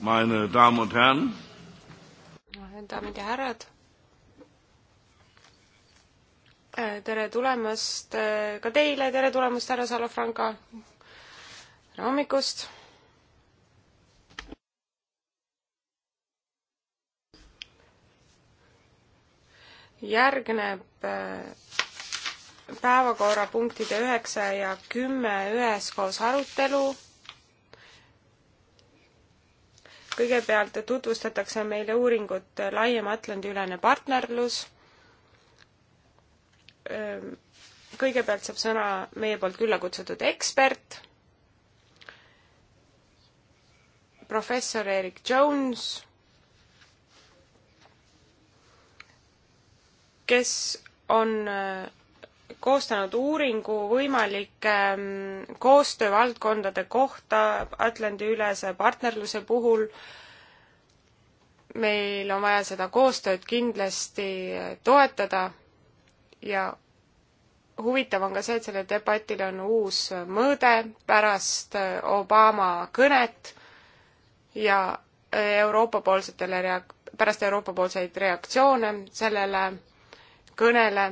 meine Damen und Herren. daamid ja härrad. tere tulemast äh, ka teile, tere tulemast, härra Salafranca. tere hommikust. järgneb äh, päevakorrapunktide üheksa ja kümme üheskoos arutelu kõigepealt tutvustatakse meile uuringut Laiem Atlandi-ülene partnerlus. kõigepealt saab sõna meie poolt külla kutsutud ekspert, professor Erik Jones, kes on koostanud uuringu võimalike ähm, koostöövaldkondade kohta Atlandi-ülese partnerluse puhul. meil on vaja seda koostööd kindlasti toetada ja huvitav on ka see, et sellel debatil on uus mõõde pärast äh, Obama kõnet ja äh, Euroopa-poolsetele reak-, pärast Euroopa-poolseid reaktsioone sellele kõnele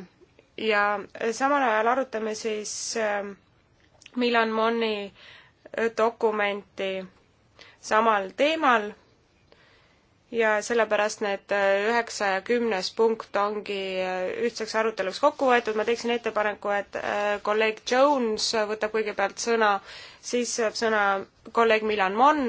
ja samal ajal arutame siis ähm, Milan Monni äh, dokumenti samal teemal ja sellepärast need äh, üheksa ja kümnes punkt ongi äh, ühtseks aruteluks kokku võetud, ma teeksin ettepaneku, et kolleeg Jones võtab kõigepealt sõna, siis saab sõna kolleeg Milan Mon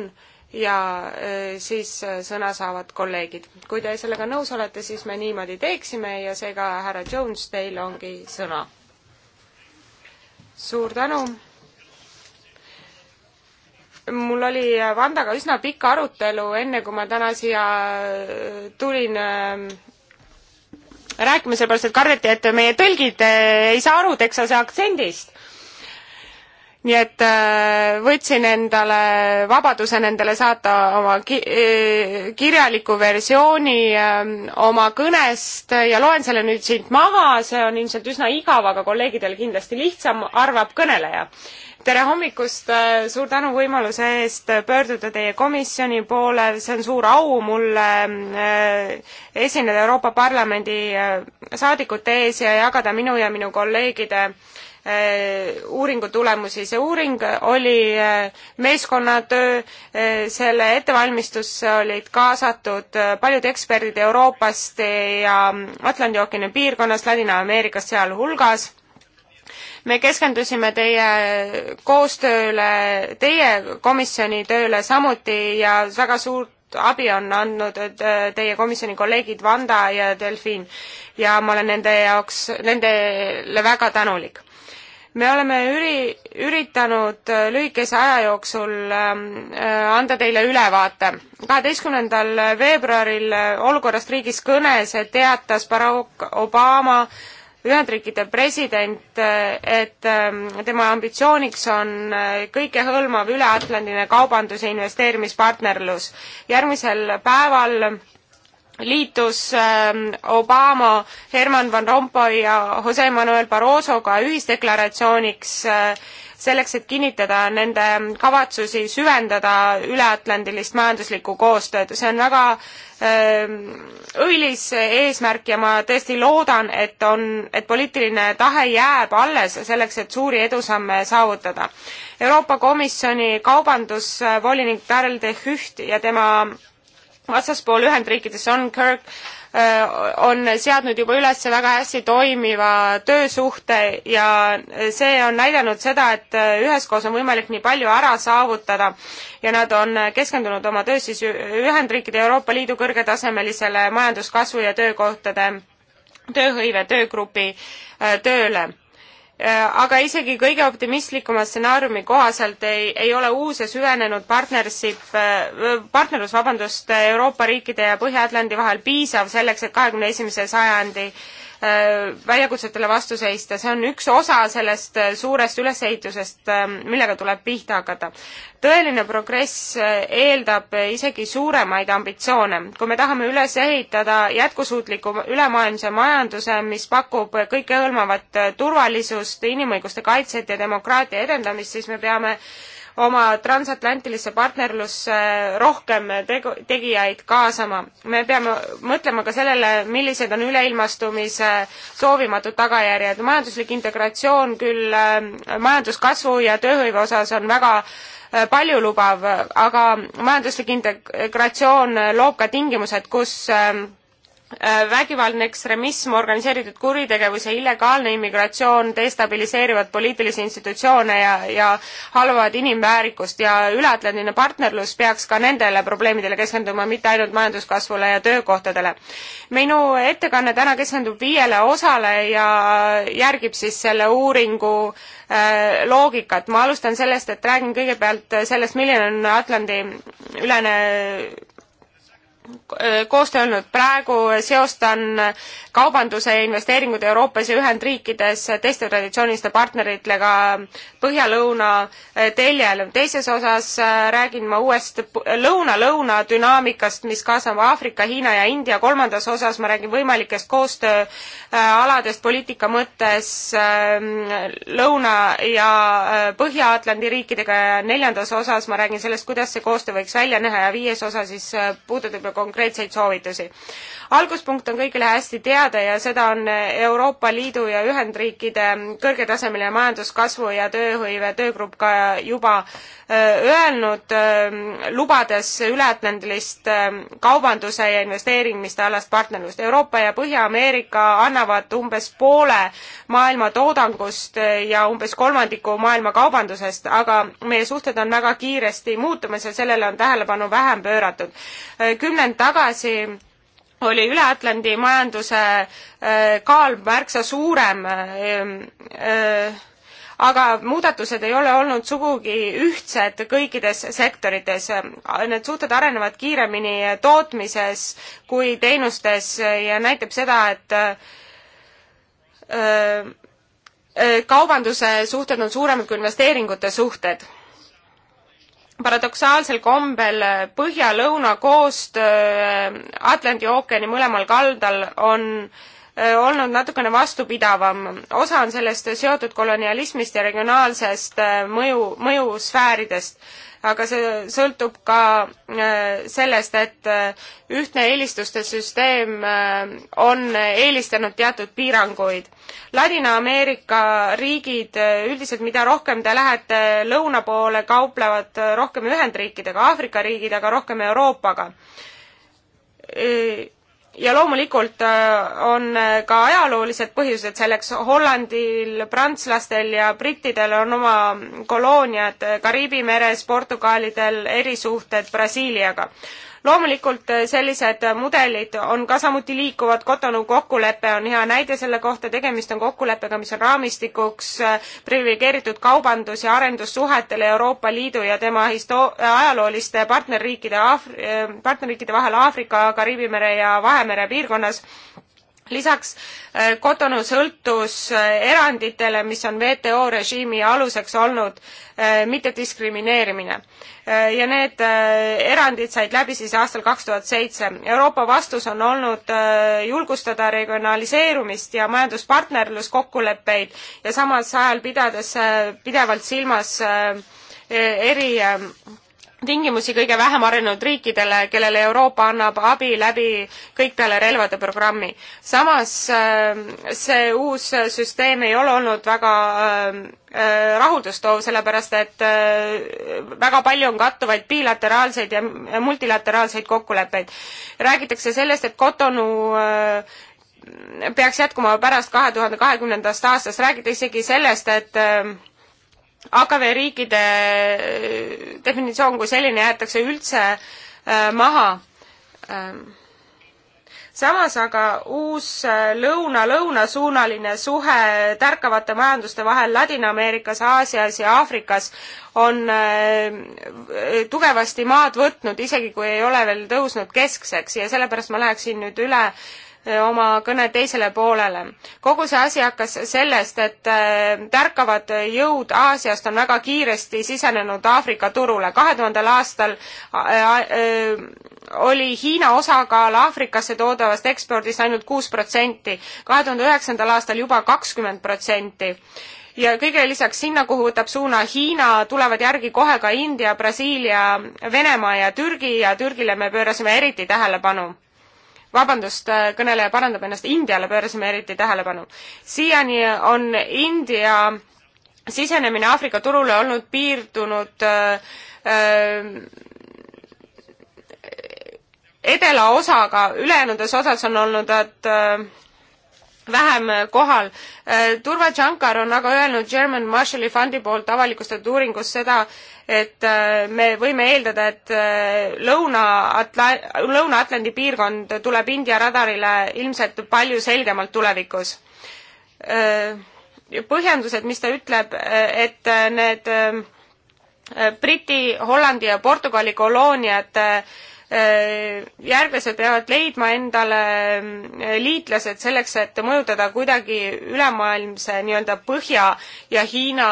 ja äh, siis äh, sõna saavad kolleegid. kui te sellega nõus olete, siis me niimoodi teeksime ja seega, härra Jones, teil ongi sõna. suur tänu. mul oli äh, Vandaga üsna pikk arutelu, enne kui ma täna siia tulin ähm, rääkima, sellepärast et kardeti, et meie tõlgid ei saa aru Texase aktsendist nii et äh, võtsin endale vabaduse nendele saata oma ki äh, kirjaliku versiooni ähm, oma kõnest ja loen selle nüüd siit maha, see on ilmselt üsna igav, aga kolleegidel kindlasti lihtsam, arvab kõneleja tere hommikust, äh, suur tänu võimaluse eest pöörduda teie komisjoni poole, see on suur au mulle esineda Euroopa Parlamendi saadikute ees ja jagada minu ja minu kolleegide äh, Äh, uuringu tulemusi. see uuring oli äh, meeskonnatöö, äh, selle ettevalmistusse olid kaasatud paljud eksperdid Euroopast ja mm, Atlandi ookeani piirkonnast, Ladina-Ameerikast sealhulgas me keskendusime teie koostööle, teie komisjoni tööle samuti ja väga suurt abi on andnud teie komisjoni kolleegid Vanda ja Delfin ja ma olen nende jaoks, nendele väga tänulik me oleme üri-, üritanud äh, lühikese aja jooksul ähm, äh, anda teile ülevaate. kaheteistkümnendal veebruaril äh, olukorrast riigis kõnes teatas Barack Obama Ühendriikide president, et ähm, tema ambitsiooniks on kõikehõlmav üleatlandiline kaubandus- ja investeerimispartnerlus. järgmisel päeval liitus ähm, Obama, Herman Van Rompuy ja Jose Manuel Barrosoga ühisdeklaratsiooniks äh, selleks, et kinnitada nende kavatsusi süvendada üleatlandilist majanduslikku koostööd. see on väga ähm, õilis eesmärk ja ma tõesti loodan, et on, et poliitiline tahe jääb alles selleks, et suuri edusamme saavutada. Euroopa Komisjoni kaubandusvolinik Darrel de Hüht ja tema vastaspool Ühendriikides on Kirk, äh, on seadnud juba üles väga hästi toimiva töösuhte ja see on näidanud seda, et äh, üheskoos on võimalik nii palju ära saavutada ja nad on keskendunud oma töös siis Ühendriikide Euroopa Liidu kõrgetasemelisele majanduskasvu ja töökohtade tööhõive töögrupi äh, tööle Äh, aga isegi kõige optimistlikuma stsenaariumi kohaselt ei, ei ole uus ja süvenenud partnership, äh, partnerlus, vabandust, Euroopa riikide ja Põhja-Atlandi vahel piisav selleks, et kahekümne esimese sajandi äh, Äh, väljakutsetele vastu seista, see on üks osa sellest äh, suurest ülesehitusest, ähm, millega tuleb pihta hakata. tõeline progress äh, eeldab isegi suuremaid ambitsioone. kui me tahame üles ehitada jätkusuutliku ülemaailmse majanduse, mis pakub kõikehõlmavat turvalisust, inimõiguste kaitset ja demokraatia edendamist, siis me peame oma transatlantilisse partnerlusse rohkem tegu, tegijaid kaasama. me peame mõtlema ka sellele, millised on üleilmastumise soovimatud tagajärjed. majanduslik integratsioon küll äh, majanduskasvu ja tööhõive osas on väga äh, paljulubav, aga majanduslik integratsioon loob ka tingimused, kus äh, Äh, vägivaldne ekstremism, organiseeritud kuritegevus ja illegaalne immigratsioon destabiliseerivad poliitilisi institutsioone ja, ja halvavad inimväärikust ja üleatlandiline partnerlus peaks ka nendele probleemidele keskenduma, mitte ainult majanduskasvule ja töökohtadele. minu ettekanne täna keskendub viiele osale ja järgib siis selle uuringu äh, loogikat. ma alustan sellest, et räägin kõigepealt sellest, milline on Atlandi ülene Äh, koostöö olnud. praegu seostan kaubanduse ja investeeringud Euroopas ja Ühendriikides teiste traditsiooniliste partneritega põhja-lõuna äh, teljel. teises osas äh, räägin ma uuest lõuna-lõuna dünaamikast, mis kaasab Aafrika, Hiina ja India. kolmandas osas ma räägin võimalikest koostööaladest poliitika mõttes lõuna- ja Põhja-Atlandi riikidega ja neljandas osas ma räägin sellest, kuidas see koostöö võiks välja näha ja viies osa siis puudutab konkreetseid soovitusi alguspunkt on kõigile hästi teada ja seda on Euroopa Liidu ja Ühendriikide kõrgetasemeline majanduskasvu ja tööhõive töögrupp ka juba öelnud, lubades üleatlandilist kaubanduse ja investeerimiste alast partnerlust. Euroopa ja Põhja-Ameerika annavad umbes poole maailma toodangust ja umbes kolmandiku maailma kaubandusest, aga meie suhted on väga kiiresti muutumas ja sellele on tähelepanu vähem pööratud. kümnend tagasi oli Üle-Atlandi majanduse äh, kaal märksa suurem, äh, äh, aga muudatused ei ole olnud sugugi ühtsed kõikides sektorites. Need suhted arenevad kiiremini tootmises kui teenustes ja näitab seda, et kaubanduse suhted on suuremad kui investeeringute suhted paradoksaalsel kombel äh, põhja-lõuna koostöö äh, Atlandi ookeani mõlemal kaldal on äh, olnud natukene vastupidavam. osa on sellest seotud kolonialismist ja regionaalsest mõju, mõjusfääridest aga see sõltub ka äh, sellest, et äh, ühtne eelistuste süsteem äh, on eelistanud teatud piiranguid. Ladina-Ameerika riigid üldiselt, mida rohkem te lähete lõuna poole, kauplevad rohkem Ühendriikidega, Aafrika riigid aga rohkem Euroopaga ja loomulikult äh, on äh, ka ajaloolised põhjused selleks, Hollandil, prantslastel ja brittidel on oma kolooniad äh, Kariibi meres, Portugalidel erisuhted Brasiiliaga loomulikult äh, sellised äh, mudelid on ka samuti liikuvad, Cotonou kokkulepe on hea näide selle kohta, tegemist on kokkuleppega, mis on raamistikuks äh, priviligeeritud kaubandus- ja arendussuhetele Euroopa Liidu ja tema histo-, ajalooliste partnerriikide, partnerriikide vahel Aafrika, Kariibi mere ja Vahemere piirkonnas lisaks Kotonu äh, sõltus äh, eranditele, mis on WTO režiimi aluseks olnud, äh, mittediskrimineerimine. ja need erandid said läbi siis aastal kaks tuhat seitse. Euroopa vastus on olnud julgustada regionaliseerumist ja majanduspartnerluskokkuleppeid ja samas ajal pidades pidevalt silmas eri tingimusi kõige vähem arenenud riikidele, kellele Euroopa annab abi läbi kõik peale relvade programmi. samas äh, see uus süsteem ei ole olnud väga äh, äh, rahuldustoov, sellepärast et väga palju on kattuvaid bilateraalseid ja multilateraalseid kokkuleppeid. räägitakse sellest, et Cotonou peaks jätkuma pärast kahe tuhande kahekümnendast aastast, räägiti isegi sellest, et AKV riikide äh, definitsioon kui selline jäetakse üldse äh, maha. Ähm, samas aga uus äh, lõuna-lõunasuunaline suhe tärkavate majanduste vahel Ladina-Ameerikas, Aasias ja Aafrikas on tugevasti maad võtnud, isegi kui ei ole veel tõusnud keskseks ja sellepärast ma läheksin nüüd üle oma kõne teisele poolele. kogu see asi hakkas sellest, et tärkavad jõud Aasiast on väga kiiresti sisenenud Aafrika turule. kahe tuhandel aastal oli Hiina osakaal Aafrikasse toodavast ekspordist ainult kuus protsenti, kahe tuhande üheksandal aastal juba kakskümmend protsenti ja kõige lisaks sinna, kuhu võtab suuna Hiina, tulevad järgi kohe ka India, Brasiilia, Venemaa ja Türgi ja Türgile me pöörasime eriti tähelepanu vabandust, äh, kõneleja parandab ennast, Indiale pöörasime eriti tähelepanu. siiani on India sisenemine Aafrika turule olnud piirdunud äh, äh, edela osaga, ülejäänudes osas on olnud nad vähem äh, kohal. Äh, Turva Jankar on aga öelnud German Marshalli Fundi poolt avalikustatud uuringus seda, et äh, me võime eeldada, et Lõuna-Atla-, Lõuna-Atlandi piirkond tuleb India radarile ilmselt palju selgemalt tulevikus. põhjendused, mis ta ütleb, et need Briti, Hollandi ja Portugali kolooniad äh, Äh, järglased peavad leidma endale äh, liitlased selleks, et mõjutada kuidagi ülemaailmse nii-öelda Põhja ja Hiina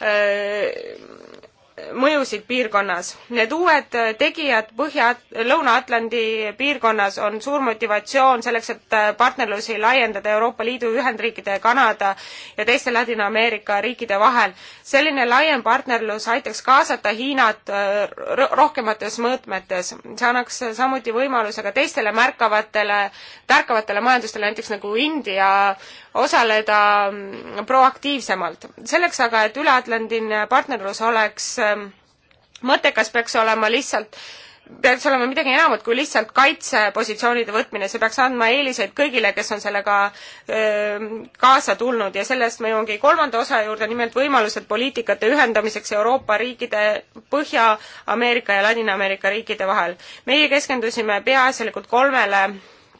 äh, mõjusid piirkonnas. Need uued tegijad Põhja, Lõuna-Atlandi piirkonnas on suur motivatsioon selleks, et partnerlusi laiendada Euroopa Liidu, Ühendriikide, Kanada ja teiste Ladina-Ameerika riikide vahel. selline laiem partnerlus aitaks kaasata Hiinat äh, rohkemates mõõtmetes. see annaks samuti võimaluse ka teistele märkavatele, tärkavatele majandustele, näiteks nagu India, osaleda proaktiivsemalt. selleks aga, et üleatlandiline partnerlus oleks ähm, mõttekas, peaks olema lihtsalt peaks olema midagi enamat kui lihtsalt kaitsepositsioonide võtmine, see peaks andma eeliseid kõigile, kes on sellega öö, ähm, kaasa tulnud ja sellest ma jõuangi kolmanda osa juurde, nimelt võimalused poliitikate ühendamiseks Euroopa riikide, Põhja-Ameerika ja Ladina-Ameerika riikide vahel. meie keskendusime peaasjalikult kolmele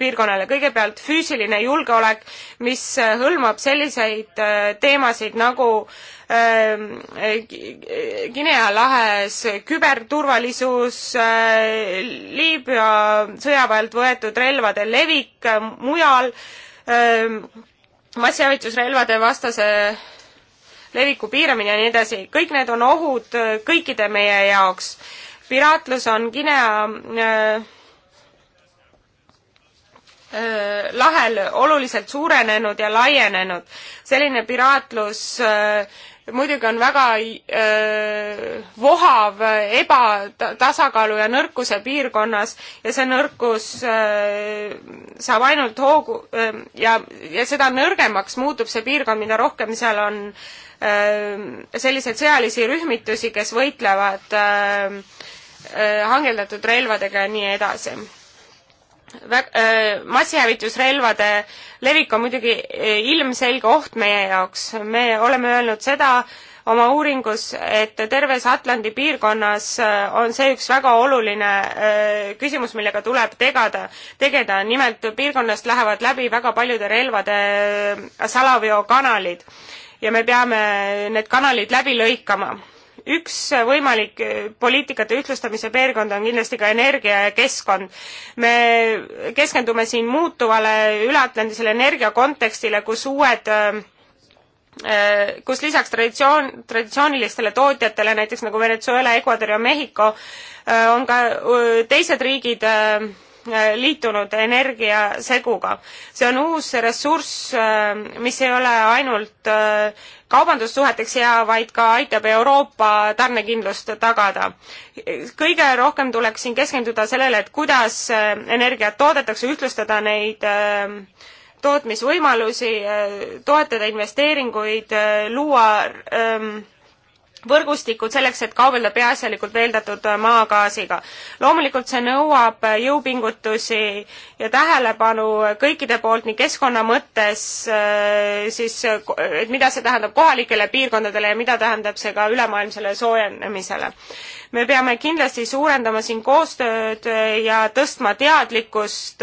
piirkonnale. kõigepealt füüsiline julgeolek, mis äh, hõlmab selliseid äh, teemasid nagu ähm, Guinea lahes küberturvalisus, äh, Liibüa sõjaväelt võetud relvade levik mujal, ähm, massihävitusrelvade vastase leviku piiramine ja nii edasi, kõik need on ohud kõikide meie jaoks. piraatlus on Guinea Äh, lahel oluliselt suurenenud ja laienenud. selline piraatlus äh, muidugi on väga öö, äh, vohav ebatasakaalu ja nõrkuse piirkonnas ja see nõrkus öö, saab ainult hoogu öö, ja, ja seda nõrgemaks muutub see piirkond, mida rohkem seal on öö, selliseid sõjalisi rühmitusi, kes võitlevad öö, öö, hangeldatud relvadega ja nii edasi Äh, massihävitusrelvade levik on muidugi äh, ilmselge oht meie jaoks. me oleme öelnud seda oma uuringus, et terves Atlandi piirkonnas äh, on see üks väga oluline küsimus, millega tuleb tegada, tegeda. nimelt piirkonnast lähevad läbi väga paljude relvade salaveokanalid ja me peame need kanalid läbi lõikama üks võimalik äh, poliitikate ühtlustamise piirkond on kindlasti ka energia ja keskkond. me keskendume siin muutuvale üleatlandisele energia kontekstile, kus uued äh, äh, kus lisaks traditsioon, traditsioonilistele tootjatele, näiteks nagu Venezuela, Ecuador ja Mehhiko, on ka teised riigid Äh, liitunud energiaseguga. see on uus ressurss, äh, mis ei ole ainult äh, kaubandussuheteks hea, vaid ka aitab Euroopa tarnekindlust tagada. kõige rohkem tuleks siin keskenduda sellele, et kuidas energiat toodetakse, ühtlustada neid tootmisvõimalusi, toetada investeeringuid, luua ähm, võrgustikud selleks, et kaubelda peaasjalikult veeldatud maagaasiga. loomulikult see nõuab jõupingutusi ja tähelepanu kõikide poolt nii keskkonna mõttes äh, siis, et mida see tähendab kohalikele piirkondadele ja mida tähendab see ka ülemaailmsele soojenemisele. me peame kindlasti suurendama siin koostööd ja tõstma teadlikkust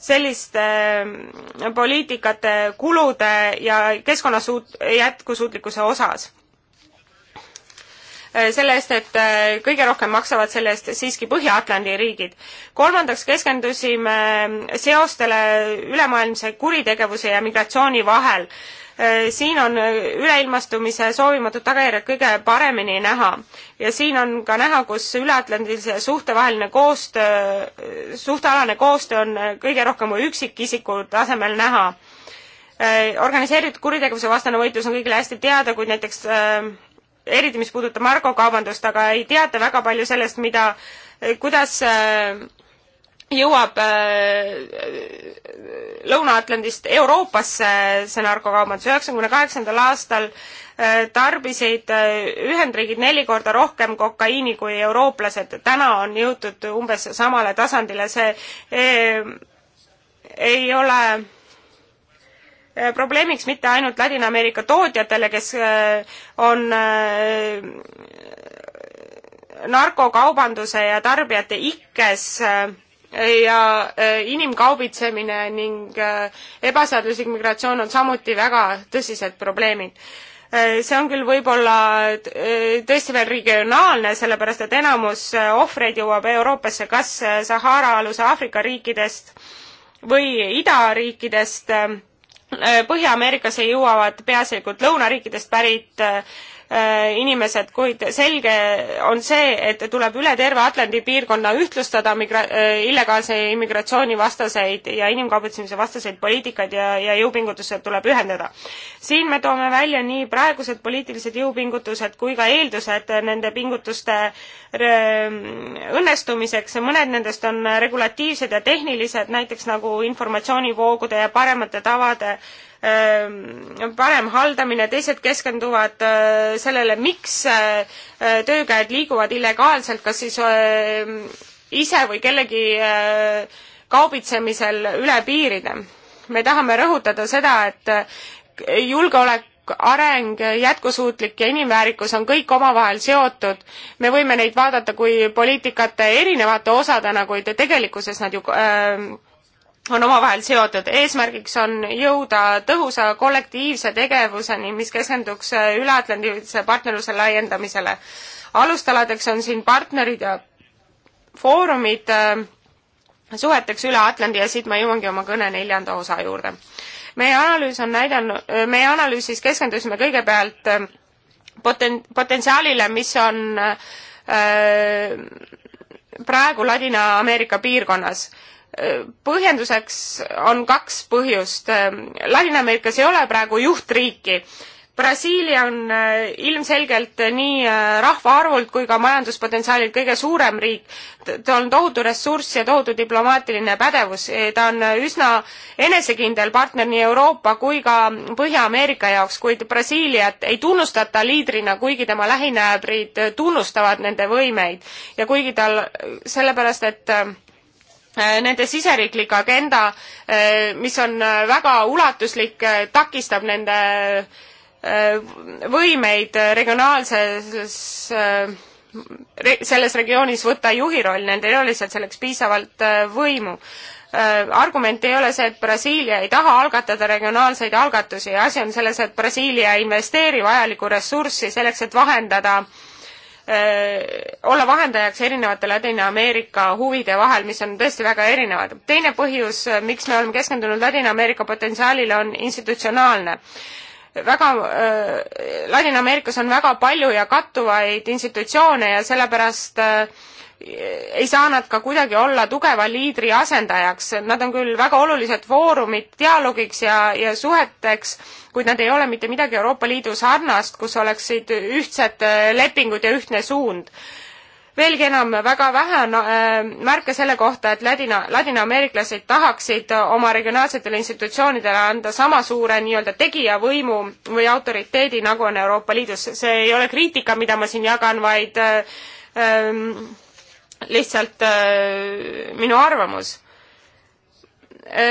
selliste äh, poliitikate kulude ja keskkonna suut-, jätkusuutlikkuse osas Äh, selle eest, et äh, kõige rohkem maksavad selle eest siiski Põhja-Atlandi riigid. kolmandaks keskendusime ähm, seostele ülemaailmse kuritegevuse ja migratsiooni vahel. Äh, siin on üleilmastumise soovimatud tagajärjed kõige paremini näha ja siin on ka näha, kus üleatlandilise suhtevaheline koostöö, suhtealane koostöö on kõige rohkem üksikisiku tasemel näha organiseeritud kuritegevuse vastane võitlus on kõigile hästi teada, kuid näiteks äh, eriti mis puudutab narkokaubandust, aga ei teata väga palju sellest, mida, kuidas äh, jõuab äh, Lõuna-Atlandist Euroopasse see narkokaubandus. üheksakümne kaheksandal aastal äh, tarbisid Ühendriigid neli korda rohkem kokaiini kui eurooplased. täna on jõutud umbes samale tasandile. see ei ole Äh, probleemiks mitte ainult Ladina-Ameerika tootjatele, kes äh, on äh, narkokaubanduse ja tarbijate ikkes ja inimkaubitsemine ning ebaseaduslik migratsioon on samuti väga tõsised probleemid see on küll võib-olla tõesti veel regionaalne, sellepärast et enamus ohvreid jõuab Euroopa-sse kas Sahara-aluse Aafrika riikidest või idariikidest Põhja-Ameerikasse jõuavad peaasjalikult lõunariikidest pärit äh, Äh, inimesed, kuid selge on see, et tuleb üle terve Atlandi piirkonna ühtlustada migra-, äh, illegaalse immigratsiooni vastaseid ja inimkaubitsemise vastaseid poliitikaid ja, ja jõupingutused tuleb ühendada. siin me toome välja nii praegused poliitilised jõupingutused kui ka eeldused nende pingutuste õnnestumiseks, mõned nendest on regulatiivsed ja tehnilised, näiteks nagu informatsioonivoogude ja paremate tavade äh, Ehm, parem haldamine, teised keskenduvad äh, sellele, miks äh, töökäed liiguvad illegaalselt, kas siis äh, ise või kellegi kaubitsemisel üle piiride. me tahame rõhutada seda, et julgeolek areng, jätkusuutlik ja inimväärikus on kõik omavahel seotud. me võime neid vaadata kui poliitikate erinevate osadena, kuid tegelikkuses nad ju äh, on omavahel seotud. eesmärgiks on jõuda tõhusa kollektiivse tegevuseni, mis keskenduks üle-Atlandilise partnerluse laiendamisele. alustaladeks on siin partnerid ja foorumid suheteks üle Atlandi ja siit ma jõuangi oma kõne neljanda osa juurde. meie analüüs on näidanud, meie analüüsis keskendusime kõigepealt äh, poten-, potentsiaalile, mis on öö, äh, praegu Ladina-Ameerika piirkonnas põhjenduseks on kaks põhjust. Ladina-Ameerikas ei ole praegu juhtriiki. Brasiilia on äh, ilmselgelt nii äh, rahvaarvult kui ka majanduspotentsiaalilt kõige suurem riik. tal on tohutu ressurss ja tohutu diplomaatiline pädevus. ta on äh, üsna enesekindel partner nii Euroopa kui ka Põhja-Ameerika jaoks, kuid Brasiiliat ei tunnustata liidrina, kuigi tema lähinaabrid tunnustavad nende võimeid ja kuigi tal sellepärast, et Äh, nende siseriiklik agenda, äh, mis on äh, väga ulatuslik, takistab nende võimeid regionaalses, selles regioonis võtta juhi roll, nendel ei ole lihtsalt selleks piisavalt võimu argument ei ole see, et Brasiilia ei taha algatada regionaalseid algatusi, asi on selles, et Brasiilia ei investeeri vajalikku ressurssi selleks, et vahendada äh, olla vahendajaks erinevate Ladina-Ameerika huvide vahel, mis on tõesti väga erinevad. teine põhjus, äh, miks me oleme keskendunud Ladina-Ameerika potentsiaalile, on institutsionaalne. väga äh,, Ladina-Ameerikas on väga palju ja kattuvaid institutsioone ja sellepärast äh, ei saa nad ka kuidagi olla tugeva liidri asendajaks, nad on küll väga olulised foorumid dialoogiks ja, ja suheteks, kuid nad ei ole mitte midagi Euroopa Liidu sarnast, kus oleksid ühtsed äh, lepingud ja ühtne suund veelgi enam, väga vähe on äh, märke selle kohta, et ladina, ladinaameeriklased tahaksid oma regionaalsetele institutsioonidele anda sama suure nii-öelda tegijavõimu või autoriteedi, nagu on Euroopa Liidus. see ei ole kriitika, mida ma siin jagan, vaid äh, ähm, äh, lihtsalt minu arvamus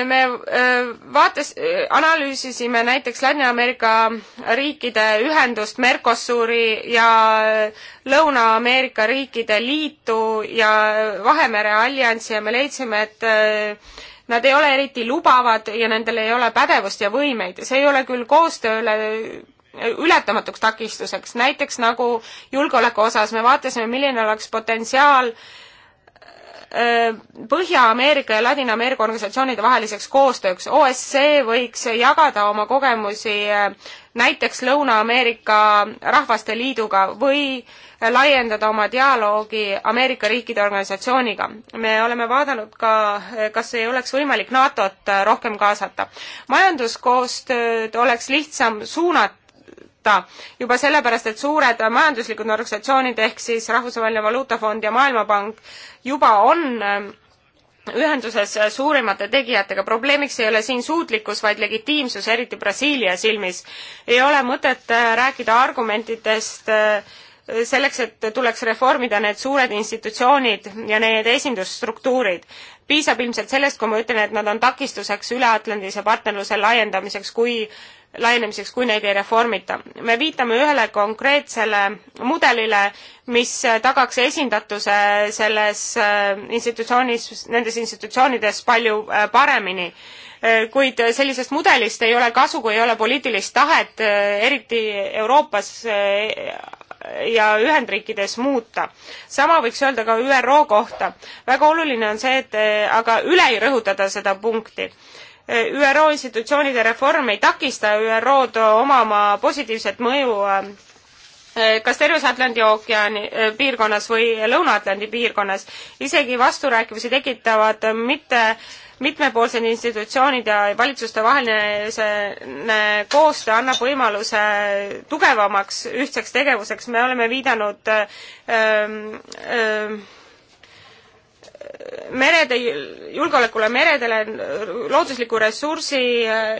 me äh, vaates, analüüsisime näiteks Ladina-Ameerika riikide ühendust Mercosuri ja äh, Lõuna-Ameerika riikide liitu ja äh, Vahemere alliansi ja me leidsime, et nad ei ole eriti lubavad ja nendel ei ole pädevust ja võimeid. see ei ole küll koostööle ületamatuks takistuseks, näiteks nagu julgeoleku osas me vaatasime, milline oleks potentsiaal äh, Äh, Põhja-Ameerika ja Ladina-Ameerika organisatsioonide vaheliseks koostööks. OSCE võiks jagada oma kogemusi äh, näiteks Lõuna-Ameerika Rahvaste Liiduga või äh, laiendada oma dialoogi Ameerika riikide organisatsiooniga. me oleme vaadanud ka, kas ei oleks võimalik NATO-t rohkem kaasata. majanduskoostööd oleks lihtsam suunata muuta juba sellepärast, et suured majanduslikud organisatsioonid ehk siis Rahvusvaheline Valuutafond ja Maailmapank juba on ähm, ühenduses äh, suurimate tegijatega. probleemiks ei ole siin suutlikkus, vaid legitiimsus, eriti Brasiilia silmis. ei ole mõtet äh, rääkida argumentidest äh, selleks, et tuleks reformida need suured institutsioonid ja need esindusstruktuurid. piisab ilmselt sellest, kui ma ütlen, et nad on takistuseks üleatlandise partnerluse laiendamiseks, kui laienemiseks, kui neid ei reformita. me viitame ühele konkreetsele mudelile, mis tagaks esindatuse selles äh, institutsioonis, nendes institutsioonides palju äh, paremini. Äh, kuid sellisest mudelist ei ole kasu, kui ei ole poliitilist tahet, eriti Euroopas ja Ühendriikides muuta. sama võiks öelda ka ÜRO kohta. väga oluline on see, et aga üle ei rõhutada seda punkti ÜRO institutsioonide reform ei takista ÜRO-d omama positiivset mõju äh, kas terves Atlandi ookeani äh, piirkonnas või Lõuna-Atlandi piirkonnas. isegi vasturääkivusi tekitavad mitte mitmepoolsed institutsioonid ja valitsuste vaheline koostöö annab võimaluse tugevamaks ühtseks tegevuseks. me oleme viidanud öö, äh, öö, merede, julgeolekule meredele, loodusliku ressursi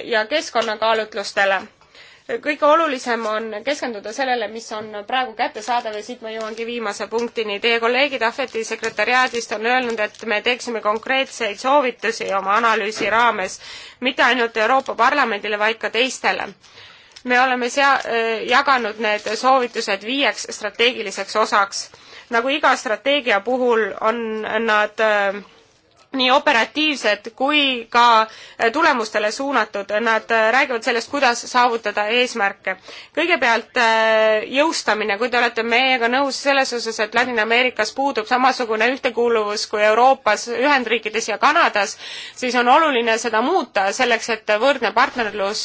ja keskkonnakaalutlustele. kõige olulisem on keskenduda sellele, mis on praegu kättesaadav ja siit ma jõuangi viimase punktini. Teie kolleegid Ahveti sekretäriaadist on öelnud, et me teeksime konkreetseid soovitusi oma analüüsi raames, mitte ainult Euroopa Parlamendile, vaid ka teistele me oleme sea-, jaganud need soovitused viieks strateegiliseks osaks nagu iga strateegia puhul on nad äh, nii operatiivsed kui ka eh, tulemustele suunatud. Nad eh, räägivad sellest, kuidas saavutada eesmärke. kõigepealt eh, jõustamine, kui te olete meiega nõus selles osas, et Ladina-Ameerikas puudub samasugune ühtekuuluvus kui Euroopas, Ühendriikides ja Kanadas, siis on oluline seda muuta selleks, et võrdne partnerlus,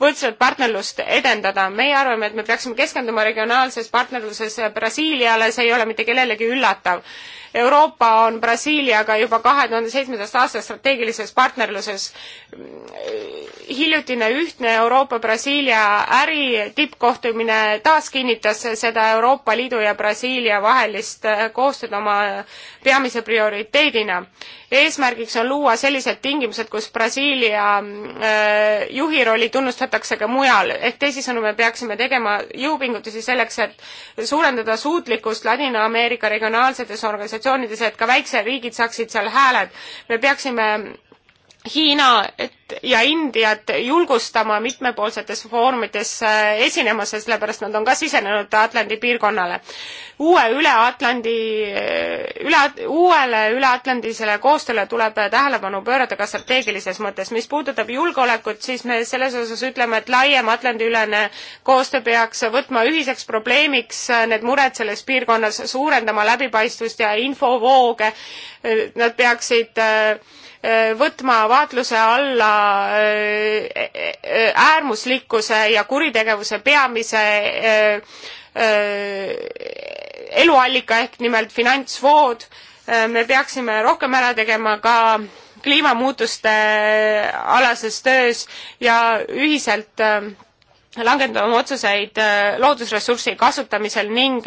võrdset partnerlust edendada. meie arvame, et me peaksime keskenduma regionaalses partnerluses Brasiiliale, see ei ole mitte kellelegi üllatav Euroopa on Brasiiliaga juba kahe tuhande seitsmendast aastast strateegilises partnerluses. hiljutine ühtne Euroopa-Brasiilia äri tippkohtumine taas kinnitas seda Euroopa Liidu ja Brasiilia vahelist koostööd oma peamise prioriteedina eesmärgiks on luua sellised tingimused, kus Brasiilia äh, juhi rolli tunnustatakse ka mujal, ehk teisisõnu, me peaksime tegema jõupingutusi selleks, et suurendada suutlikkust Ladina-Ameerika regionaalsetes organisatsioonides, et ka väiksed riigid saaksid seal hääled. me peaksime Hiina ja Indiat julgustama mitmepoolsetes foorumites äh, esinema, sellepärast nad on ka sisenenud Atlandi piirkonnale. uue üle-Atlandi, äh, üle, uuele üle-Atlandisele koostööle tuleb tähelepanu pöörata ka strateegilises mõttes. mis puudutab julgeolekut, siis me selles osas ütleme, et laiem Atlandi-ülene koostöö peaks võtma ühiseks probleemiks äh, need mured selles piirkonnas, suurendama läbipaistvust ja infovooge. Nad peaksid äh, Eh, võtma vaatluse alla eh, eh, äärmuslikkuse ja kuritegevuse peamise eluallika ehk nimelt finantsvood. me peaksime rohkem ära tegema ka kliimamuutuste alases töös ja ühiselt langetama otsuseid loodusressursi kasutamisel ning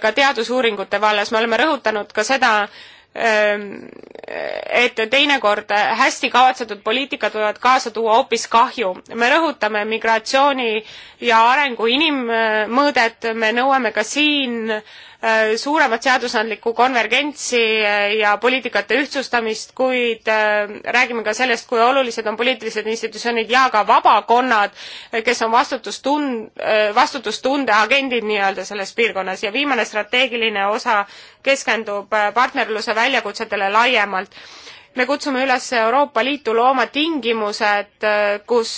ka teadusuuringute vallas. me oleme rõhutanud ka seda, Ehm, et teinekord hästi kavatsetud poliitikad võivad kaasa tuua hoopis kahju. me rõhutame migratsiooni ja arengu inimmõõdet, me nõuame ka siin äh, Äh, suuremat seadusandlikku konvergentsi äh, ja poliitikate ühtsustamist, kuid äh, räägime ka sellest, kui olulised on poliitilised institutsioonid ja ka vabakonnad, kes on vastutustund-, vastutustunde agendid nii-öelda selles piirkonnas ja viimane strateegiline osa keskendub partnerluse väljakutsetele laiemalt me kutsume üles Euroopa Liitu looma tingimused, kus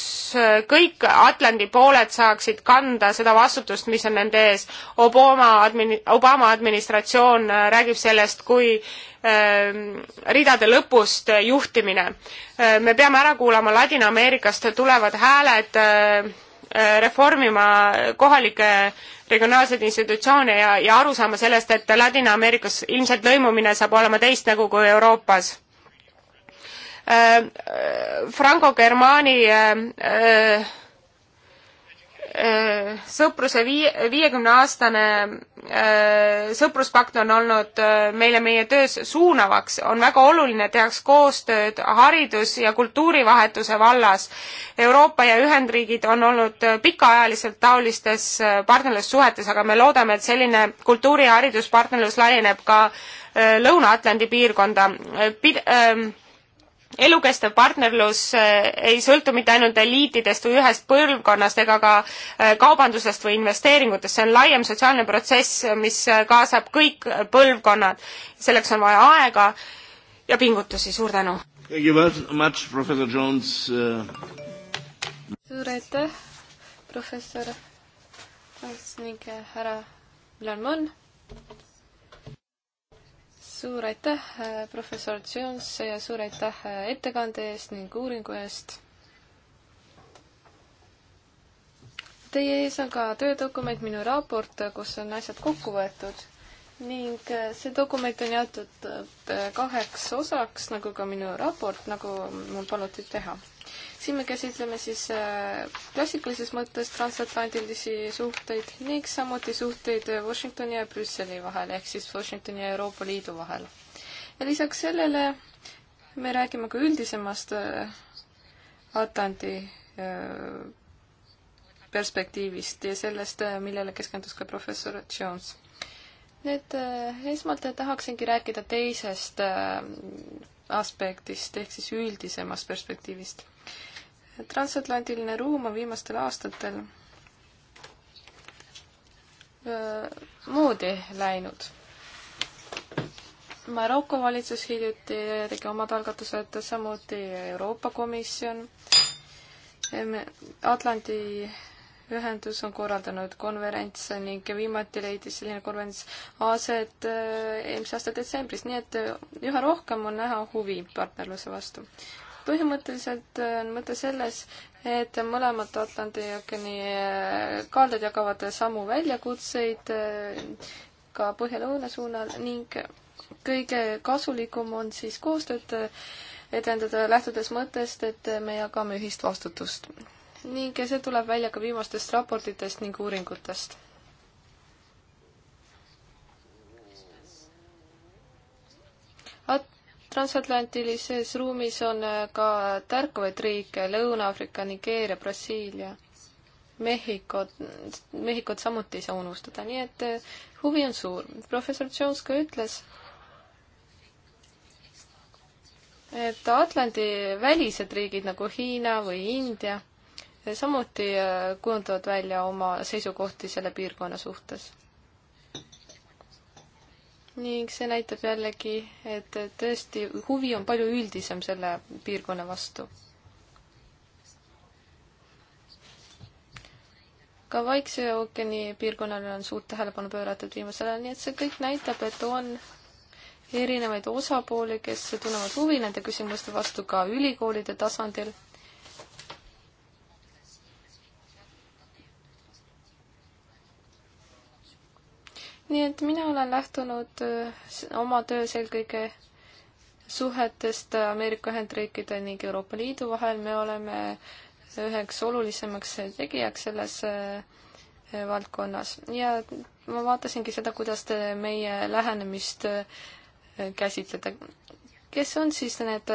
kõik Atlandi pooled saaksid kanda seda vastutust, mis on nende ees. Obama admini-, Obama administratsioon äh, räägib sellest kui äh, ridade lõpust juhtimine. Äh, me peame ära kuulama Ladina-Ameerikast tulevad hääled äh, äh,, reformima kohalikke regionaalseid institutsioone ja, ja aru saama sellest, et Ladina-Ameerikas ilmselt lõimumine saab olema teist nägu kui Euroopas Äh, äh, Franco Germani äh, sõpruse vii-, viiekümne aastane sõpruspakt on olnud meile meie töös suunavaks, on väga oluline, tehakse koostööd haridus- ja kultuurivahetuse vallas. Euroopa ja Ühendriigid on olnud pikaajaliselt taolistes partnerlussuhetes, aga me loodame, et selline kultuuri- ja hariduspartnerlus laieneb ka Lõuna-Atlandi piirkonda Pid-, ähm, elukestev partnerlus eh, ei sõltu mitte ainult eliitidest või ühest põlvkonnast ega ka eh, kaubandusest või investeeringutest, see on laiem sotsiaalne protsess, mis eh, kaasab kõik põlvkonnad. selleks on vaja aega ja pingutusi, suur tänu! suur aitäh, professor Jones ning härra Milan Mann! suur aitäh, äh, professor Jones ja suur aitäh äh, ettekande eest ning uuringu eest. Teie ees on ka töödokument, minu raport, äh, kus on asjad kokku võetud ning see dokument on jaotud kaheks osaks, nagu ka minu raport, nagu mul palutud teha siin me käsitleme siis äh, klassikalises mõttes transatlantilisi suhteid ning samuti suhteid Washingtoni ja Brüsseli vahel ehk siis Washingtoni ja Euroopa Liidu vahel. ja lisaks sellele me räägime ka üldisemast äh, Atlandi äh, perspektiivist ja sellest, millele keskendus ka professor Jones. nüüd esmalt tahaksingi rääkida teisest aspektist ehk siis üldisemast perspektiivist transatlantiline ruum on viimastel aastatel moodi läinud. Maroko valitsus hiljuti tegi omad algatused, samuti Euroopa Komisjon. Atlandi ühendus on korraldanud konverentse ning viimati leidis selline konverents aset eelmise aasta detsembris, nii et üha rohkem on näha huvi partnerluse vastu põhimõtteliselt äh, on mõte selles, et mõlemad Atlandi ookeani äh, kaalded jagavad samu väljakutseid äh, ka põhja-lõuna suunal ning kõige kasulikum on siis koostööd edendada, lähtudes mõttest, et me jagame ühist vastutust. ning see tuleb välja ka viimastest raportitest ning uuringutest At-, transatlantilises ruumis on äh, ka tärkavaid riike, Lõuna-Aafrika, Nigeeria, Brasiilia, Mehhiko, Mehhikot samuti ei saa unustada, nii et äh, huvi on suur. professor Jones ka ütles, et Atlandi välised riigid nagu Hiina või India äh, samuti kujundavad välja oma seisukohti selle piirkonna suhtes ning see näitab jällegi, et tõesti huvi on palju üldisem selle piirkonna vastu. ka Vaikse ookeani piirkonnale on suurt tähelepanu pööratud viimasel ajal, nii et see kõik näitab, et on erinevaid osapooli, kes tunnevad huvi nende küsimuste vastu ka ülikoolide tasandil nii et mina olen lähtunud äh, oma töös eelkõige suhetest Ameerika Ühendriikide ning Euroopa Liidu vahel, me oleme üheks olulisemaks tegijaks selles äh, valdkonnas ja ma vaatasingi seda, kuidas te meie lähenemist äh, käsitlete. kes on siis need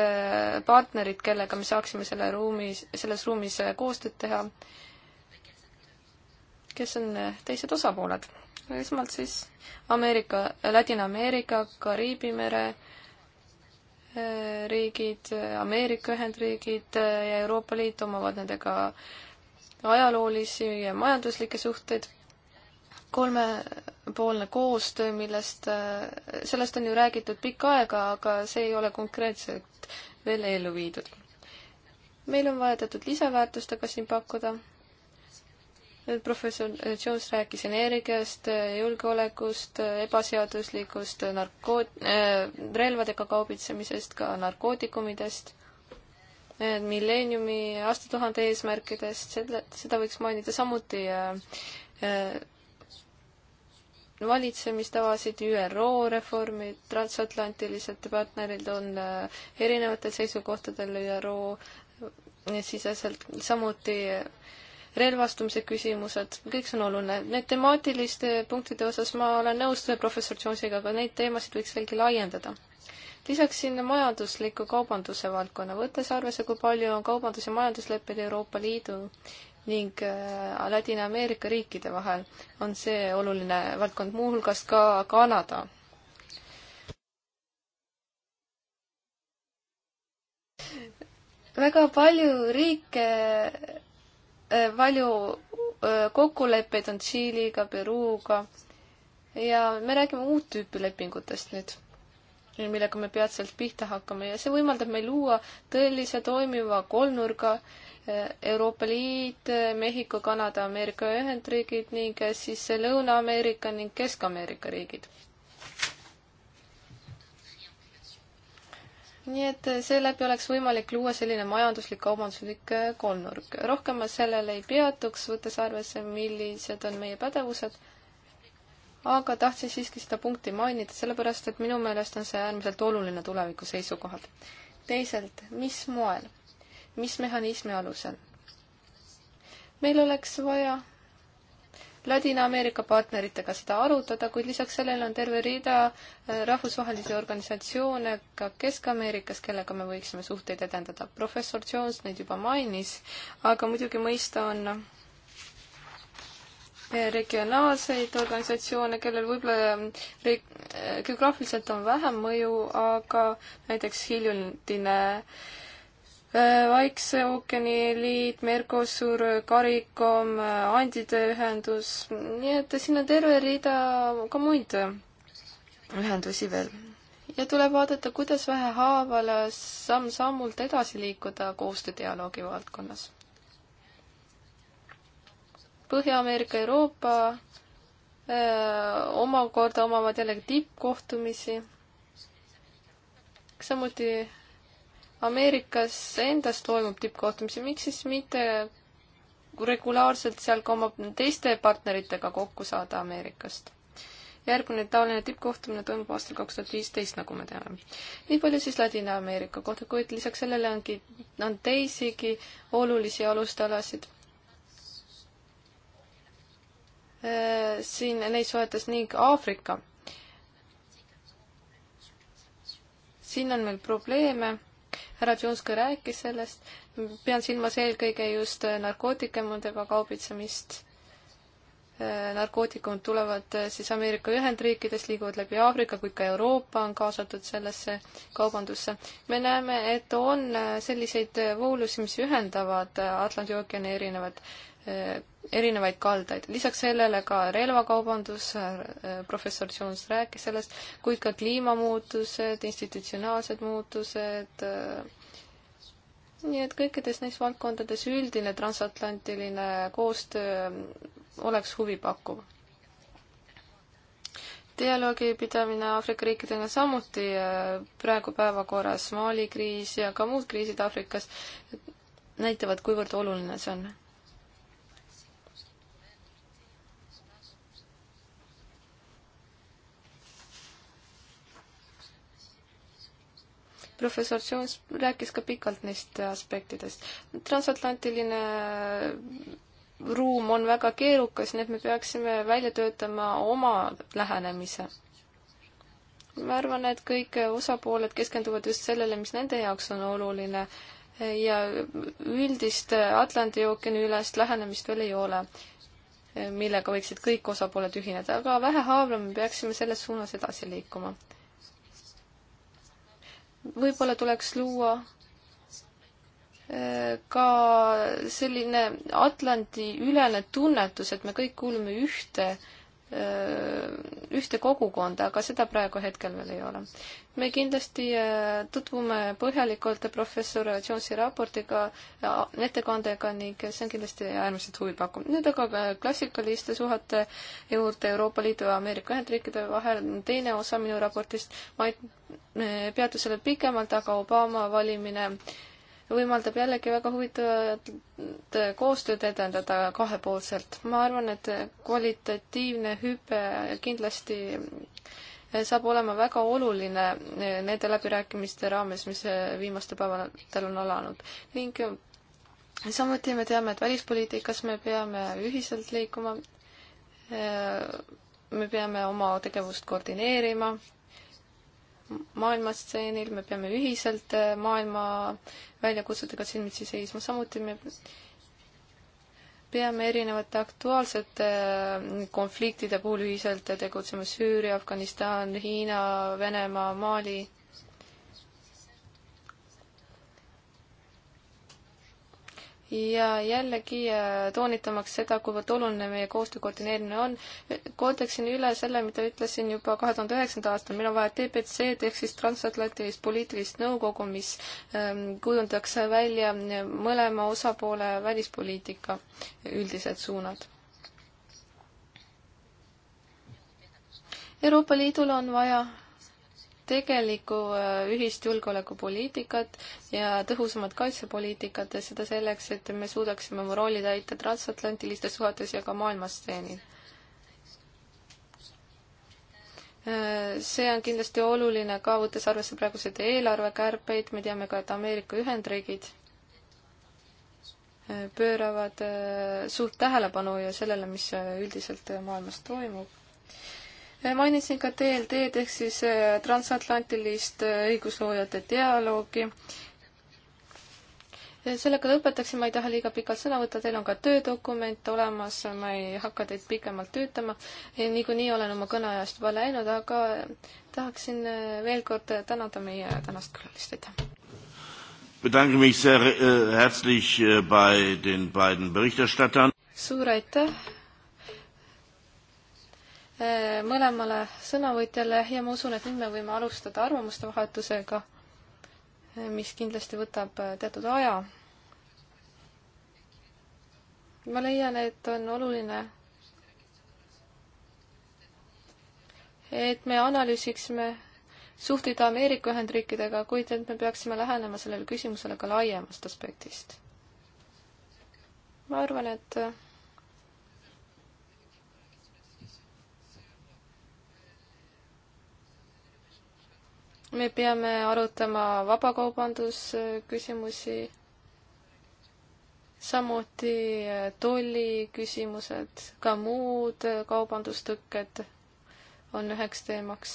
partnerid, kellega me saaksime selle ruumis, selles ruumis koostööd teha? kes on teised osapooled? esmalt siis Ameerika, Ladina-Ameerika, Kariibi mere äh, riigid, Ameerika Ühendriigid äh, ja Euroopa Liit omavad nendega ajaloolisi ja majanduslikke suhteid. kolmepoolne koostöö, millest, äh, sellest on ju räägitud pikka aega, aga see ei ole konkreetselt veel ellu viidud. meil on vaja teatud lisaväärtust aga siin pakkuda professor Jones rääkis energiast, julgeolekust, ebaseaduslikust narkoot-, äh, relvadega kaubitsemisest, ka narkootikumidest, milleeniumi aastatuhande eesmärkidest, seda, seda võiks mainida samuti äh, äh, valitsemistavasid, ÜRO reformid, transatlantilised partnerid on erinevatel seisukohtadel ÜRO siseselt, samuti äh, relvastumise küsimused, kõik see on oluline. Need temaatiliste punktide osas ma olen nõus professor Jonesiga, aga neid teemasid võiks veelgi laiendada. lisaks sinna majandusliku kaubanduse valdkonna, võttes arvesse, kui palju on kaubandus- ja majandusleppeid Euroopa Liidu ning äh, Ladina-Ameerika riikide vahel, on see oluline valdkond, muuhulgas ka Kanada väga palju riike Äh, palju äh, kokkuleppeid on Tšiiliga, Peruuga ja me räägime uut tüüpi lepingutest nüüd, millega me peatselt pihta hakkame ja see võimaldab meil luua tõelise toimiva kolmnurga äh, Euroopa Liit, Mehhiko, Kanada, Ameerika Ühendriigid ning siis Lõuna-Ameerika ning Kesk-Ameerika riigid nii et eh, seeläbi oleks võimalik luua selline majanduslik-kaubanduslik eh, kolmnurk. rohkem ma sellele ei peatuks, võttes arvesse, millised on meie pädevused, aga tahtsin siiski seda punkti mainida, sellepärast et minu meelest on see äärmiselt oluline tuleviku seisukohalt. teisalt, mis moel, mis mehhanismi alusel? meil oleks vaja Ladina-Ameerika partneritega seda arutada, kuid lisaks sellele on terve rida äh, rahvusvahelisi organisatsioone ka Kesk-Ameerikas, kellega me võiksime suhteid edendada. professor Jones neid juba mainis, aga muidugi mõista on äh, regionaalseid organisatsioone, kellel võib-olla äh, re-, geograafiliselt on vähem mõju, aga näiteks hiljutine äh, Äh, Vaikse ookeani liit, Mercosur, CARICOM, äh, Andide ühendus, nii et siin on terve rida ka muid ühendusi veel. ja tuleb vaadata, kuidas vähehaaval samm-sammult edasi liikuda koostöödialoogi valdkonnas. Põhja-Ameerika, Euroopa öö, äh, omakorda omavad jällegi tippkohtumisi, samuti Ameerikas endas toimub tippkohtumisi, miks siis mitte regulaarselt seal ka oma teiste partneritega kokku saada Ameerikast? järgmine taoline tippkohtumine toimub aastal kaks tuhat viisteist, nagu me teame. nii palju siis Ladina-Ameerika kohta, kuid lisaks sellele ongi, on teisigi olulisi alustalasid. Äh, siin neis suhetes ning Aafrika. siin on meil probleeme härra Jones ka rääkis sellest, pean silmas eelkõige just äh, narkootikumidega kaubitsemist. Äh, narkootikumid tulevad äh, siis Ameerika Ühendriikidest, liiguvad läbi Aafrika, kuid ka Euroopa on kaasatud sellesse kaubandusse. me näeme, et on selliseid voolusi, mis ühendavad Atlandi ookeani erinevad Äh, erinevaid kaldaid. lisaks sellele ka relvakaubandus, äh, professor Jones rääkis sellest, kuid ka kliimamuutused, institutsionaalsed muutused, äh, nii et kõikides neis valdkondades üldine transatlantiline koostöö oleks huvipakkuv. dialoogi pidamine Aafrika riikidega samuti praegu päevakorras, Mali kriis ja ka muud kriisid Aafrikas näitavad, kuivõrd oluline see on professor Jones rääkis ka pikalt neist aspektidest. transatlantiline ruum on väga keerukas, nii et me peaksime välja töötama oma lähenemise. ma arvan, et kõik osapooled keskenduvad just sellele, mis nende jaoks on oluline ja üldist Atlandi ookeani ülest lähenemist veel ei ole, millega võiksid kõik osapooled ühineda, aga vähe haavlema peaksime selles suunas edasi liikuma võib-olla tuleks luua äh, ka selline Atlandi ülene tunnetus, et me kõik kuulume ühte äh, Äh, ühte kogukonda, aga seda praegu hetkel veel ei ole. me kindlasti äh, tutvume põhjalikult professor Jonesi raportiga, äh, ettekandega ning see on kindlasti äärmiselt huvipakkuv. nüüd aga klassikaliste suhete juurde Euroopa Liidu ja Ameerika Ühendriikide vahel, teine osa minu raportist, ma ei peatu sellel pikemalt, aga Obama valimine võimaldab jällegi väga huvitavat koostööd edendada kahepoolselt. ma arvan, et kvalitatiivne hüpe kindlasti saab olema väga oluline nende läbirääkimiste raames, mis viimastel päevadel on alanud ning samuti me teame, et välispoliitikas me peame ühiselt liikuma. me peame oma tegevust koordineerima maailmastseenil, me peame ühiselt äh, maailma väljakutsetega silmitsi seisma, samuti me peame erinevate aktuaalsete äh, konfliktide puhul ühiselt äh, tegutsema Süüria, Afganistan, Hiina, Venemaa, Mali ja jällegi äh, toonitamaks seda, kuivõrd oluline meie koostöö koordineerimine on, koodeksin üle selle, mida ütlesin juba kahe tuhande üheksanda aastal, meil on vaja TBC-d ehk siis transatlantilist poliitilist nõukogu, mis ähm, kujundaks välja mõlema osapoole välispoliitika üldised suunad. Euroopa Liidul on vaja tegelikku äh, ühist julgeolekupoliitikat ja tõhusamat kaitsepoliitikat ja seda selleks, et me suudaksime oma rolli täita transatlantilistes suhetes ja ka maailmasteenil. Äh, see on kindlasti oluline ka võttes arvesse praeguseid eelarvekärpeid, me teame ka, et Ameerika Ühendriigid äh, pööravad suurt tähelepanu ju sellele, mis üldiselt maailmas toimub mainisin ka TLD-d ehk siis äh, transatlantilist äh, õigusloojate dialoogi. sellega lõpetaksin, ma ei taha liiga pikalt sõna võtta, teil on ka töödokument olemas, ma ei hakka teid pikemalt tüütama. niikuinii olen oma kõneajast juba läinud, aga äh, tahaksin veel kord tänada meie tänast külalist, aitäh! bedanke mich sehr äh, herzlich äh, bei den beiden Berichterstattern. Suur aitäh Eh, mõlemale sõnavõtjale ja ma usun, et nüüd me võime alustada arvamuste vahetusega, eh, mis kindlasti võtab eh, teatud aja. ma leian, et on oluline, et me analüüsiksime suhteid Ameerika Ühendriikidega, kuid et me peaksime lähenema sellele küsimusele ka laiemast aspektist. ma arvan, et me peame arutama vabakaubandusküsimusi, samuti tolliküsimused, ka muud kaubandustõkked on üheks teemaks.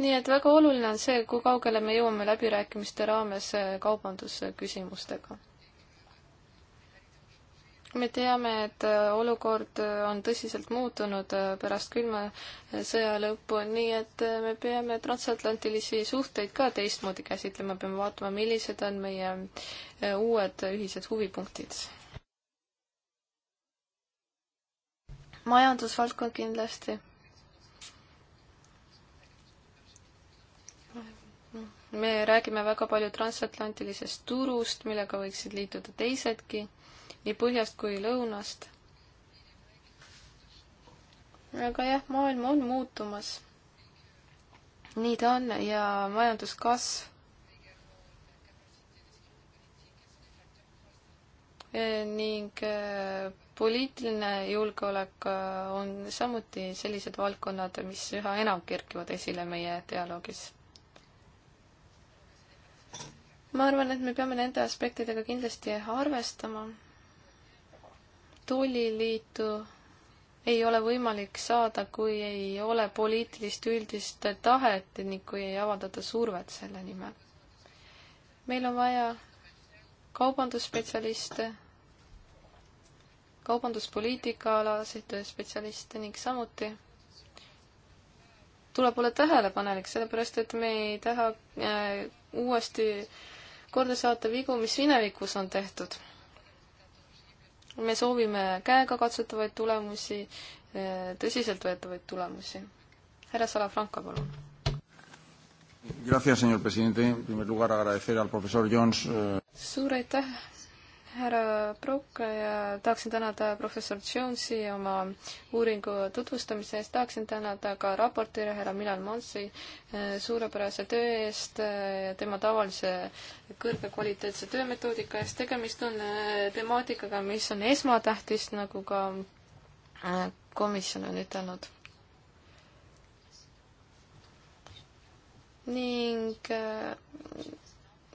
nii et väga oluline on see, kui kaugele me jõuame läbirääkimiste raames kaubandusküsimustega me teame, et äh, olukord äh, on tõsiselt muutunud äh, pärast külma sõja lõppu, nii et me peame transatlantilisi suhteid ka teistmoodi käsitlema, peame vaatama, millised on meie uued ühised huvipunktid. majandusvaldkond kindlasti. me räägime väga palju transatlantilisest turust, millega võiksid liituda teisedki nii põhjast kui lõunast. aga jah, maailm on muutumas. nii ta on ja majanduskasv e, ning e, poliitiline julgeolek e, on samuti sellised valdkonnad, mis üha enam kerkivad esile meie dialoogis. ma arvan, et me peame nende aspektidega kindlasti arvestama tolliliitu ei ole võimalik saada, kui ei ole poliitilist üldist tahet ning kui ei avaldata survet selle nimel. meil on vaja kaubandusspetsialiste, kaubanduspoliitika alaseid spetsialiste ning samuti tuleb olla tähelepanelik, sellepärast et me ei taha äh, uuesti korda saata vigu, mis minevikus on tehtud me soovime käegakatsutavaid tulemusi, eh, tõsiseltvõetavaid tulemusi. härra Salafranca, palun. Gracias, señor presidente. En primer lugar, agradecer al profesor Jones. Eh, Suur aitäh, härra Prokk ja tahaksin tänada professor Jonesi oma uuringu tutvustamise eest, tahaksin tänada ka raportööri härra Milan Monsi eh, suurepärase töö eest, eh, tema tavalise kõrgekvaliteetse töömetoodika eest, tegemist on eh, temaatikaga, mis on esmatähtis, nagu ka komisjon on ütelnud. ning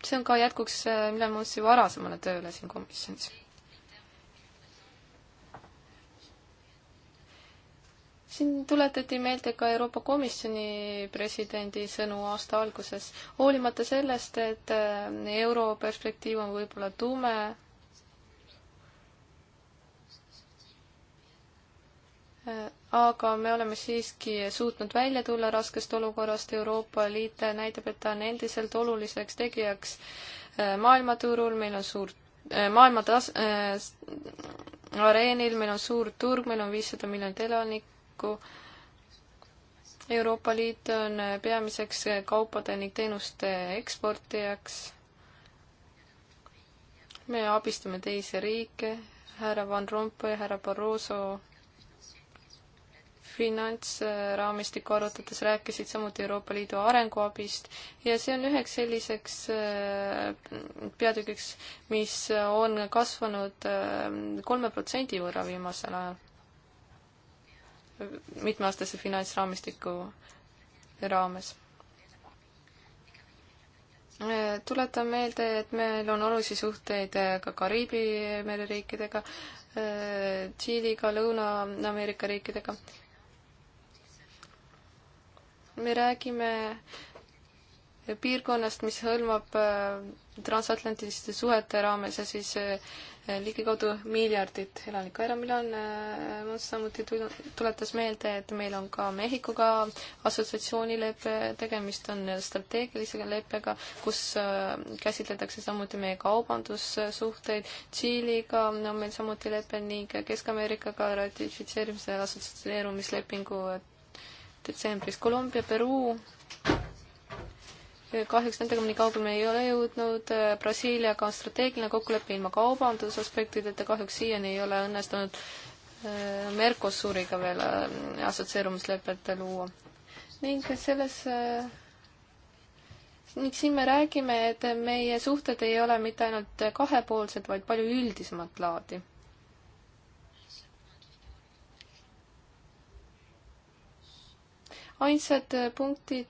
see on ka jätkuks Ülemussi äh, varasemale tööle siin komisjonis. siin tuletati meelde ka Euroopa Komisjoni presidendi sõnu aasta alguses. hoolimata sellest, et äh, euro perspektiiv on võib-olla tume, äh, aga me oleme siiski suutnud välja tulla raskest olukorrast. Euroopa Liit näitab, et ta on endiselt oluliseks tegijaks äh, maailmaturul, meil on suur äh, maailma tas- äh,, areenil, meil on suur turg, meil on viissada miljonit elanikku. Euroopa Liit on äh, peamiseks kaupade ning teenuste eksportijaks. me abistame teisi riike, härra Van Rompuy, härra Barroso finantsraamistikku arutades rääkisid samuti Euroopa Liidu arenguabist ja see on üheks selliseks äh, peatükiks, mis on kasvanud äh, kolme protsendi võrra viimasel ajal mitmeaastase finantsraamistiku raames. Äh, tuletan meelde, et meil on olulisi suhteid ka Kariibi mereriikidega, Tšiiliga, Lõuna-Ameerika riikidega me räägime piirkonnast, mis hõlmab äh, transatlantiliste suhete raames ja siis äh, ligikaudu miljardit elanikku. härra Milan äh, samuti tuletas meelde, et meil on ka Mehhikoga assotsiatsioonilepe, tegemist on strateegilise leppega, kus käsitletakse samuti meie kaubandussuhteid. Tšiiliga on meil samuti lepe ning Kesk-Ameerikaga ratifitseerimise assotsieerumislepingu detsembris. Kolumbia, Peruu, kahjuks nendega nii kaugele me ei ole jõudnud, Brasiiliaga on strateegiline kokkulepe ilma kaubandusaspektideta, kahjuks siiani ei ole õnnestunud äh, Mercosuriga veel äh, assotsieerumislepet luua. ning selles äh, ning siin me räägime, et meie suhted ei ole mitte ainult kahepoolsed, vaid palju üldisemat laadi ainsad äh, punktid,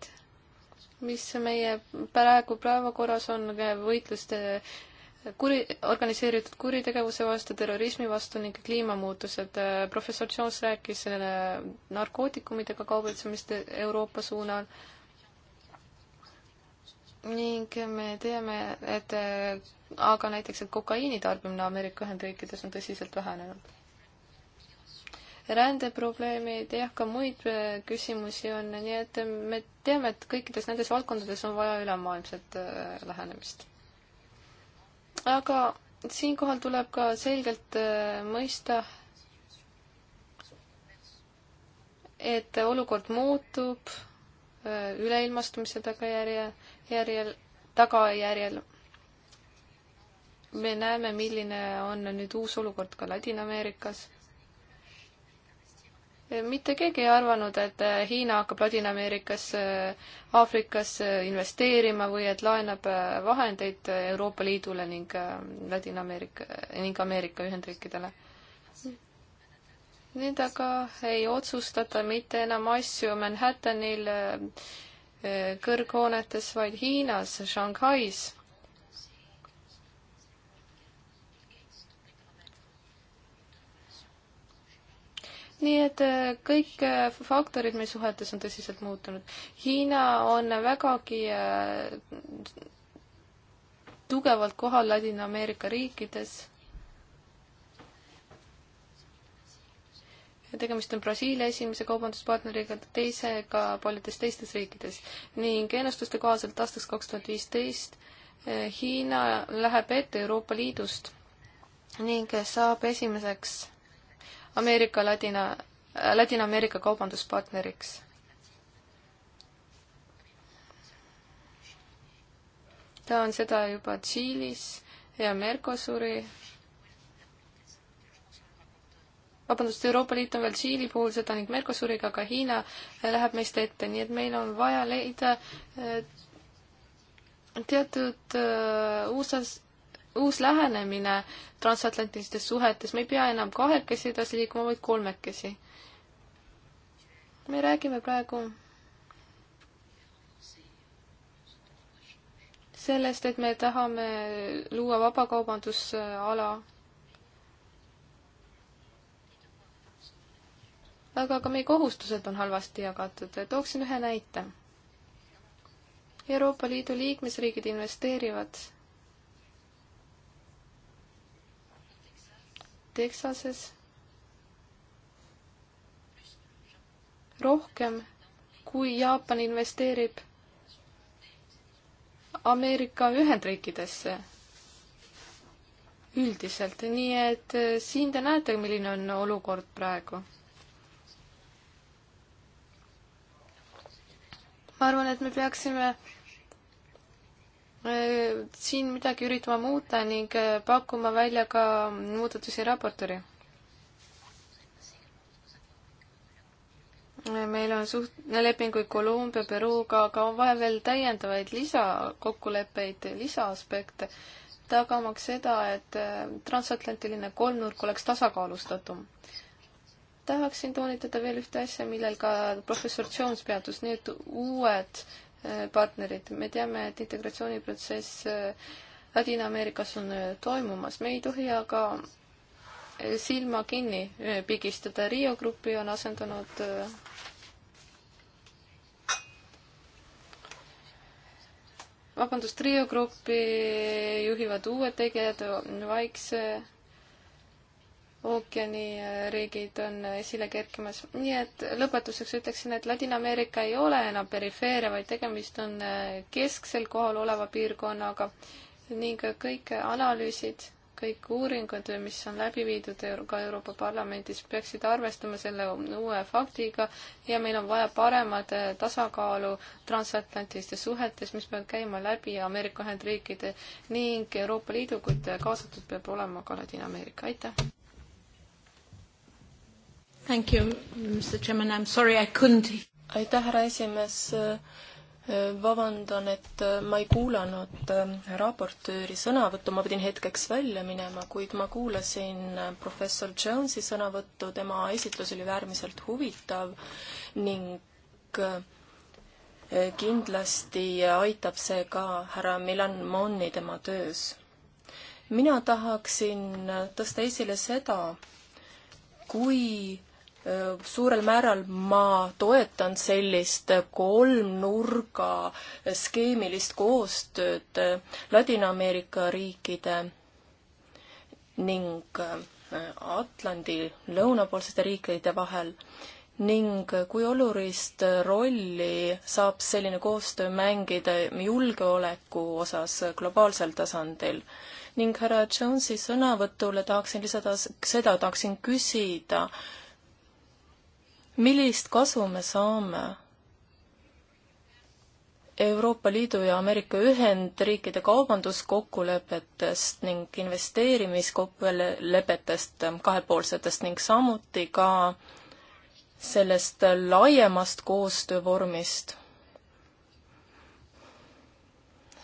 mis meie praegu päevakorras on äh, võitluste äh, kuri, organiseeritud kuritegevuse vastu, terrorismi vastu ning kliimamuutused. professor Jones rääkis narkootikumidega kaubitsemist Euroopa suunal ning me teame, et aga näiteks, et kokaiini tarbimine Ameerika Ühendriikides on tõsiselt vähenenud rändeprobleemid, jah, ka muid äh, küsimusi on, nii et me teame, et kõikides nendes valdkondades on vaja ülemaailmset äh, lähenemist. aga siinkohal tuleb ka selgelt äh, mõista, et olukord muutub üleilmastumise tagajärje, järjel, tagajärjel. me näeme, milline on nüüd uus olukord ka Ladina-Ameerikas mitte keegi ei arvanud, et äh, Hiina hakkab Ladina-Ameerikasse, äh, Aafrikasse investeerima või et laenab äh, vahendeid Euroopa Liidule ning Ladina-Ameerika ning Ameerika Ühendriikidele. nüüd aga ei otsustata mitte enam asju Manhattanil kõrghoonetes, vaid Hiinas, Shanghais nii et äh, kõik äh, faktorid meie suhetes on tõsiselt muutunud. Hiina on vägagi äh, tugevalt kohal Ladina-Ameerika riikides. tegemist on Brasiilia esimese kaubanduspartneriga, teisega paljudes teistes riikides ning ennustuste kohaselt aastaks kaks tuhat viisteist Hiina läheb ette Euroopa Liidust ning saab esimeseks Ameerika Ladina, Ladina-Ameerika kaubanduspartneriks. ta on seda juba Tšiilis ja Mercosuri vabandust, Euroopa Liit on veel Tšiili puhul seda ning Mercosuriga, aga Hiina läheb meist ette, nii et meil on vaja leida äh, teatud äh, USA-s uus lähenemine transatlantilistes suhetes, me ei pea enam kahekesi edasi liikuma, vaid kolmekesi. me räägime praegu sellest, et me tahame luua vabakaubandusala. aga ka meie kohustused on halvasti jagatud, tooksin ühe näite. Euroopa Liidu liikmesriigid investeerivad Texases rohkem, kui Jaapan investeerib Ameerika Ühendriikidesse üldiselt, nii et eh, siin te näete, milline on olukord praegu. ma arvan, et me peaksime Äh, siin midagi üritama muuta ning äh, pakkuma välja ka muudatusi raportööri. meil on suht-, lepinguid Kolumbia, Peruga, aga on vaja veel täiendavaid lisakokkuleppeid, lisaaspekte, tagamaks seda, et äh, transatlantiline kolmnurk oleks tasakaalustatum. tahaksin toonitada veel ühte asja, millel ka professor Jones peatus, need uued partnerid. me teame, et integratsiooniprotsess äh, Ladina-Ameerikas on äh, toimumas, me ei tohi aga äh, silma kinni pigistada. Riia grupi on asendanud vabandust, Riia gruppi juhivad uued tegijad, Vaikse ookeaniriigid on esile kerkimas. nii et lõpetuseks ütleksin, et Ladina-Ameerika ei ole enam perifeeria, vaid tegemist on äh, kesksel kohal oleva piirkonnaga ning kõik analüüsid, kõik uuringud, mis on läbi viidud ka Euroopa Parlamendis, peaksid arvestama selle uue faktiga ja meil on vaja paremat äh, tasakaalu transatlantilistes suhetes, mis peavad käima läbi Ameerika Ühendriikide ning Euroopa Liidu, kuid kaasatud peab olema ka Ladina-Ameerika, aitäh! Thank you, Mr Chairman, I am sorry I couldn't. aitäh, härra esimees. vabandan, et ma ei kuulanud äh, raportööri sõnavõttu, ma pidin hetkeks välja minema, kuid ma kuulasin äh, professor Jonesi sõnavõttu, tema esitlus oli äärmiselt huvitav ning äh, kindlasti aitab see ka härra Milan Monni tema töös. mina tahaksin tõsta esile seda, kui suurel määral ma toetan sellist kolmnurga skeemilist koostööd Ladina-Ameerika riikide ning Atlandi lõunapoolsete riikide vahel ning kui olulist rolli saab selline koostöö mängida julgeoleku osas globaalsel tasandil. ning härra Jonesi sõnavõtule tahaksin lisada seda, tahaksin küsida, millist kasu me saame Euroopa Liidu ja Ameerika Ühendriikide kaubanduskokkulepetest ning investeerimiskokkulepetest kahepoolsetest ning samuti ka sellest laiemast koostöövormist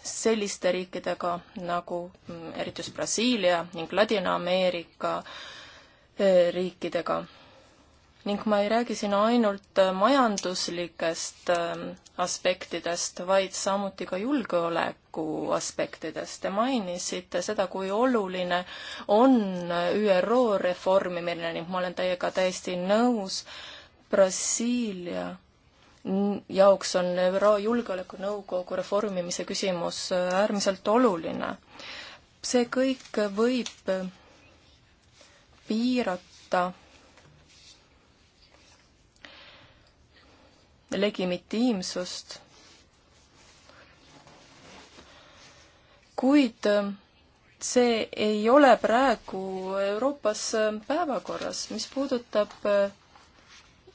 selliste riikidega nagu eriti just Brasiilia ning Ladina-Ameerika eh, riikidega ning ma ei räägi siin ainult äh, majanduslikest ähm, aspektidest, vaid samuti ka julgeoleku aspektidest. Te mainisite seda, kui oluline on äh, ÜRO reformimine ning ma olen teiega täiesti nõus. Brasiilia jaoks on ÜRO Julgeolekunõukogu reformimise küsimus äh, äärmiselt oluline. see kõik võib piirata legimitiimsust. kuid äh, see ei ole praegu Euroopas äh, päevakorras, mis puudutab äh,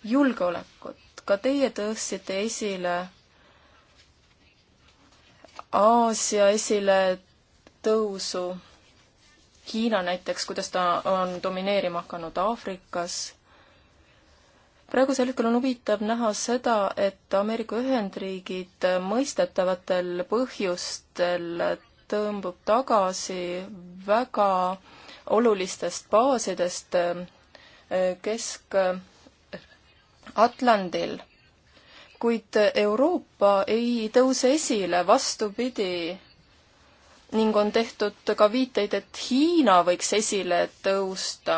julgeolekut. ka teie tõstsite esile Aasia esiletõusu Hiina näiteks, kuidas ta on domineerima hakanud Aafrikas praegusel hetkel on huvitav näha seda, et Ameerika Ühendriigid mõistetavatel põhjustel tõmbub tagasi väga olulistest baasidest eh, Kesk-Atlandil. kuid Euroopa ei tõuse esile, vastupidi, ning on tehtud ka viiteid, et Hiina võiks esile tõusta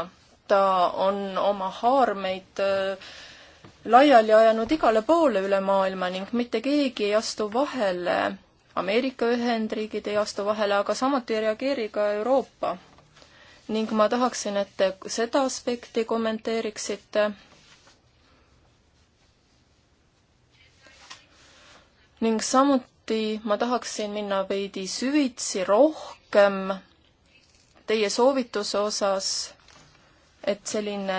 ta on oma haarmeid äh, laiali ajanud igale poole üle maailma ning mitte keegi ei astu vahele. Ameerika Ühendriigid ei astu vahele, aga samuti ei reageeri ka Euroopa. ning ma tahaksin, et te seda aspekti kommenteeriksite. ning samuti ma tahaksin minna veidi süvitsi rohkem teie soovituse osas et selline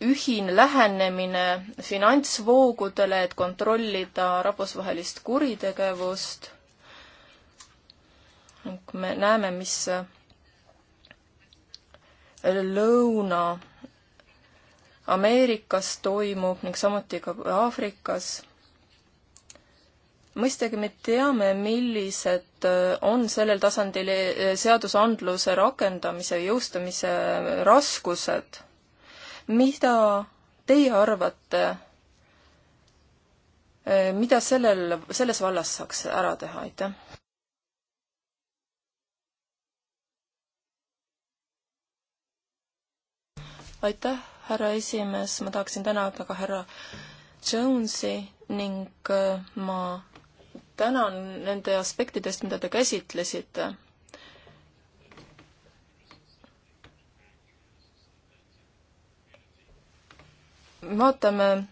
ühine lähenemine finantsvoogudele, et kontrollida rahvusvahelist kuritegevust. me näeme, mis Lõuna-Ameerikas toimub ning samuti ka Aafrikas mõistagi me teame, millised äh, on sellel tasandil äh, seadusandluse rakendamise, jõustamise raskused. mida teie arvate, äh, mida sellel, selles vallas saaks ära teha, aitäh? aitäh, härra esimees, ma tahaksin tänada ka härra Jones'i ning ma tänan nende aspektidest, mida te käsitlesite. vaatame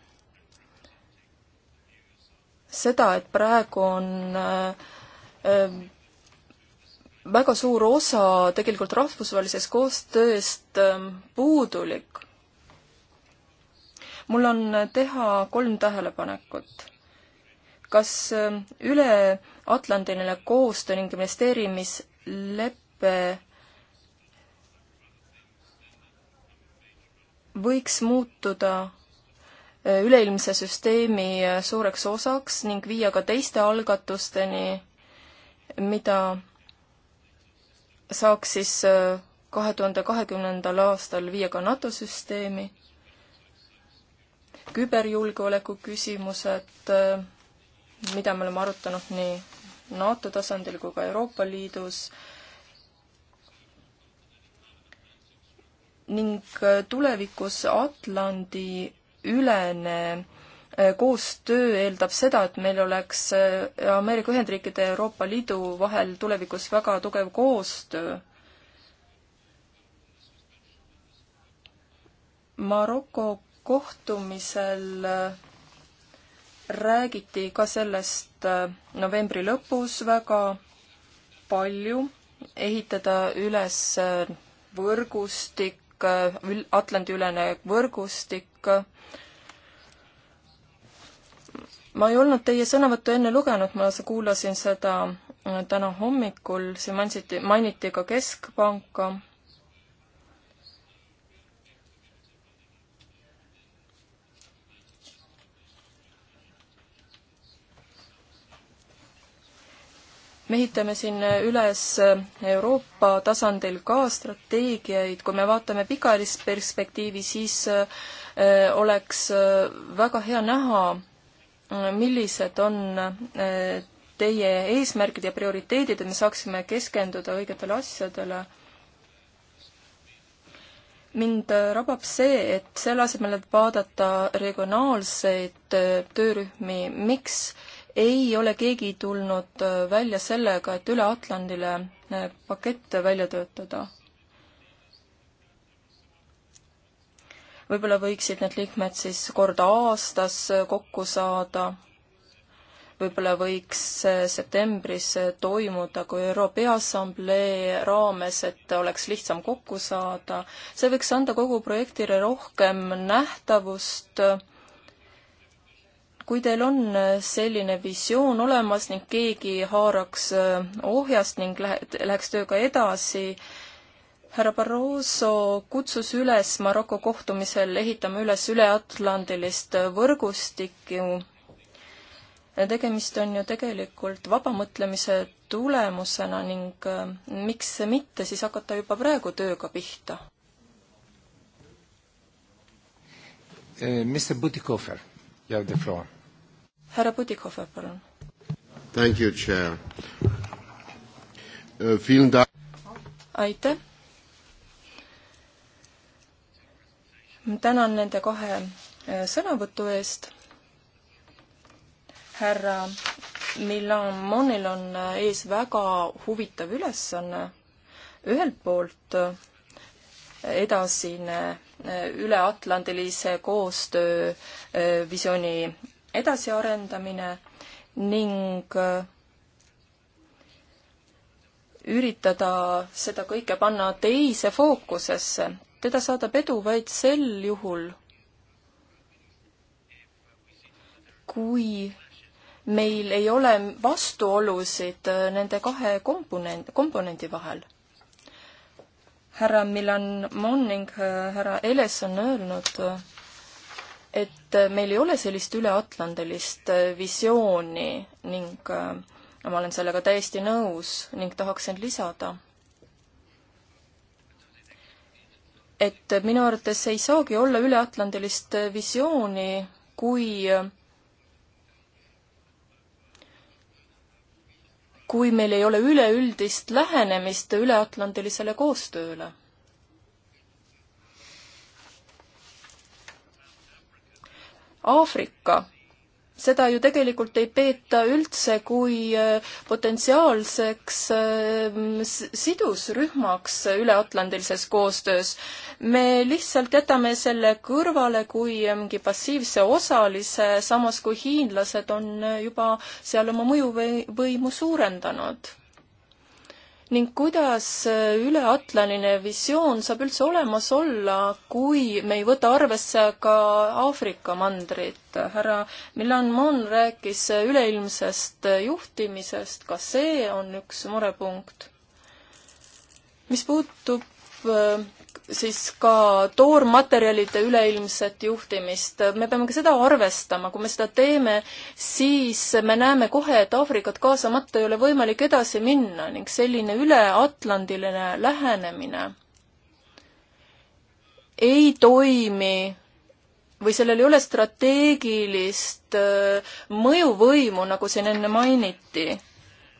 seda, et praegu on äh, äh, väga suur osa tegelikult rahvusvahelisest koostööst äh, puudulik. mul on teha kolm tähelepanekut kas ähm, üleatlandiline koostöö ning investeerimislepe võiks muutuda äh, üleilmse süsteemi äh, suureks osaks ning viia ka teiste algatusteni, mida saaks siis äh, kahe tuhande kahekümnendal aastal viia ka NATO süsteemi, küberjulgeoleku küsimused, mida me oleme arutanud nii NATO tasandil kui ka Euroopa Liidus ning tulevikus Atlandi ülene eh, koostöö eeldab seda, et meil oleks eh, Ameerika Ühendriikide ja Euroopa Liidu vahel tulevikus väga tugev koostöö. Maroko kohtumisel eh, räägiti ka sellest äh, novembri lõpus väga palju, ehitada üles äh, võrgustik, äh, Atlandi-ülene võrgustik. ma ei olnud teie sõnavõttu enne lugenud, ma kuulasin seda täna hommikul, siin mainiti, mainiti ka Keskpanka me ehitame siin üles Euroopa tasandil ka strateegiaid, kui me vaatame pikaajalist perspektiivi, siis äh, oleks äh, väga hea näha, äh, millised on teie eesmärgid ja prioriteedid, et me saaksime keskenduda õigetele asjadele. mind rabab see, et selle asemel, et vaadata regionaalseid töörühmi, miks äh, ei ole keegi tulnud äh, välja sellega, et üle Atlandile äh, pakett välja töötada. võib-olla võiksid need liikmed siis kord aastas äh, kokku saada, võib-olla võiks septembris toimuda kui ÜRO Peaassamblee raames, et oleks lihtsam kokku saada, see võiks anda kogu projektile rohkem nähtavust kui teil on äh, selline visioon olemas ning keegi haaraks äh, ohjast ning läheks tööga edasi, härra Barroso kutsus üles Maroko kohtumisel ehitama üles üleatlandilist äh, võrgustikku. tegemist on ju tegelikult vaba mõtlemise tulemusena ning miks mitte siis hakata juba praegu tööga pihta? Eh, Mr Butikofer, you have the floor härra Putikofer, palun. Thank you, chair uh,. aitäh. tänan nende kahe äh, sõnavõtu eest. härra Milan Monil on äh, ees väga huvitav ülesanne. ühelt poolt äh, edasine üleatlandilise koostöö visiooni edasiarendamine ning äh, üritada seda kõike panna teise fookusesse. teda saadab edu vaid sel juhul, kui meil ei ole vastuolusid äh, nende kahe komponent, komponendi vahel. härra Milan Mon ning äh, härra Eles on öelnud, et meil ei ole sellist üleatlandilist äh, visiooni ning äh, ma olen sellega täiesti nõus ning tahaksin lisada, et minu arvates ei saagi olla üleatlandilist äh, visiooni, kui kui meil ei ole üleüldist lähenemist üleatlandilisele koostööle Aafrika, seda ju tegelikult ei peeta üldse kui äh, potentsiaalseks äh, sidusrühmaks üleatlandilises koostöös. me lihtsalt jätame selle kõrvale kui äh, mingi passiivse osalise, samas kui hiinlased on juba seal oma mõjuvõimu suurendanud ning kuidas äh, üleatlandiline visioon saab üldse olemas olla, kui me ei võta arvesse ka Aafrika mandrit? härra Milan Mon rääkis äh, üleilmsest äh, juhtimisest, ka see on üks murepunkt. mis puutub siis ka toormaterjalide üleilmset juhtimist, me peame ka seda arvestama, kui me seda teeme, siis me näeme kohe, et Aafrikat kaasamata ei ole võimalik edasi minna ning selline üleatlandiline lähenemine ei toimi või sellel ei ole strateegilist äh, mõjuvõimu, nagu siin enne mainiti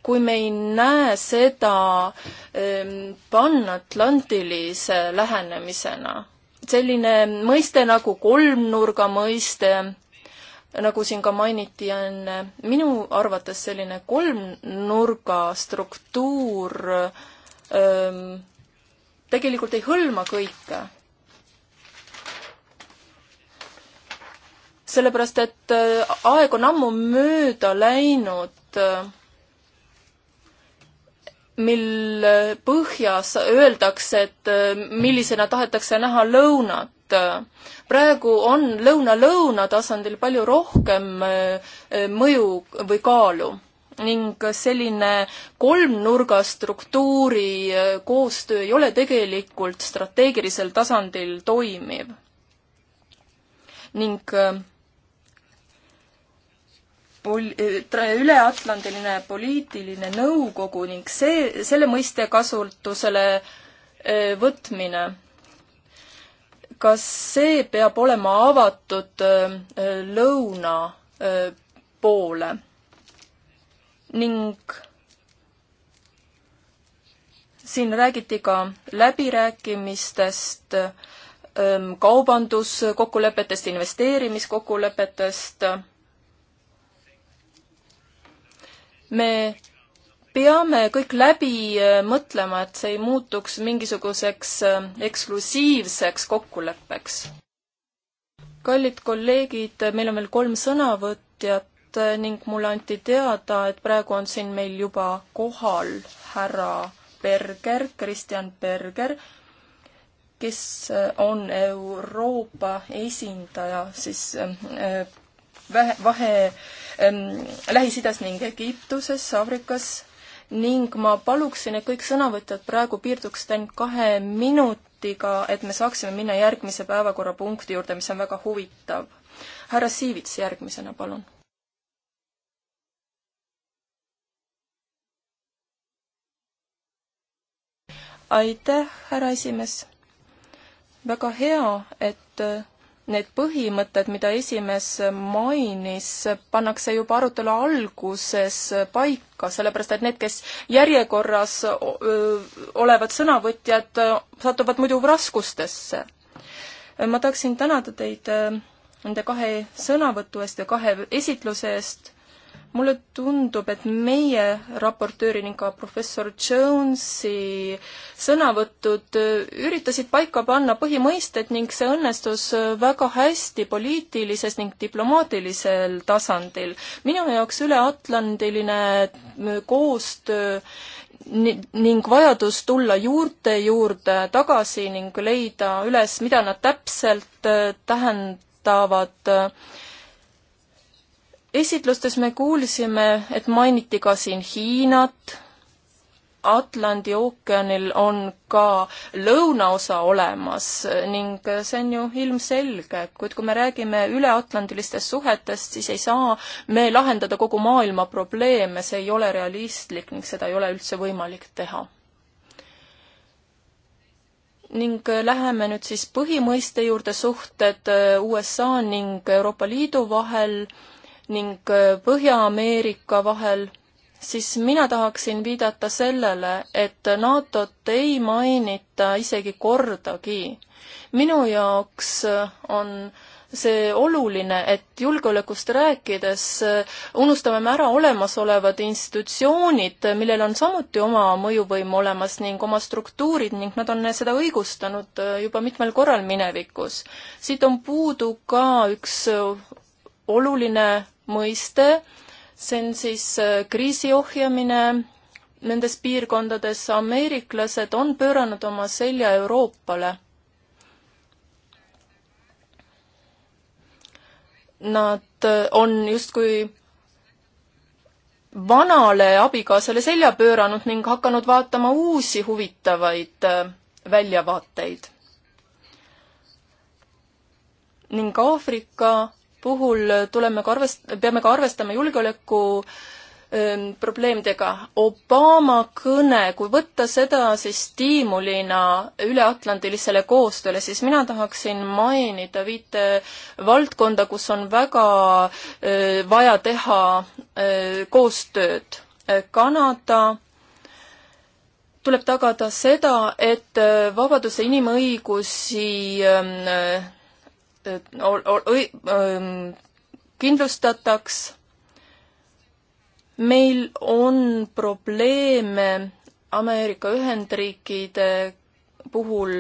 kui me ei näe seda ehm, panatlantilise lähenemisena. selline mõiste nagu kolmnurga mõiste, nagu siin ka mainiti enne, minu arvates selline kolmnurga struktuur öö, ehm, tegelikult ei hõlma kõike. sellepärast, et eh, aeg on ammu mööda läinud eh, mil põhjas öeldakse, et millisena tahetakse näha lõunat. praegu on lõuna-lõuna tasandil palju rohkem mõju või kaalu ning selline kolmnurga struktuuri koostöö ei ole tegelikult strateegilisel tasandil toimiv. ning pol-, eh, üleatlandiline poliitiline nõukogu ning see, selle mõiste kasutusele eh, võtmine, kas see peab olema avatud eh, lõuna poole? ning siin räägiti ka läbirääkimistest, kaubanduskokkulepetest, investeerimiskokkulepetest me peame kõik läbi äh, mõtlema, et see ei muutuks mingisuguseks äh, eksklusiivseks kokkuleppeks. kallid kolleegid, äh, meil on veel kolm sõnavõtjat ning mulle anti teada, et praegu on siin meil juba kohal härra Berger, Kristjan Berger, kes on Euroopa esindaja siis vähe, vahe ähm, Lähis-Idas ning Egiptuses, Aafrikas ning ma paluksin, et kõik sõnavõtjad praegu piirduksid ainult kahe minutiga, et me saaksime minna järgmise päevakorrapunkti juurde, mis on väga huvitav. härra Siivits järgmisena, palun. aitäh, härra esimees. väga hea, et äh, need põhimõtted, mida esimees mainis, pannakse juba arutelu alguses paika, sellepärast et need, kes järjekorras olevad sõnavõtjad, satuvad muidu raskustesse. ma tahaksin tänada teid äh, nende kahe sõnavõtu eest ja kahe esitluse eest mulle tundub, et meie raportööri ning ka professor Jonesi sõnavõtud üritasid paika panna põhimõisted ning see õnnestus väga hästi poliitilises ning diplomaatilisel tasandil. minu jaoks üleatlandiline koostöö ning vajadus tulla juurte juurde tagasi ning leida üles, mida nad täpselt äh, tähendavad esitlustes me kuulsime, et mainiti ka siin Hiinat, Atlandi ookeanil on ka lõunaosa olemas ning see on ju ilmselge, kuid kui me räägime üleatlandilistest suhetest, siis ei saa me lahendada kogu maailma probleeme, see ei ole realistlik ning seda ei ole üldse võimalik teha. ning läheme nüüd siis põhimõiste juurde, suhted äh, USA ning Euroopa Liidu vahel ning äh, Põhja-Ameerika vahel, siis mina tahaksin viidata sellele, et NATO-t ei mainita isegi kordagi. minu jaoks äh, on see oluline, et julgeolekust rääkides äh, unustame me ära olemasolevad institutsioonid, millel on samuti oma mõjuvõim olemas ning oma struktuurid ning nad on seda õigustanud juba mitmel korral minevikus. siit on puudu ka üks oluline mõiste, see on siis äh, kriisi ohjamine nendes piirkondades, ameeriklased on pööranud oma selja Euroopale. Nad äh, on justkui vanale abikaasale selja pööranud ning hakanud vaatama uusi huvitavaid äh, väljavaateid. ning Aafrika puhul tuleme ka arvest-, peame ka arvestama julgeoleku ähm, probleemidega. Obama kõne, kui võtta seda siis stiimulina üleatlandilisele koostööle, siis mina tahaksin mainida viite valdkonda, kus on väga äh, vaja teha äh, koostööd. Kanada tuleb tagada seda, et äh, vabaduse inimõigusi ähm, Ähm, kindlustataks. meil on probleeme Ameerika Ühendriikide puhul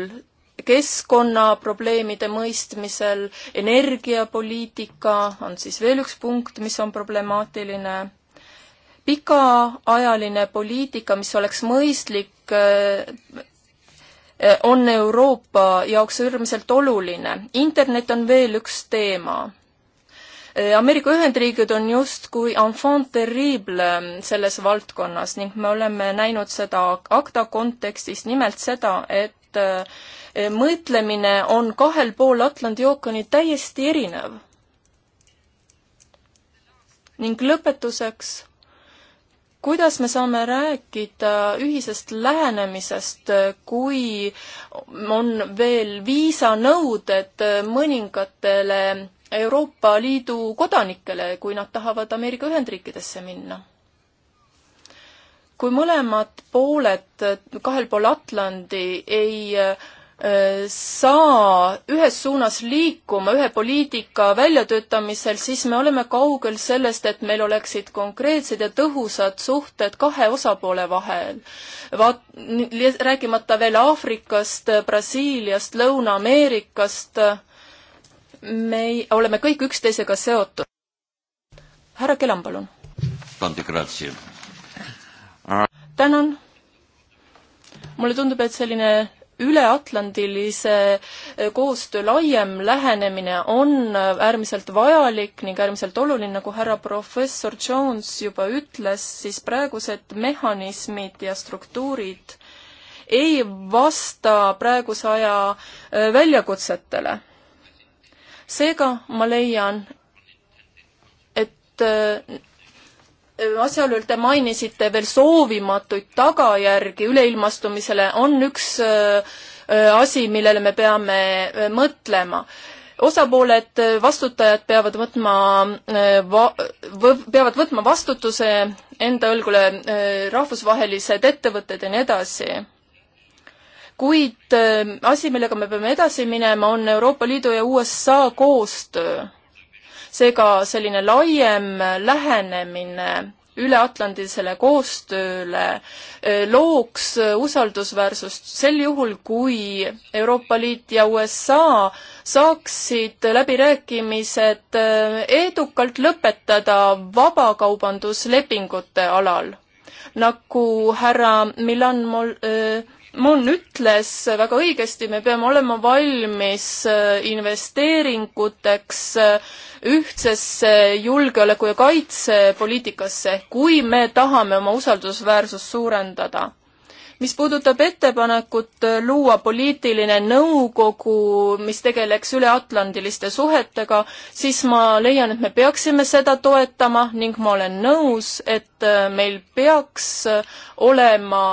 keskkonnaprobleemide mõistmisel, energiapoliitika on siis veel üks punkt, mis on problemaatiline pikaajaline poliitika, mis oleks mõistlik äh, Eh, on Euroopa jaoks äärmiselt oluline. internet on veel üks teema. Eh, Ameerika Ühendriigid on justkui enfant terrible mm, selles valdkonnas ning me oleme näinud seda ACTA kontekstis nimelt seda, et eh, mõtlemine on kahel pool Atlandi ookeani täiesti erinev. ning lõpetuseks kuidas me saame rääkida ühisest lähenemisest, kui on veel viisanõuded mõningatele Euroopa Liidu kodanikele, kui nad tahavad Ameerika Ühendriikidesse minna? kui mõlemad pooled kahel pool Atlandi ei Äh, saa ühes suunas liikuma ühe poliitika väljatöötamisel, siis me oleme kaugel sellest, et meil oleksid konkreetsed ja tõhusad suhted kahe osapoole vahel. Vaat-, rääkimata veel Aafrikast, Brasiiliast, Lõuna-Ameerikast, me ei, oleme kõik üksteisega seotud. härra Kelam, palun. tänan. mulle tundub, et selline üleatlandilise eh, koostöö laiem lähenemine on eh, äärmiselt vajalik ning äärmiselt oluline, nagu härra professor Jones juba ütles, siis praegused mehhanismid ja struktuurid ei vasta praeguse aja eh, väljakutsetele. seega ma leian, et asjaolul te mainisite veel soovimatuid tagajärgi üleilmastumisele, on üks äh, äh, asi, millele me peame äh, mõtlema osapooled, vastutajad peavad võtma va,, peavad võtma vastutuse enda õlgule rahvusvahelised ettevõtted ja nii edasi. kuid asi, millega me peame edasi minema, on Euroopa Liidu ja USA koostöö seega selline laiem lähenemine üleatlandilisele koostööle eh, looks usaldusväärsust sel juhul, kui Euroopa Liit ja USA saaksid läbirääkimised eh, edukalt lõpetada vabakaubanduslepingute alal. nagu härra Milan Mol-, eh, Mon ütles väga õigesti, me peame olema valmis äh, investeeringuteks äh, ühtsesse julgeoleku- ja kaitsepoliitikasse, kui me tahame oma usaldusväärsust suurendada. mis puudutab ettepanekut äh, luua poliitiline nõukogu, mis tegeleks üleatlandiliste suhetega, siis ma leian, et me peaksime seda toetama ning ma olen nõus, et meil peaks olema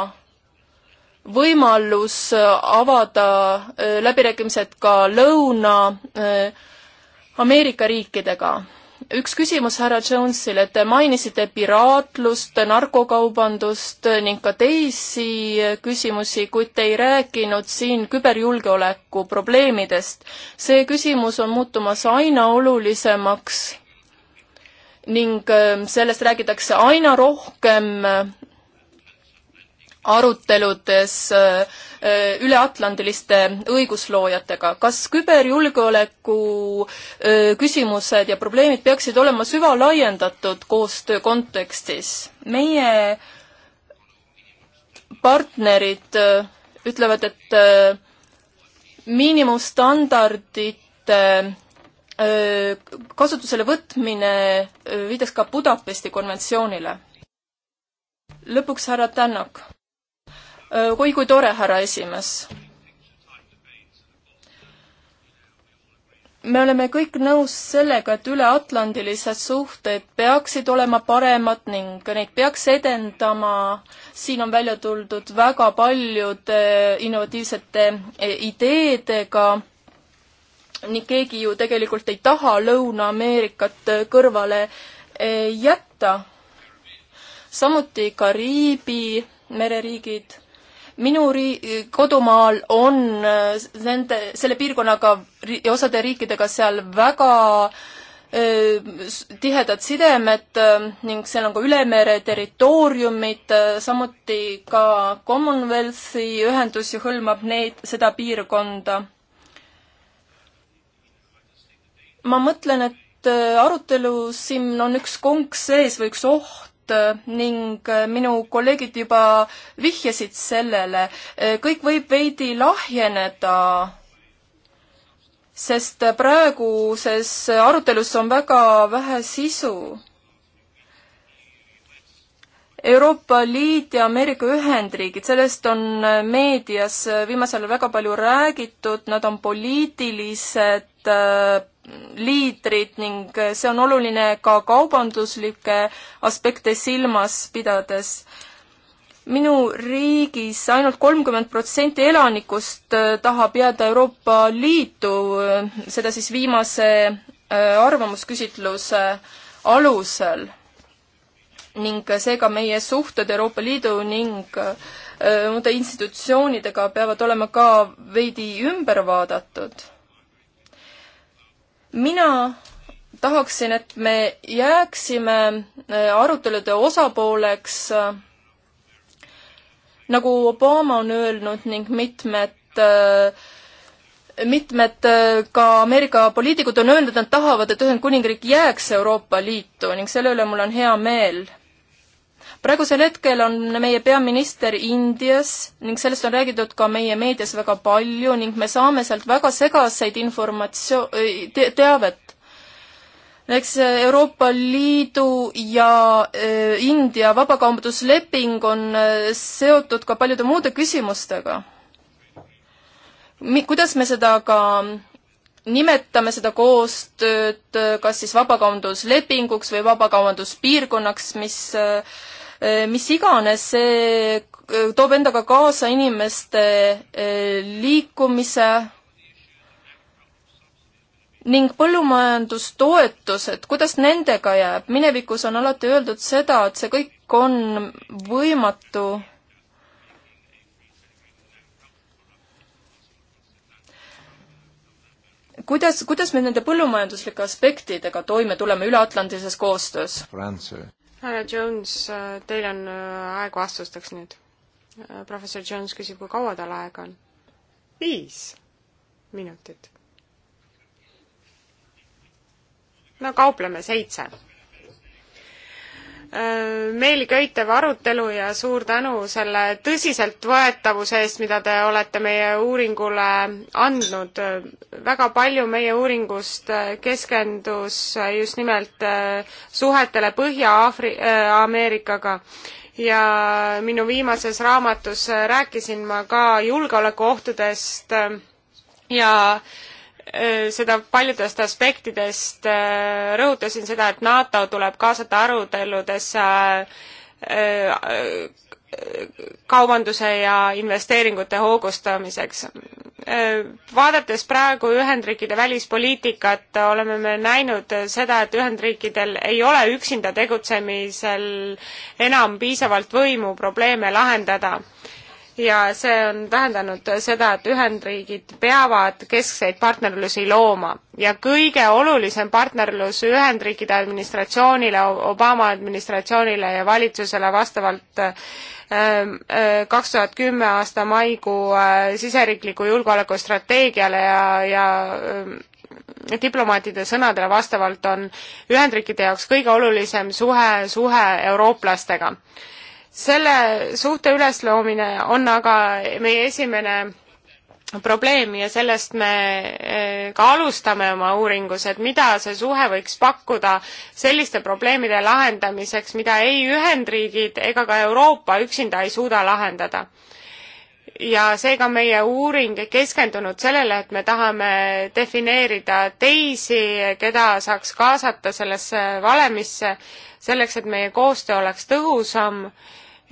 võimalus äh, avada äh, läbirääkimised ka Lõuna-Ameerika äh, riikidega. üks küsimus härra Jonesile, te mainisite piraatlust, narkokaubandust ning ka teisi küsimusi, kuid te ei rääkinud siin küberjulgeoleku probleemidest. see küsimus on muutumas aina olulisemaks ning sellest räägitakse aina rohkem aruteludes äh, üleatlandiliste õigusloojatega. kas küberjulgeoleku äh, küsimused ja probleemid peaksid olema süvalaiendatud koostöö kontekstis? meie partnerid äh, ütlevad, et miinimumstandardite kasutusele võtmine viidaks ka Budapesti konventsioonile. lõpuks härra Tänak oi kui tore, härra esimees. me oleme kõik nõus sellega, et üleatlandilised suhted peaksid olema paremad ning neid peaks edendama. siin on välja tuldud väga paljude innovatiivsete e, ideedega nii keegi ju tegelikult ei taha Lõuna-Ameerikat kõrvale e, jätta. samuti Kariibi mereriigid minu ri-, kodumaal on äh, nende, selle piirkonnaga, osade riikidega seal väga äh, tihedad sidemed äh, ning seal on ka ülemere territooriumid, samuti ka Commonwealthi ühendus ju hõlmab neid, seda piirkonda. ma mõtlen, et arutelu siin on üks konks sees või üks oht, Äh, ning äh, minu kolleegid juba vihjasid sellele, äh, kõik võib veidi lahjeneda, sest praeguses arutelus on väga vähe sisu. Euroopa Liit ja Ameerika Ühendriigid, sellest on meedias viimasel ajal väga palju räägitud, nad on poliitilised liidrid ning see on oluline ka kaubanduslikke aspekte silmas pidades. minu riigis ainult kolmkümmend protsenti elanikust äh, tahab jääda Euroopa Liitu, äh, seda siis viimase äh, arvamusküsitluse alusel. ning seega meie suhted Euroopa Liidu ning muude institutsioonidega peavad olema ka veidi ümber vaadatud mina tahaksin, et me jääksime äh, arutelude osapooleks, äh, nagu Obama on öelnud ning mitmed äh, mitmed ka Ameerika poliitikud on öelnud, et nad tahavad, et Ühendkuningriik jääks Euroopa Liitu ning selle üle mul on hea meel praegusel hetkel on meie peaminister Indias ning sellest on räägitud ka meie meedias väga palju ning me saame sealt väga segaseid informatsioon äh, te, teavet. eks äh, Euroopa Liidu ja äh, India vabakaubandusleping on äh, seotud ka paljude muude küsimustega. Mi-, kuidas me seda ka nimetame seda koostööd äh, kas siis vabakaubanduslepinguks või vabakaubanduspiirkonnaks, mis Äh, mis iganes, see äh, toob endaga kaasa inimeste äh, liikumise ning põllumajandustoetused, kuidas nendega jääb? minevikus on alati öeldud seda, et see kõik on võimatu kuidas, kuidas me nende põllumajanduslike aspektidega toime tuleme üleatlantilises koostöös? härra Jones, teil on äh, aeg vastusteks nüüd. Äh, professor Jones küsib, kui kaua tal aega on? viis minutit. no kaupleme seitse Äh, meeliköitev arutelu ja suur tänu selle tõsiseltvõetavuse eest, mida te olete meie uuringule andnud. väga palju meie uuringust äh, keskendus äh, just nimelt suhetele Põhja-Ameerikaga ja minu viimases raamatus rääkisin ma ka julgeolekuohtudest ja äh, Äh, seda paljudest aspektidest, äh, rõhutasin seda, et NATO tuleb kaasata aruteludesse äh, kaubanduse ja investeeringute hoogustamiseks. Vaadates praegu Ühendriikide välispoliitikat, oleme me näinud seda, et Ühendriikidel ei ole üksinda tegutsemisel enam piisavalt võimu probleeme lahendada ja see on tähendanud seda, et Ühendriigid peavad keskseid partnerlusi looma ja kõige olulisem partnerlus Ühendriikide administratsioonile, Obama administratsioonile ja valitsusele vastavalt ähm, äh, kaks tuhat kümme aasta maikuu äh, siseriikliku julgeolekustrateegiale ja, ja ähm, diplomaatide sõnadele vastavalt on Ühendriikide jaoks kõige olulisem suhe, suhe eurooplastega selle suhte ülesloomine on aga meie esimene probleem ja sellest me eh, ka alustame oma uuringus, et mida see suhe võiks pakkuda selliste probleemide lahendamiseks, mida ei Ühendriigid ega ka Euroopa üksinda ei suuda lahendada ja seega on meie uuring keskendunud sellele, et me tahame defineerida teisi, keda saaks kaasata sellesse valemisse, selleks et meie koostöö oleks tõhusam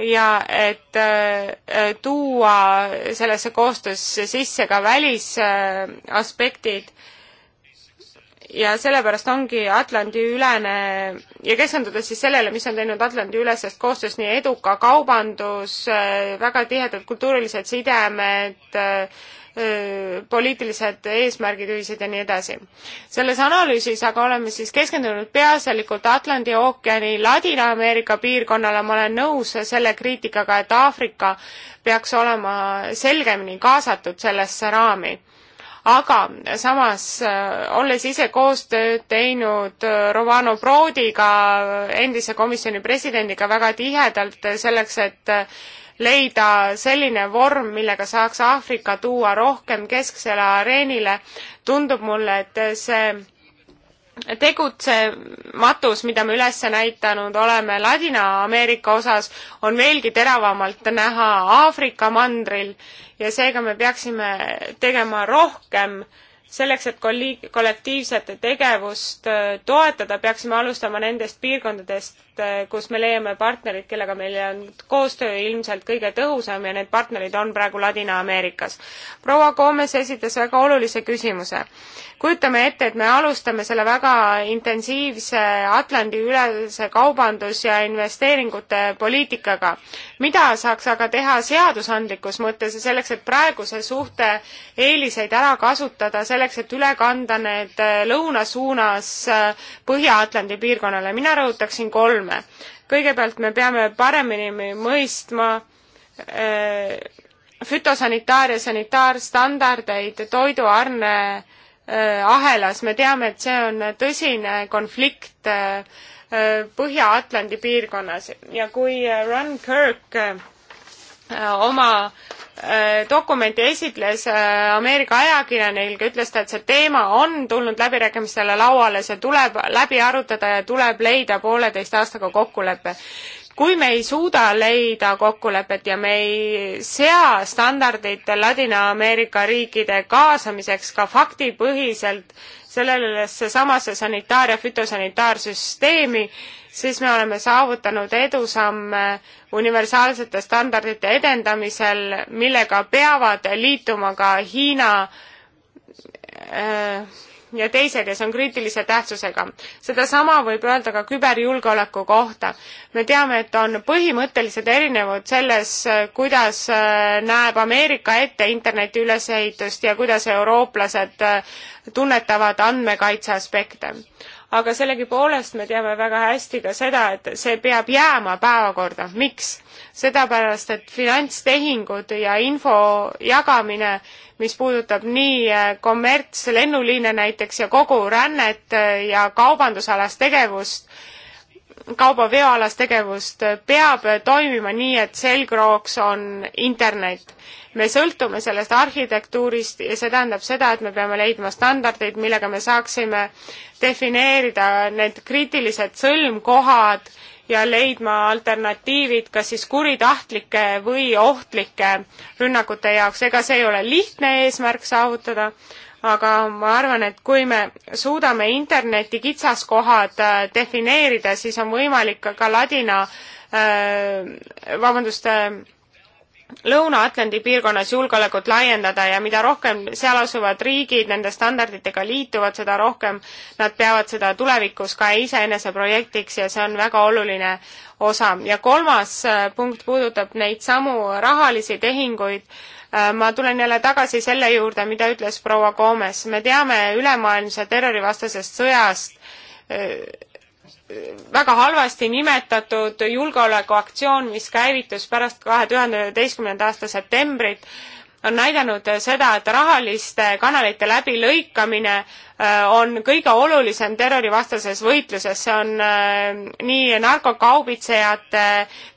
ja et äh, tuua sellesse koostöösse sisse ka välisaspektid ja sellepärast ongi Atlandi-ülene ja keskendudes siis sellele, mis on teinud Atlandi-ülesest koostööst nii eduka kaubandus, äh, väga tihedad kultuurilised sidemed, äh, äh, poliitilised eesmärgid ühised ja nii edasi. selles analüüsis aga oleme siis keskendunud peaasjalikult Atlandi ookeani Ladina-Ameerika piirkonnale, ma olen nõus selle kriitikaga, et Aafrika peaks olema selgemini kaasatud sellesse raami aga samas, äh, olles ise koostööd teinud äh, Romano Prodiga, endise komisjoni presidendiga väga tihedalt äh, selleks, et leida selline vorm, millega saaks Aafrika tuua rohkem kesksele areenile, tundub mulle, et see tegutsematus, mida me üles näidanud oleme Ladina-Ameerika osas, on veelgi teravamalt näha Aafrika mandril ja seega me peaksime tegema rohkem selleks, et kolli-, kollektiivset tegevust äh, toetada, peaksime alustama nendest piirkondadest, äh, kus me leiame partnerid, kellega meil on koostöö ilmselt kõige tõhusam ja need partnerid on praegu Ladina-Ameerikas. proua Koomes esitas väga olulise küsimuse kujutame ette, et me alustame selle väga intensiivse Atlandi-ülese kaubandus- ja investeeringute poliitikaga. mida saaks aga teha seadusandlikus mõttes ja selleks, et praeguse suhte eeliseid ära kasutada, selleks, et üle kanda need äh, lõuna suunas äh, Põhja-Atlandi piirkonnale, mina rõhutaksin kolme. kõigepealt me peame paremini mõistma äh, fütosanitaar- ja sanitaarstandardeid, toiduarne Äh, ahelas, me teame, et see on tõsine konflikt äh, äh, Põhja-Atlandi piirkonnas ja kui Ron Kirk oma dokumenti esitles Ameerika ajakirjanikega, ütles ta, et see teema on tulnud läbirääkimistele lauale, see tuleb läbi arutada ja tuleb leida pooleteist aastaga kokkulepe kui me ei suuda leida kokkulepet ja me ei sea standardeid Ladina-Ameerika riikide kaasamiseks ka faktipõhiselt sellesse samasse sanitaar- ja fütosanitaarsüsteemi, siis me oleme saavutanud edusamme universaalsete standardite edendamisel, millega peavad liituma ka Hiina äh, ja teised ja see on kriitilise tähtsusega. sedasama võib öelda ka küberjulgeoleku kohta. me teame, et on põhimõttelised erinevused selles, kuidas äh, näeb Ameerika ette interneti ülesehitust ja kuidas eurooplased äh, tunnetavad andmekaitse aspekte. aga sellegipoolest me teame väga hästi ka seda, et see peab jääma päevakorda. miks? sedapärast, et finantstehingud ja info jagamine, mis puudutab nii äh, kommertslennuliine näiteks ja kogu rännet äh, ja kaubandusalast tegevust, kaubaveoalast tegevust, äh, peab toimima nii, et selgrooks on internet. me sõltume sellest arhitektuurist ja see tähendab seda, et me peame leidma standardeid, millega me saaksime defineerida need kriitilised sõlmkohad ja leidma alternatiivid kas siis kuritahtlike või ohtlike rünnakute jaoks. ega see ei ole lihtne eesmärk saavutada, aga ma arvan, et kui me suudame interneti kitsaskohad äh, defineerida, siis on võimalik ka ladina, äh, vabandust, äh, Lõuna-Atlandi piirkonnas julgeolekut laiendada ja mida rohkem seal asuvad riigid nende standarditega liituvad, seda rohkem nad peavad seda tulevikus ka iseenese projektiks ja see on väga oluline osa. ja kolmas äh, punkt puudutab neid samu rahalisi tehinguid. Äh, ma tulen jälle tagasi selle juurde, mida ütles proua Gomes. me teame ülemaailmse terrorivastasest sõjast äh, väga halvasti nimetatud julgeolekuaktsioon, mis käivitus pärast kahe tuhande üheteistkümnenda aasta septembrit, on näidanud seda, et rahaliste kanalite läbilõikamine äh, on kõige olulisem terrorivastases võitluses, see on äh, nii narkokaubitsejate,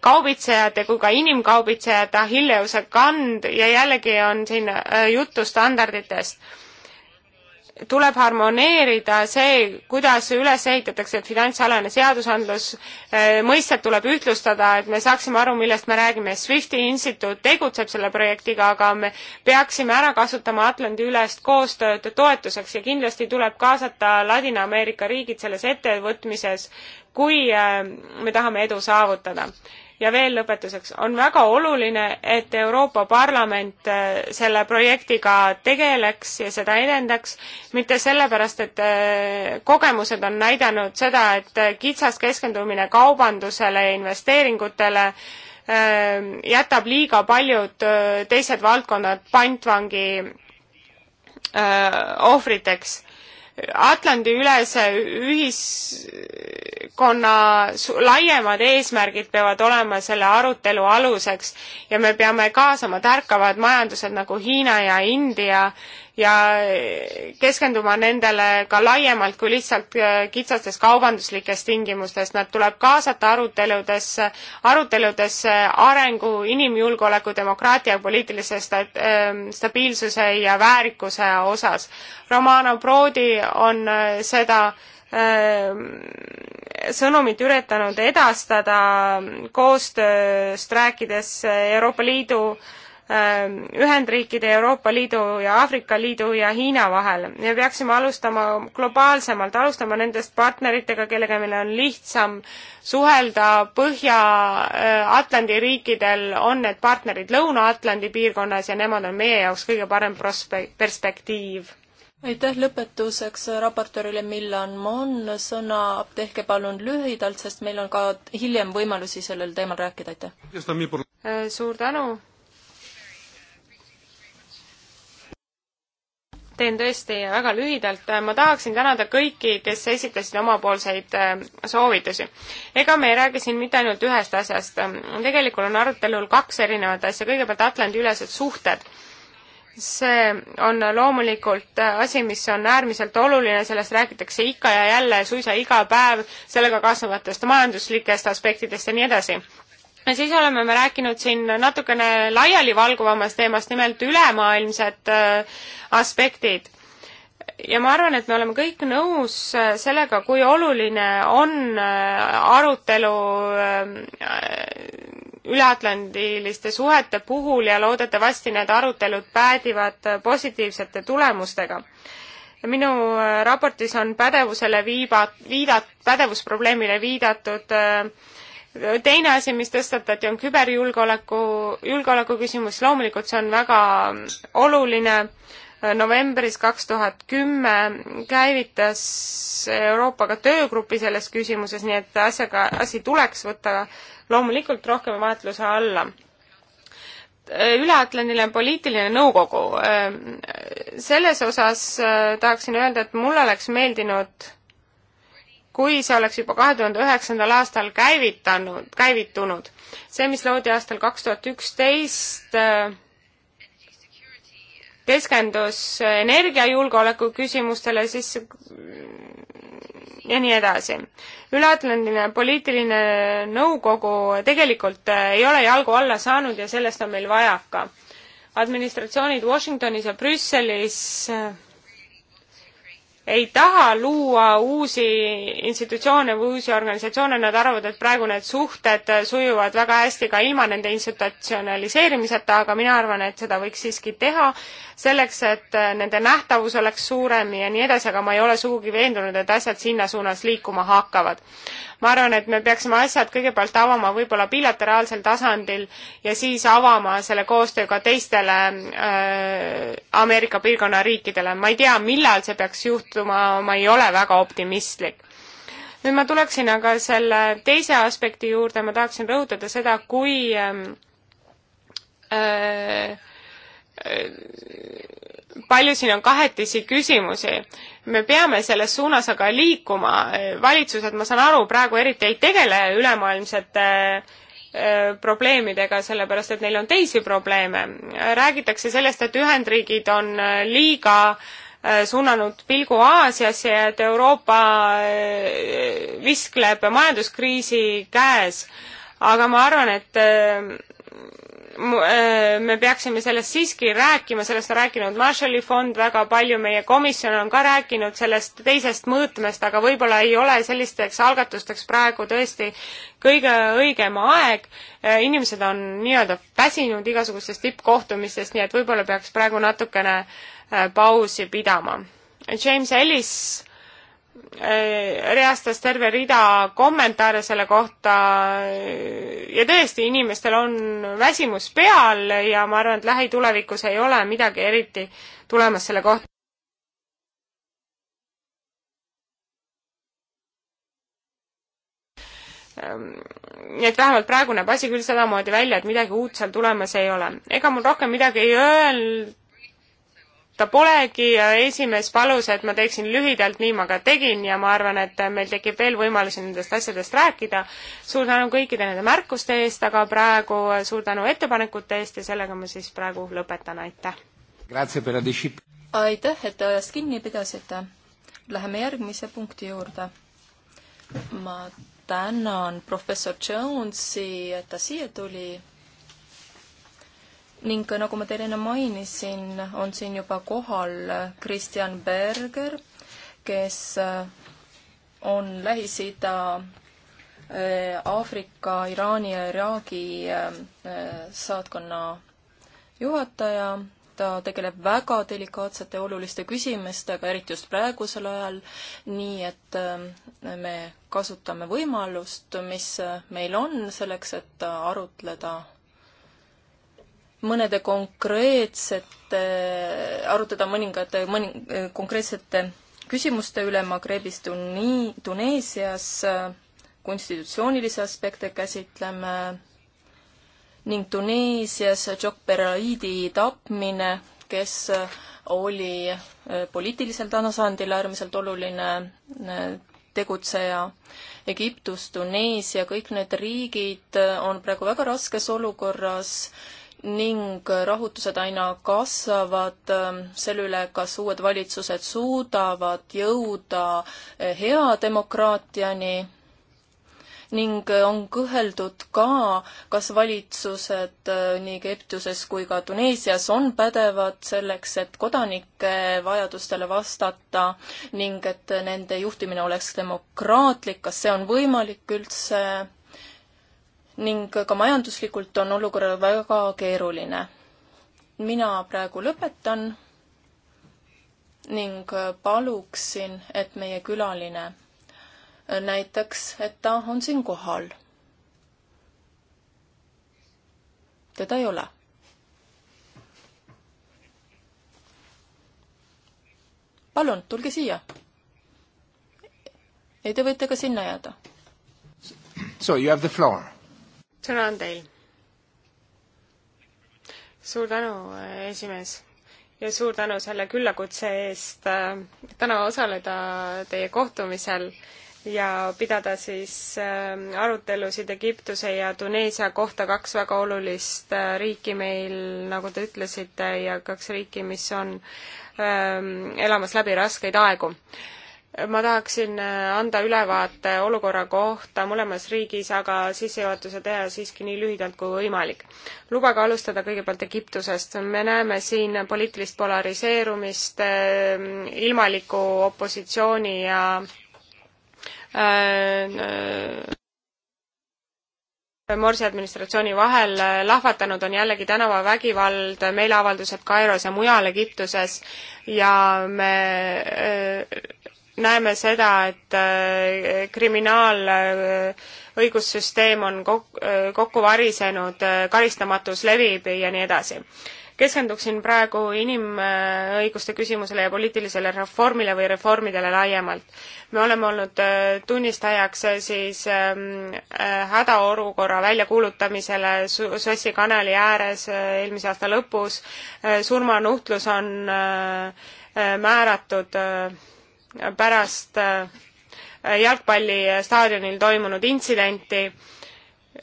kaubitsejate kui ka inimkaubitsejate Achilleuse kand ja jällegi on siin äh, juttu standarditest tuleb harmoneerida see, kuidas üles ehitatakse finantsalane seadusandlus, eh, mõisted tuleb ühtlustada, et me saaksime aru, millest me räägime. SWIFTi instituut tegutseb selle projektiga, aga me peaksime ära kasutama Atlandi-ülest koostööd toetuseks ja kindlasti tuleb kaasata Ladina-Ameerika riigid selles ettevõtmises, kui eh, me tahame edu saavutada ja veel lõpetuseks, on väga oluline, et Euroopa Parlament äh, selle projektiga tegeleks ja seda edendaks, mitte sellepärast, et äh, kogemused on näidanud seda, et äh, kitsas keskendumine kaubandusele ja investeeringutele jätab liiga paljud teised valdkonnad pantvangi ohvriteks Atlandi-ülese ühiskonna laiemad eesmärgid peavad olema selle arutelu aluseks ja me peame kaasama tärkavad majandused nagu Hiina ja India ja keskenduma nendele ka laiemalt kui lihtsalt äh, kitsastes kaubanduslikes tingimustes. Nad tuleb kaasata aruteludesse, aruteludesse arengu, inimjulgeoleku, demokraatia, poliitilise sta-, ähm, stabiilsuse ja väärikuse osas. Romano Prodi on äh, seda ähm, sõnumit üritanud edastada ähm, koostööst rääkides Euroopa Liidu äh, Ähm, Ühendriikide, Euroopa Liidu ja Aafrika Liidu ja Hiina vahel. me peaksime alustama globaalsemalt, alustama nendest partneritega, kellega meil on lihtsam suhelda, Põhja-Atlandi äh, riikidel on need partnerid Lõuna-Atlandi piirkonnas ja nemad on meie jaoks kõige parem prospe-, perspektiiv aitäh lõpetuseks raportöörile Millan Mon, sõna tehke palun lühidalt, sest meil on ka hiljem võimalusi sellel teemal rääkida, aitäh! Äh, suur tänu! teen tõesti väga lühidalt, ma tahaksin tänada kõiki, kes esitasid omapoolseid äh, soovitusi. ega me ei räägi siin mitte ainult ühest asjast, tegelikult on arutelul kaks erinevat asja, kõigepealt Atlandi-ülesed suhted. see on loomulikult asi, mis on äärmiselt oluline, sellest räägitakse ikka ja jälle, suisa iga päev, sellega kaasnevatest majanduslikest aspektidest ja nii edasi siis oleme me rääkinud siin natukene laialivalguvamast teemast, nimelt ülemaailmsed äh, aspektid. ja ma arvan, et me oleme kõik nõus äh, sellega, kui oluline on äh, arutelu üleatlandiliste suhete puhul ja loodetavasti need arutelud päädivad positiivsete tulemustega minu raportis on pädevusele viiba, viidat-, pädevusprobleemile viidatud äh, teine asi, mis tõstatati, on küberjulgeoleku, julgeoleku küsimus, loomulikult see on väga oluline. novembris kaks tuhat kümme käivitas Euroopaga töögrupi selles küsimuses, nii et asjaga, asi tuleks võtta loomulikult rohkem vaatluse alla üleatlandiline poliitiline nõukogu. selles osas äh, tahaksin öelda, et mul oleks meeldinud kui see oleks juba kahe tuhande üheksandal aastal käivitanud, käivitunud. see, mis loodi aastal kaks tuhat üksteist, äh, keskendus energiajulgeoleku küsimustele, siis ja nii edasi. üleatlandiline poliitiline nõukogu tegelikult äh, ei ole jalgu alla saanud ja sellest on meil vajaka. administratsioonid Washingtonis ja Brüsselis äh, ei taha luua uusi institutsioone või uusi organisatsioone, nad arvavad, et praegu need suhted sujuvad väga hästi ka ilma nende institutsionaliseerimiseta, aga mina arvan, et seda võiks siiski teha selleks, et nende nähtavus oleks suurem ja nii edasi, aga ma ei ole sugugi veendunud, et asjad sinna suunas liikuma hakkavad. ma arvan, et me peaksime asjad kõigepealt avama võib-olla bilateraalsel tasandil ja siis avama selle koostöö ka teistele äh, Ameerika piirkonna riikidele. ma ei tea, millal see peaks juhtuma, juhtuma, ma ei ole väga optimistlik. nüüd ma tuleksin aga selle teise aspekti juurde, ma tahaksin rõhutada seda, kui ähm, äh, palju siin on kahetisi küsimusi. me peame selles suunas aga liikuma, valitsused, ma saan aru, praegu eriti ei tegele ülemaailmsete äh, probleemidega, sellepärast et neil on teisi probleeme. räägitakse sellest, et Ühendriigid on äh, liiga äh, Äh, suunanud pilgu Aasiasse ja et Euroopa äh, viskleb majanduskriisi käes. aga ma arvan, et äh, me peaksime sellest siiski rääkima, sellest on rääkinud Marshalli fond väga palju, meie komisjon on ka rääkinud sellest teisest mõõtmest, aga võib-olla ei ole sellisteks algatusteks praegu tõesti kõige õigem aeg. inimesed on nii-öelda väsinud igasugustest tippkohtumistest, nii et võib-olla peaks praegu natukene äh, Äh, pausi pidama. James Ellis äh, reastas terve rida kommentaare selle kohta äh, ja tõesti, inimestel on väsimus peal ja ma arvan, et lähitulevikus ei ole midagi eriti tulemas selle kohta. Ähm, nii et vähemalt praegu näeb asi küll sedamoodi välja, et midagi uut seal tulemas ei ole. ega mul rohkem midagi ei öel-, ta polegi ja esimees palus, et ma teeksin lühidalt, nii ma ka tegin ja ma arvan, et meil tekib veel võimalusi nendest asjadest rääkida. suur tänu kõikide nende märkuste eest, aga praegu suur tänu ettepanekute eest ja sellega ma siis praegu lõpetan, aitäh! aitäh, et te ajast kinni pidasite. Läheme järgmise punkti juurde. ma tänan professor Jonesi, et ta siia tuli ning nagu ma teile enne mainisin, on siin juba kohal Kristjan Berger, kes äh, on Lähis-Ida äh, Aafrika, Iraani ja Iraagi äh, saatkonna juhataja, ta tegeleb väga delikaatsete oluliste küsimustega, eriti just praegusel ajal, nii et me kasutame võimalust, mis meil on selleks, et arutleda mõnede konkreetsete, arutada mõningate, mõni-, konkreetsete küsimuste üle Magrebis, Tuni-, Tuneesias, äh, konstitutsioonilisi aspekte käsitleme ning Tuneesias Jokberaidi tapmine, kes äh, oli äh, poliitilisel tasandil äärmiselt oluline tegutseja. Egiptus, Tuneesia, kõik need riigid on praegu väga raskes olukorras ning rahutused aina kasvavad ähm, selle üle, kas uued valitsused suudavad jõuda äh, hea demokraatiani ning äh, on kõheldud ka, kas valitsused äh, nii Egiptuses kui ka Tuneesias on pädevad selleks, et kodanike vajadustele vastata ning et nende juhtimine oleks demokraatlik, kas see on võimalik üldse ning ka majanduslikult on olukord väga keeruline. mina praegu lõpetan ning paluksin, et meie külaline näitaks, et ta on siin kohal. teda ei ole. palun, tulge siia. ei, te võite ka sinna jääda. So you have the floor sõna on teil. suur tänu, esimees ja suur tänu selle küllakutse eest äh, täna osaleda teie kohtumisel ja pidada siis äh, arutelusid Egiptuse ja Tuneesia kohta, kaks väga olulist äh, riiki meil, nagu te ütlesite, ja kaks riiki, mis on ähm, elamas läbi raskeid aegu ma tahaksin äh, anda ülevaate olukorra kohta mõlemas riigis, aga sissejuhatuse teha siiski nii lühidalt kui võimalik. lubage alustada kõigepealt Egiptusest. me näeme siin poliitilist polariseerumist, äh, ilmaliku opositsiooni ja äh, Morsi administratsiooni vahel lahvatanud on jällegi tänavavägivald, meeleavaldused Kairos ja mujal Egiptuses ja me öö, näeme seda, et äh, kriminaalõigussüsteem äh, on äh, kokku varisenud, karistamatus levib ja nii edasi keskenduksin praegu inimõiguste küsimusele ja poliitilisele reformile või reformidele laiemalt. me oleme olnud tunnistajaks siis ähm, hädaolukorra väljakuulutamisele Suessi kanali ääres eelmise aasta lõpus, surmanuhtlus on määratud pärast äh, jalgpallistaadionil toimunud intsidenti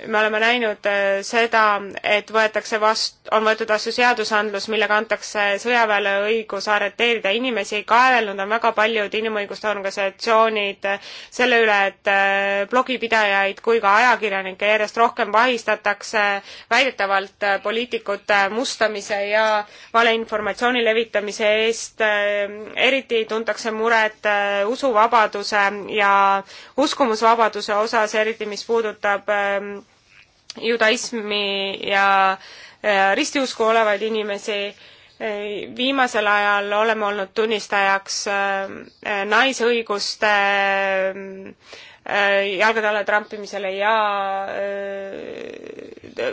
me oleme näinud äh, seda, et võetakse vast-, on võetud vastu seadusandlus, millega antakse sõjaväele õigus arreteerida inimesi, kaelnud on väga paljud inimõiguste organisatsioonid äh, selle üle, et äh, blogipidajaid kui ka ajakirjanikke järjest rohkem vahistatakse väidetavalt poliitikute mustamise ja valeinformatsiooni levitamise eest, eriti tuntakse muret usuvabaduse ja uskumusvabaduse osas, eriti mis puudutab ähm, judaismi ja ristiusku olevaid inimesi. viimasel ajal oleme olnud tunnistajaks äh, naisõiguste äh, jalgade alla trampimisele ja äh,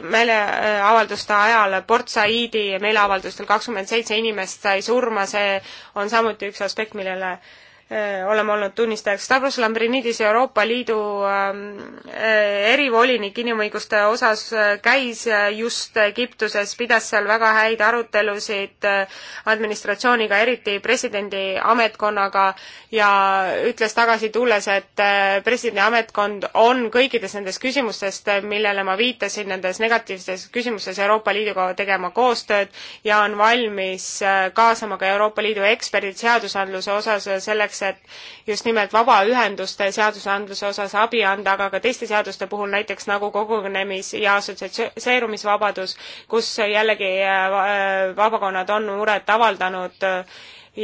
meeleavalduste ajal Port Saidi meeleavaldustel kakskümmend seitse inimest sai surma, see on samuti üks aspekt, millele Äh, oleme olnud tunnistajaks. Stavros Lambrinidis, Euroopa Liidu ähm, äh, erivolinik inimõiguste osas, äh, käis just Egiptuses, pidas seal väga häid arutelusid administratsiooniga, eriti presidendi ametkonnaga ja ütles tagasi tulles, et presidendi ametkond on kõikides nendes küsimustest, millele ma viitasin, nendes negatiivses küsimustes Euroopa Liiduga tegema koostööd ja on valmis kaasama ka Euroopa Liidu eksperdid seadusandluse osas selleks, selleks, et just nimelt vabaühenduste seadusandluse osas abi anda, aga ka teiste seaduste puhul, näiteks nagu kogunemis- ja assotsieerumisvabadus, kus jällegi äh, vabakonnad on muret avaldanud äh,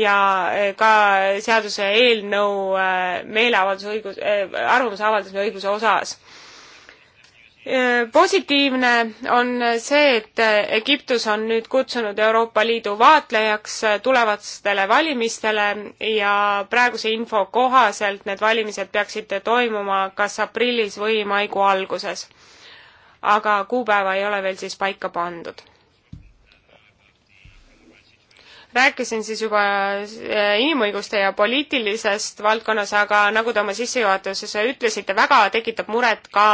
ja äh, ka seaduseelnõu meeleavalduse õigus, arvamuse avaldamise õiguse osas Äh, positiivne on see, et äh, Egiptus on nüüd kutsunud Euroopa Liidu vaatlejaks äh, tulevastele valimistele ja praeguse info kohaselt need valimised peaksid toimuma kas aprillis või maikuu alguses. aga kuupäeva ei ole veel siis paika pandud rääkisin siis juba äh, inimõiguste ja poliitilisest valdkonnas, aga nagu te oma sissejuhatuses ütlesite, väga tekitab muret ka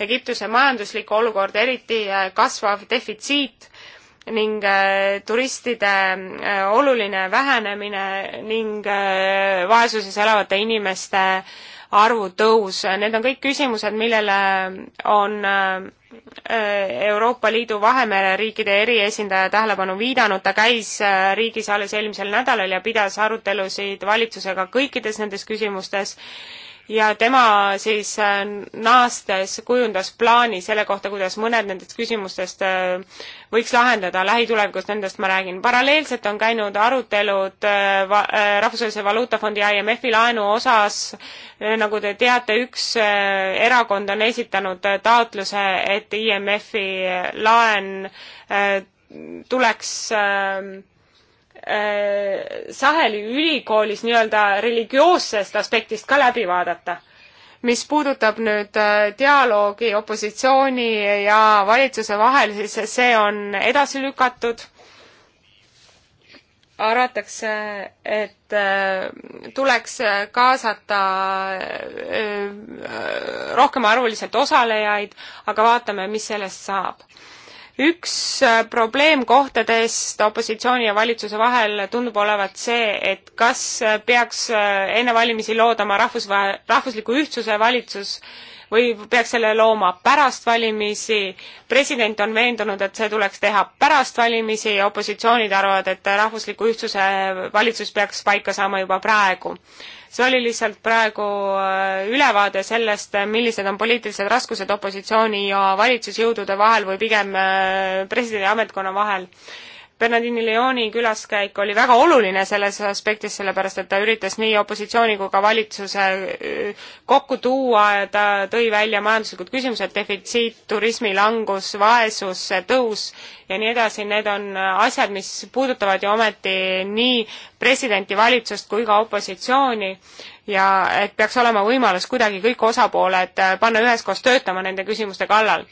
Egiptuse majanduslik olukord, eriti äh, kasvav defitsiit ning äh, turistide oluline vähenemine ning vaesuses elavate inimeste arvu tõus, need on kõik küsimused, millele on äh, Euroopa Liidu Vahemere riikide eriesindaja tähelepanu viidanud, ta käis äh, riigisaalis eelmisel nädalal ja pidas arutelusid valitsusega kõikides nendes küsimustes ja tema siis äh, naastes kujundas plaani selle kohta, kuidas mõned nendest küsimustest äh, võiks lahendada, lähitulevikus nendest ma räägin. paralleelselt on käinud arutelud äh, Rahvusvahelise Valuutafondi IMF-i laenu osas, nagu te teate, üks erakond on esitanud taotluse, et IMF-i laen tuleks äh, Äh, Saheli ülikoolis nii-öelda religioossest aspektist ka läbi vaadata. mis puudutab nüüd äh, dialoogi opositsiooni ja valitsuse vahel, siis see on edasi lükatud. arvatakse, et äh, tuleks kaasata rohkem arvuliselt osalejaid, aga vaatame, mis sellest saab üks äh, probleemkohtadest opositsiooni ja valitsuse vahel tundub olevat see, et kas äh, peaks äh, enne valimisi loodama rahvusvahe-, rahvusliku ühtsuse valitsus või peaks selle looma pärast valimisi. president on veendunud, et see tuleks teha pärast valimisi ja opositsioonid arvavad, et rahvusliku ühtsuse valitsus peaks paika saama juba praegu see oli lihtsalt praegu äh, ülevaade sellest, äh, millised on poliitilised raskused opositsiooni ja valitsusjõudude vahel või pigem äh, presidendi ametkonna vahel Bernardini Leoni külaskäik oli väga oluline selles aspektis, sellepärast et ta üritas nii opositsiooni kui ka valitsuse äh, kokku tuua ja ta tõi välja majanduslikud küsimused, defitsiit, turismi langus, vaesus, tõus ja nii edasi, need on asjad, mis puudutavad ju ometi nii presidenti, valitsust kui ka opositsiooni ja et peaks olema võimalus kuidagi kõik osapooled äh, panna üheskoos töötama nende küsimuste kallal.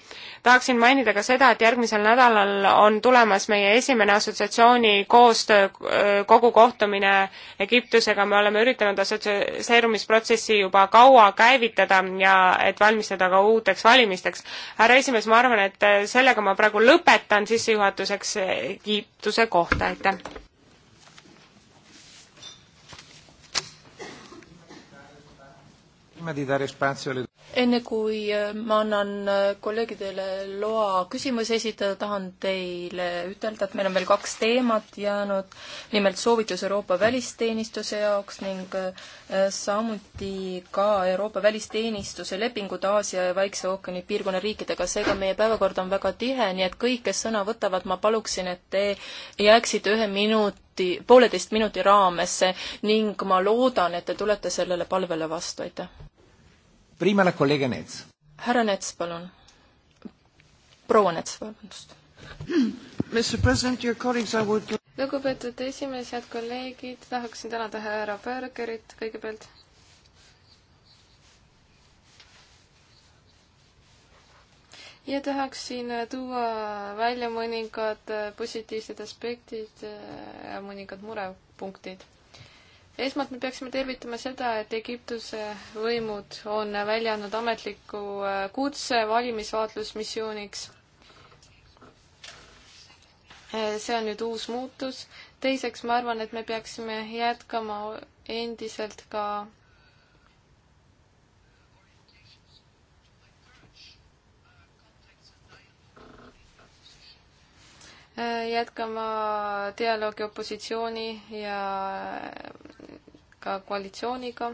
tahaksin mainida ka seda, et järgmisel nädalal on tulemas meie esimene assotsiatsiooni koostöö äh, kogu kohtumine Egiptusega, me oleme üritanud assotsieerumisprotsessi juba kaua käivitada ja et valmistada ka uuteks valimisteks. härra esimees, ma arvan, et äh, sellega ma praegu lõpetan sissejuhatuseks Egiptuse kohta, aitäh! enne kui äh, ma annan äh, kolleegidele loa küsimusi esitada, tahan teile ütelda, et meil on veel kaks teemat jäänud, nimelt soovitus Euroopa välisteenistuse jaoks ning äh, samuti ka Euroopa välisteenistuse lepingud Aasia ja Vaikse ookeani piirkonna riikidega, seega meie päevakord on väga tihe, nii et kõik, kes sõna võtavad, ma paluksin, et te jääksite ühe minuti minuti, pooleteist minuti raamesse ning ma loodan, et te tulete sellele palvele vastu, aitäh! viimane kolleeg Nets. härra Nets, palun. proua Nets, vabandust. Mr President, your colleagues, I would lugupeetud esimees, head kolleegid, tahaksin tänada härra Bergerit kõigepealt. ja tahaksin tuua välja mõningad positiivsed aspektid ja mõningad murepunktid esmalt me peaksime tervitama seda, et Egiptuse võimud on välja andnud ametliku äh, kutse valimisvaatlusmissiooniks. Äh, see on nüüd uus muutus. teiseks, ma arvan, et me peaksime jätkama endiselt ka Äh, jätkama dialoogi opositsiooni ja äh, ka koalitsiooniga.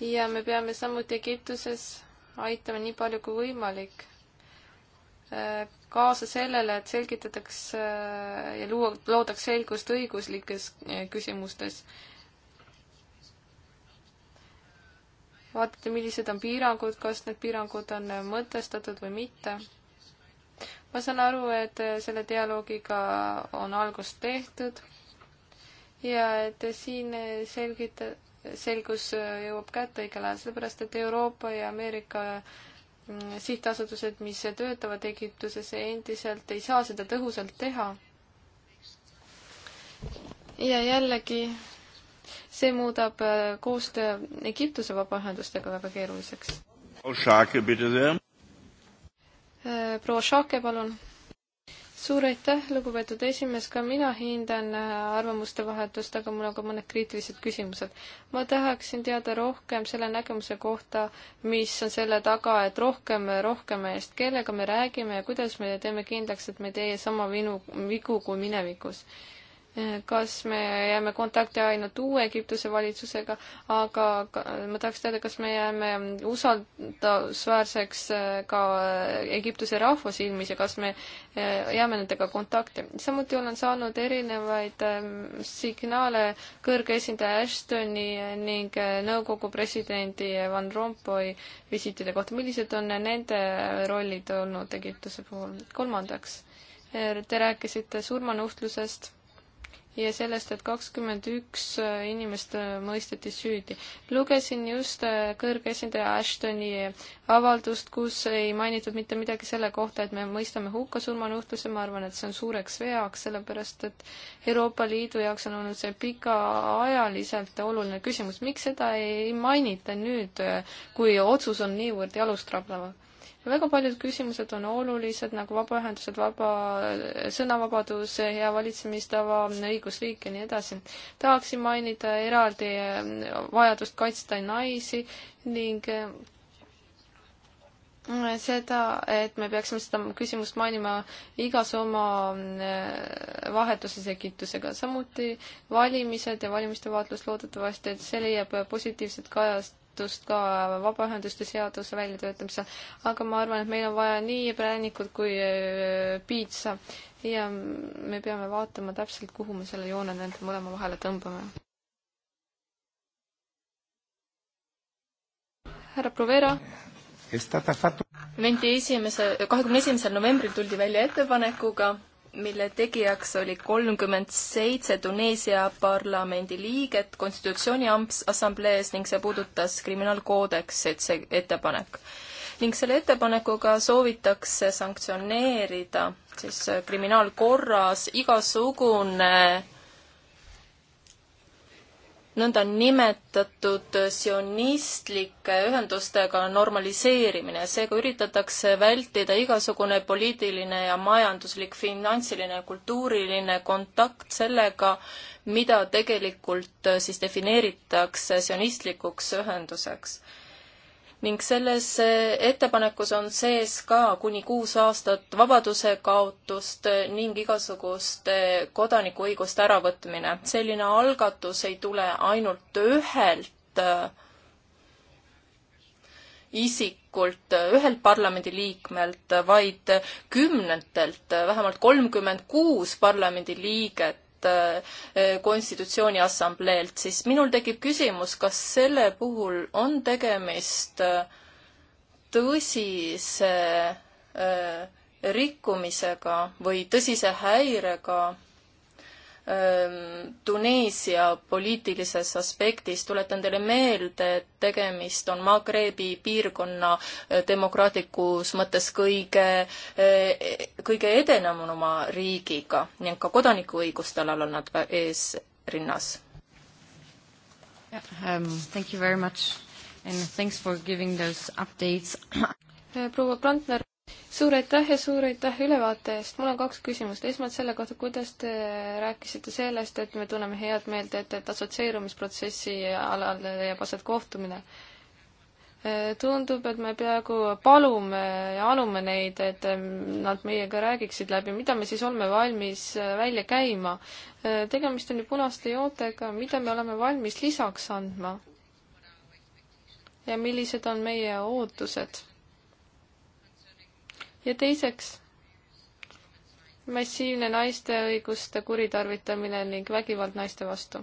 ja me peame samuti Egiptuses aitama nii palju kui võimalik äh, kaasa sellele, et selgitataks ja luua, loodaks selgust õiguslikes küsimustes vaadata, millised on piirangud, kas need piirangud on mõtestatud või mitte. ma saan aru, et selle dialoogiga on algust tehtud ja et siin selgita-, selgus jõuab kätte õigel ajal, sellepärast et Euroopa ja Ameerika mm, sihtasutused, mis töötavad Egiptuses endiselt, ei saa seda tõhusalt teha. ja jällegi see muudab äh, koostöö Egiptuse vabaühendustega väga keeruliseks. Äh, proua Šake, palun. suur aitäh, lugupeetud esimees, ka mina hindan äh, arvamuste vahetust, aga mul on ka mõned kriitilised küsimused. ma tahaksin teada rohkem selle nägemuse kohta, mis on selle taga, et rohkem rohkem eest, kellega me räägime ja kuidas me teeme kindlaks, et me ei tee sama vinu, vigu kui minevikus kas me jääme kontakti ainult uue Egiptuse valitsusega, aga ma tahaks teada, kas me jääme usaldusväärseks äh, ka äh, Egiptuse rahva silmis ja kas me äh, jääme nendega kontakti. samuti olen saanud erinevaid ähm, signaale kõrge esindaja Ashtoni ning nõukogu presidendi Van Rompuy visiitide kohta. millised on nende rollid olnud Egiptuse puhul? kolmandaks, te rääkisite surmanuhtlusest ja sellest, et kakskümmend üks äh, inimest äh, mõisteti süüdi. lugesin just äh, kõrge esindaja Ashtoni avaldust, kus ei mainitud mitte midagi selle kohta, et me mõistame hukka surmanuhtluse, ma arvan, et see on suureks veaks, sellepärast et Euroopa Liidu jaoks on olnud see pikaajaliselt oluline küsimus, miks seda ei mainita nüüd, kui otsus on niivõrd jalustraplav? väga paljud küsimused on olulised, nagu vabaühendused, vaba, sõnavabadus, hea valitsemistava, õigusriik ja nii edasi. tahaksin mainida eraldi eh, vajadust kaitsta naisi ning eh, seda, et me peaksime seda küsimust mainima igas oma eh, vahetuses ja kittusega. samuti valimised ja valimiste vaatlus loodetavasti, et see leiab positiivset kajast algatust ka vabaühenduste seaduse väljatöötamisel, aga ma arvan, et meil on vaja nii präänikut kui äh, piitsa ja me peame vaatama täpselt, kuhu me selle joone nende mõlema vahele tõmbame. härra Provera menti esimese, kahekümne esimesel novembril tuldi välja ettepanekuga mille tegijaks oli kolmkümmend seitse Tuneesia parlamendi liiget konstitutsiooni assamblees ning see puudutas kriminaalkoodeksit, see ettepanek. ning selle ettepanekuga soovitakse sanktsioneerida siis kriminaalkorras igasugune nõndanimetatud sionistlike ühendustega normaliseerimine, seega üritatakse vältida igasugune poliitiline ja majanduslik, finantsiline ja kultuuriline kontakt sellega, mida tegelikult äh, siis defineeritakse sionistlikuks ühenduseks ning selles eh, ettepanekus on sees ka kuni kuus aastat vabaduse kaotust ning igasuguste eh, kodanikuõiguste äravõtmine. selline algatus ei tule ainult ühelt eh, isikult, ühelt parlamendiliikmelt, vaid kümnetelt, vähemalt kolmkümmend kuus parlamendiliiget Aafrikast äh, Konstitutsiooni Assambleelt, siis minul tekib küsimus, kas selle puhul on tegemist äh, tõsise äh, rikkumisega või tõsise häirega Tuneesia poliitilises aspektis, tuletan teile meelde, et tegemist on Magrebi piirkonna demokraatlikus mõttes kõige, kõige edenenuma riigiga ning ka kodanikuõiguste alal on nad eesrinnas. Um, thank you very much and thanks for giving those updates. proua Brandner suur aitäh ja suur aitäh ülevaate eest. mul on kaks küsimust. esmalt selle kohta, kuidas te rääkisite sellest, et me tunneme head meelt, et, et assotsieerumisprotsessi alal leiab aset kohtumine. tundub, et me peaaegu palume ja alume neid, et nad meiega räägiksid läbi, mida me siis oleme valmis välja käima. tegemist on ju punaste joontega, mida me oleme valmis lisaks andma? ja millised on meie ootused? ja teiseks, massiivne naiste õiguste kuritarvitamine ning vägivald naiste vastu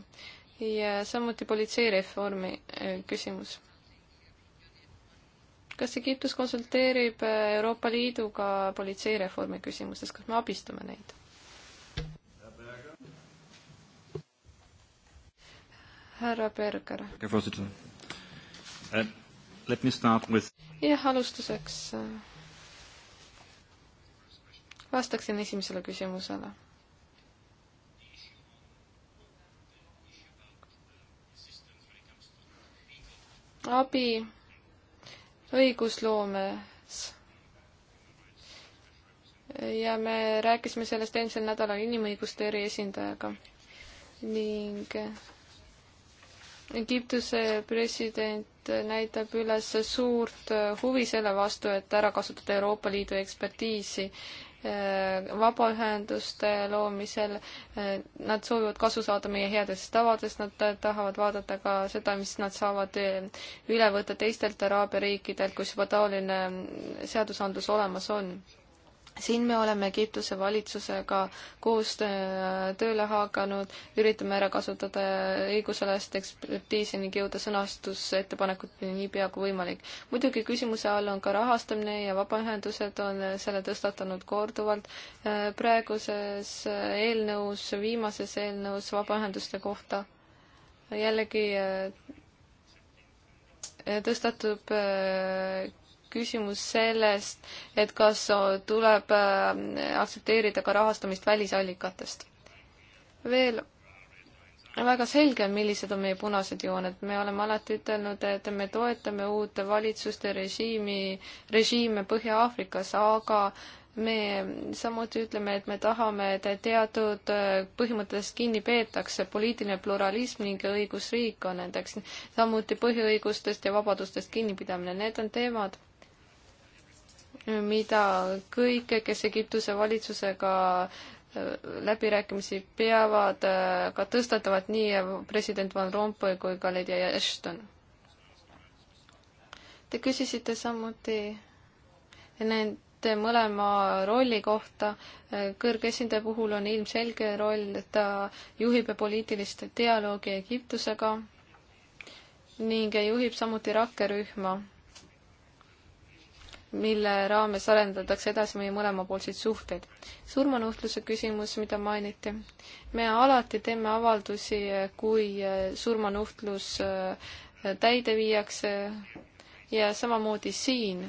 ja samuti politseireformi äh, küsimus. kas Egiptus konsulteerib äh, Euroopa Liiduga politseireformi küsimustes, kas me abistame neid? härra Berger. Äh, jah, alustuseks vastaksin esimesele küsimusele. abi õigusloomes. ja me rääkisime sellest eelmisel nädalal inimõiguste eriesindajaga ning Egiptuse president näitab üles suurt huvi selle vastu, et ära kasutada Euroopa Liidu ekspertiisi Äh, vabaühenduste loomisel. Äh, nad soovivad kasu saada meie headest tavadest, nad tahavad vaadata ka seda, mis nad saavad äh, üle võtta teistelt araabia riikidelt, kus juba taoline seadusandlus olemas on siin me oleme Egiptuse valitsusega koos äh, tööle hakanud, üritame ära kasutada õigusalast ekspertiisi ning jõuda sõnastusettepanekuteni niipea kui võimalik. muidugi küsimuse all on ka rahastamine ja vabaühendused on äh, selle tõstatanud korduvalt. Äh, praeguses eelnõus, viimases eelnõus vabaühenduste kohta jällegi tõstatub küsimus sellest, et kas tuleb äh, aktsepteerida ka rahastamist välisallikatest. veel väga selge on, millised on meie punased jooned. me oleme alati ütelnud, et me toetame uut valitsuste režiimi, režiime Põhja-Aafrikas, aga me samuti ütleme, et me tahame, et teatud äh, põhimõttest kinni peetakse, poliitiline pluralism ning õigusriik on nendeks, samuti põhiõigustest ja vabadustest kinnipidamine, need on teemad mida kõik, kes Egiptuse valitsusega äh, läbirääkimisi peavad, äh, ka tõstatavad nii äh, president Van Rompuy kui ka Lady Ashton. Te küsisite samuti nende mõlema rolli kohta. kõrge esindaja puhul on ilmselge roll, ta juhib poliitilist dialoogi Egiptusega ning juhib samuti rakkerühma mille raames arendatakse edasi meie mõlemapoolseid suhteid. surmanuhtluse küsimus, mida mainiti. me alati teeme avaldusi, kui eh, surmanuhtlus eh, täide viiakse ja samamoodi siin.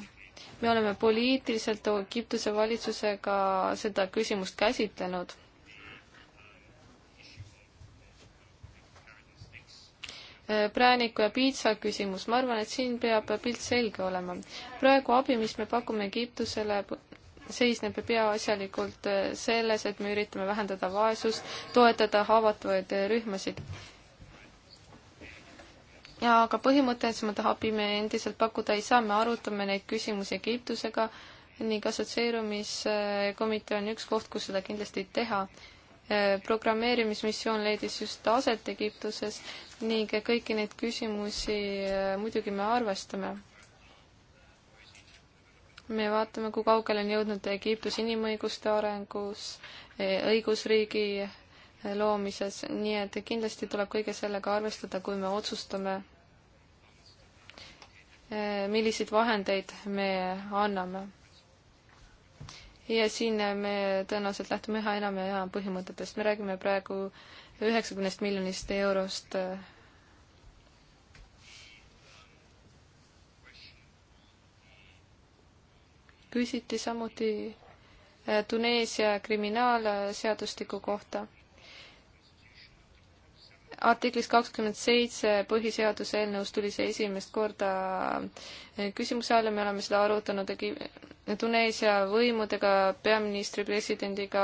me oleme poliitiliselt Egiptuse valitsusega seda küsimust käsitlenud Äh, prääniku ja piitsa küsimus, ma arvan, et siin peab pilt selge olema. praegu abi, mis me pakume Egiptusele, seisneb peaasjalikult äh, selles, et me üritame vähendada vaesust, toetada haavatavaid äh, rühmasid. ja aga põhimõttelisemat abi me endiselt pakkuda ei saa, me arutame neid küsimusi Egiptusega ning assotsieerumiskomitee on üks koht, kus seda kindlasti teha programmeerimismissioon leidis just aset Egiptuses ning kõiki neid küsimusi äh, muidugi me arvestame. me vaatame, kui kaugele on jõudnud Egiptus inimõiguste arengus, äh, õigusriigi äh, loomises, nii et kindlasti tuleb kõige sellega arvestada, kui me otsustame, milliseid vahendeid me anname ja siin me tõenäoliselt lähtume üha enam ja enam põhimõtetest, me räägime praegu üheksakümnest miljonist eurost. küsiti samuti Tuneesia kriminaalseadustiku kohta artiklis kakskümmend seitse põhiseaduse eelnõus tuli see esimest korda eh, küsimuse alla, me oleme seda arutanud Tuneesia võimudega, peaministri, presidendiga,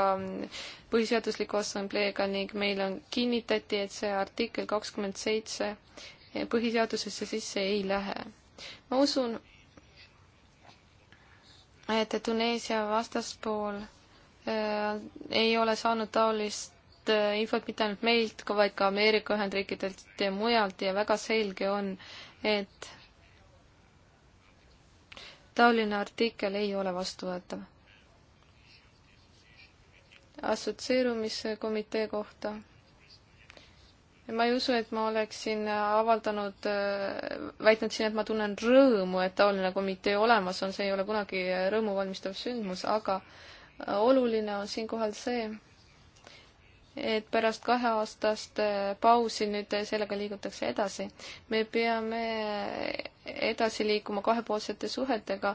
põhiseadusliku assambleega ning meile on, kinnitati, et see artikkel kakskümmend seitse põhiseadusesse sisse ei lähe. ma usun, et Tuneesia vastaspool äh, ei ole saanud taolist Äh, infot mitte ainult meilt, vaid ka Ameerika Ühendriikidelt ja mujalt ja väga selge on, et taoline artikkel ei ole vastuvõetav. assotsieerumiskomitee kohta. ma ei usu, et ma oleksin äh, avaldanud, äh, väitnud siin, et ma tunnen rõõmu, et taoline komitee olemas on, see ei ole kunagi rõõmuvalmistav sündmus, aga oluline on siinkohal see, et pärast kaheaastast äh, pausi nüüd äh, sellega liigutakse edasi. me peame äh, edasi liikuma kahepoolsete suhetega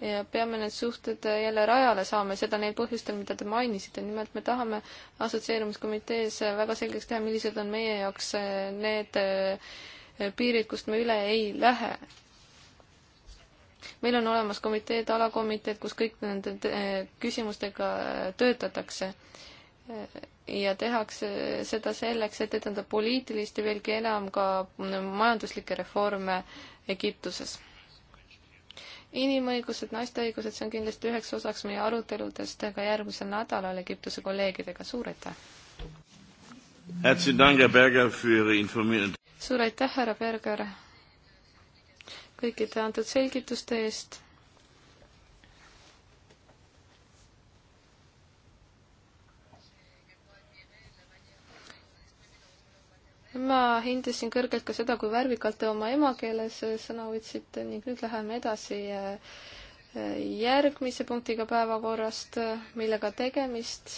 ja peame need suhted jälle rajale saama, seda neil põhjustel, mida te mainisite. nimelt me tahame assotsieerumiskomitees väga selgeks teha, millised on meie jaoks need piirid, kust me üle ei lähe meil on olemas komiteed, alakomiteed, kus kõik nende küsimustega töötatakse ja tehakse seda selleks, et edendada poliitilist ja veelgi enam ka majanduslikke reforme Egiptuses. inimõigused, naiste õigused, see on kindlasti üheks osaks meie aruteludest ka järgmisel nädalal Egiptuse kolleegidega, suur aitäh! suur aitäh, härra Berger, kõikide antud selgituste eest! ma hindasin kõrgelt ka seda, kui värvikalt te oma emakeeles sõna võtsite ning nüüd läheme edasi eh, järgmise punktiga päevakorrast, millega tegemist.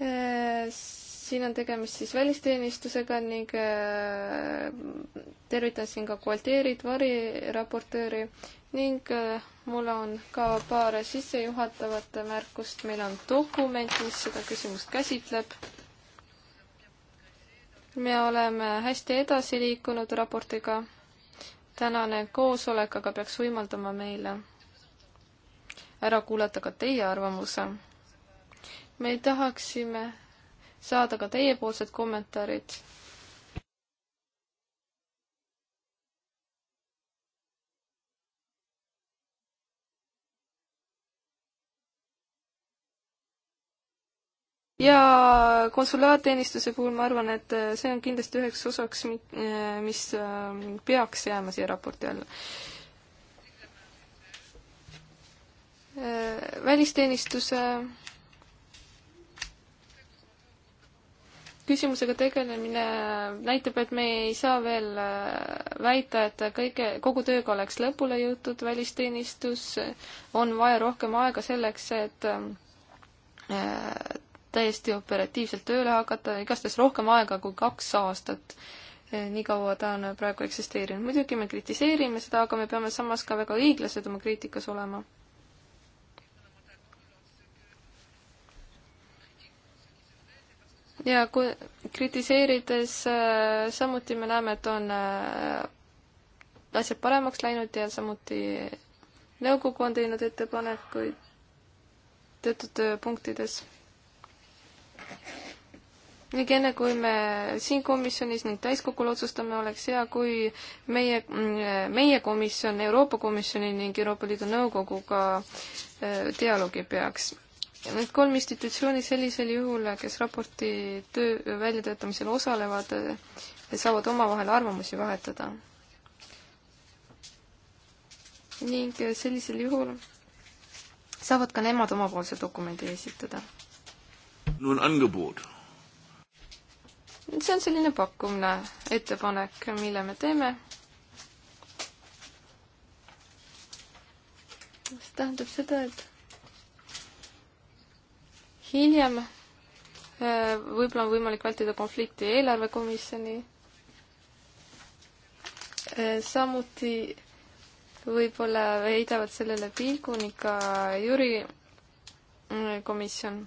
Eh, siin on tegemist siis välisteenistusega ning eh, tervitan siin ka kvalteerit, variraportööri ning mul on ka paar sissejuhatavat märkust, meil on dokument, mis seda küsimust käsitleb. me oleme hästi edasi liikunud raportiga. tänane koosolek aga peaks võimaldama meile ära kuulata ka teie arvamuse. me tahaksime saada ka teiepoolsed kommentaarid ja konsulaarteenistuse puhul ma arvan, et äh, see on kindlasti üheks osaks, äh, mis ähm, peaks jääma siia raporti alla. Äh, välisteenistuse küsimusega tegelemine näitab, et me ei saa veel väita, et kõige, kogu tööga oleks lõpule jõutud, välisteenistus on vaja rohkem aega selleks, et täiesti operatiivselt tööle hakata, igastahes rohkem aega kui kaks aastat. Eh, nii kaua ta on praegu eksisteerinud. muidugi me kritiseerime seda, aga me peame samas ka väga õiglased oma kriitikas olema. ja kui kritiseerides eh, samuti me näeme, et on eh, asjad paremaks läinud ja samuti nõukogu on teinud ettepanekuid teatud punktides ning enne, kui me siin komisjonis ning täiskogul otsustame, oleks hea, kui meie, mm, meie komisjon Euroopa Komisjoni ning Euroopa Liidu Nõukoguga äh, dialoogi peaks. Need kolm institutsiooni sellisel juhul, kes raporti töö väljatöötamisel osalevad, äh, saavad omavahel arvamusi vahetada. ning äh, sellisel juhul saavad ka nemad omapoolse dokumendi esitada see on selline pakkumine, ettepanek, mille me teeme. see tähendab seda, et hiljem äh, võib-olla on võimalik vältida konflikti eelarvekomisjoni. Äh, samuti võib-olla heidavad sellele pilgu nii ka jurikomisjon äh,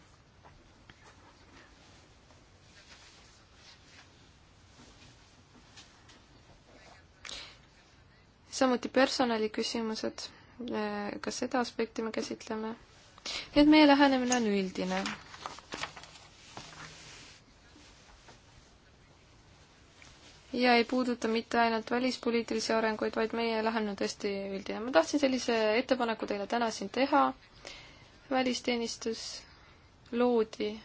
samuti personaliküsimused, eh, ka seda aspekti me käsitleme. nii et meie lähenemine on üldine. ja ei puuduta mitte ainult välispoliitilisi arenguid, vaid meie lähenemine on tõesti üldine. ma tahtsin sellise ettepaneku teile täna siin teha. välisteenistus loodi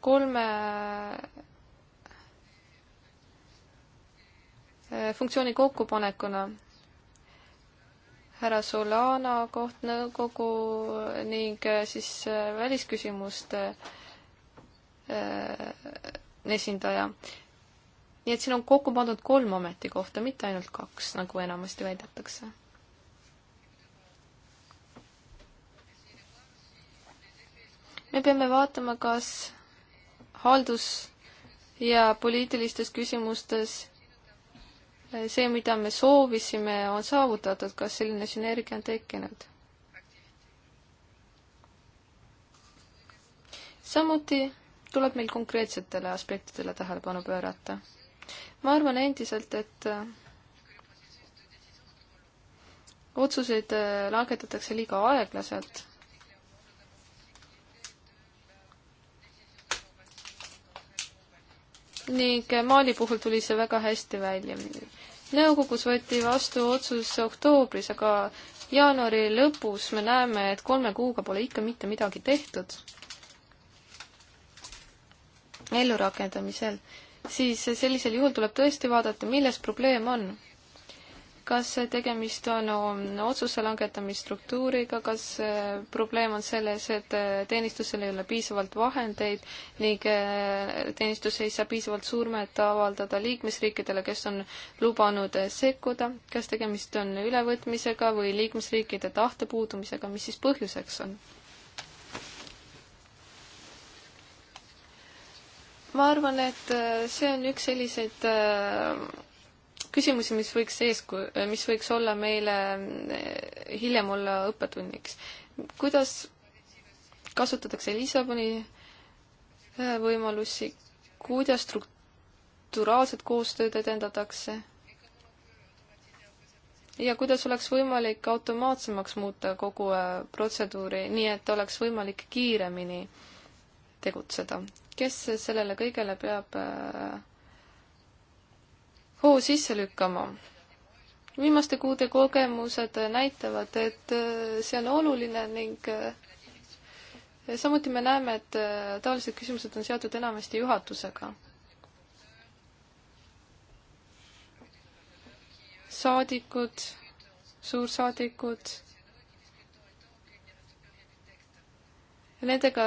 kolme äh, funktsiooni kokkupanekuna härra Solana koht nõukogu ning äh, siis äh, välisküsimuste esindaja. nii et siin on kokku pandud kolm ametikohta, mitte ainult kaks, nagu enamasti väidetakse. me peame vaatama, kas haldus- ja poliitilistes küsimustes eh, see, mida me soovisime, on saavutatud, kas selline sünergia on tekkinud? samuti tuleb meil konkreetsetele aspektidele tähelepanu pöörata. ma arvan endiselt, et eh, otsuseid eh, langetatakse liiga aeglaselt ning Mali puhul tuli see väga hästi välja. nõukogus võeti vastu otsus oktoobris, aga jaanuari lõpus me näeme, et kolme kuuga pole ikka mitte midagi tehtud ellurakendamisel, siis sellisel juhul tuleb tõesti vaadata, milles probleem on kas tegemist on otsuse langetamisstruktuuriga, kas äh, probleem on selles, et äh, teenistusel ei ole piisavalt vahendeid ning äh, teenistus ei saa piisavalt surmet avaldada liikmesriikidele, kes on lubanud sekkuda, kas tegemist on ülevõtmisega või liikmesriikide tahte puudumisega, mis siis põhjuseks on? ma arvan, et see on üks selliseid küsimusi, mis võiks eesku-, mis võiks olla meile eh, hiljem olla õppetunniks. kuidas kasutatakse Lissaboni eh, võimalusi, kuidas strukturaalset koostööd edendatakse ja kuidas oleks võimalik automaatsemaks muuta kogu eh, protseduuri, nii et oleks võimalik kiiremini tegutseda. kes sellele kõigele peab hoo sisse lükkama. viimaste kuude kogemused näitavad, et äh, see on oluline ning äh, samuti me näeme, et äh, taolised küsimused on seotud enamasti juhatusega. saadikud, suursaadikud Nendega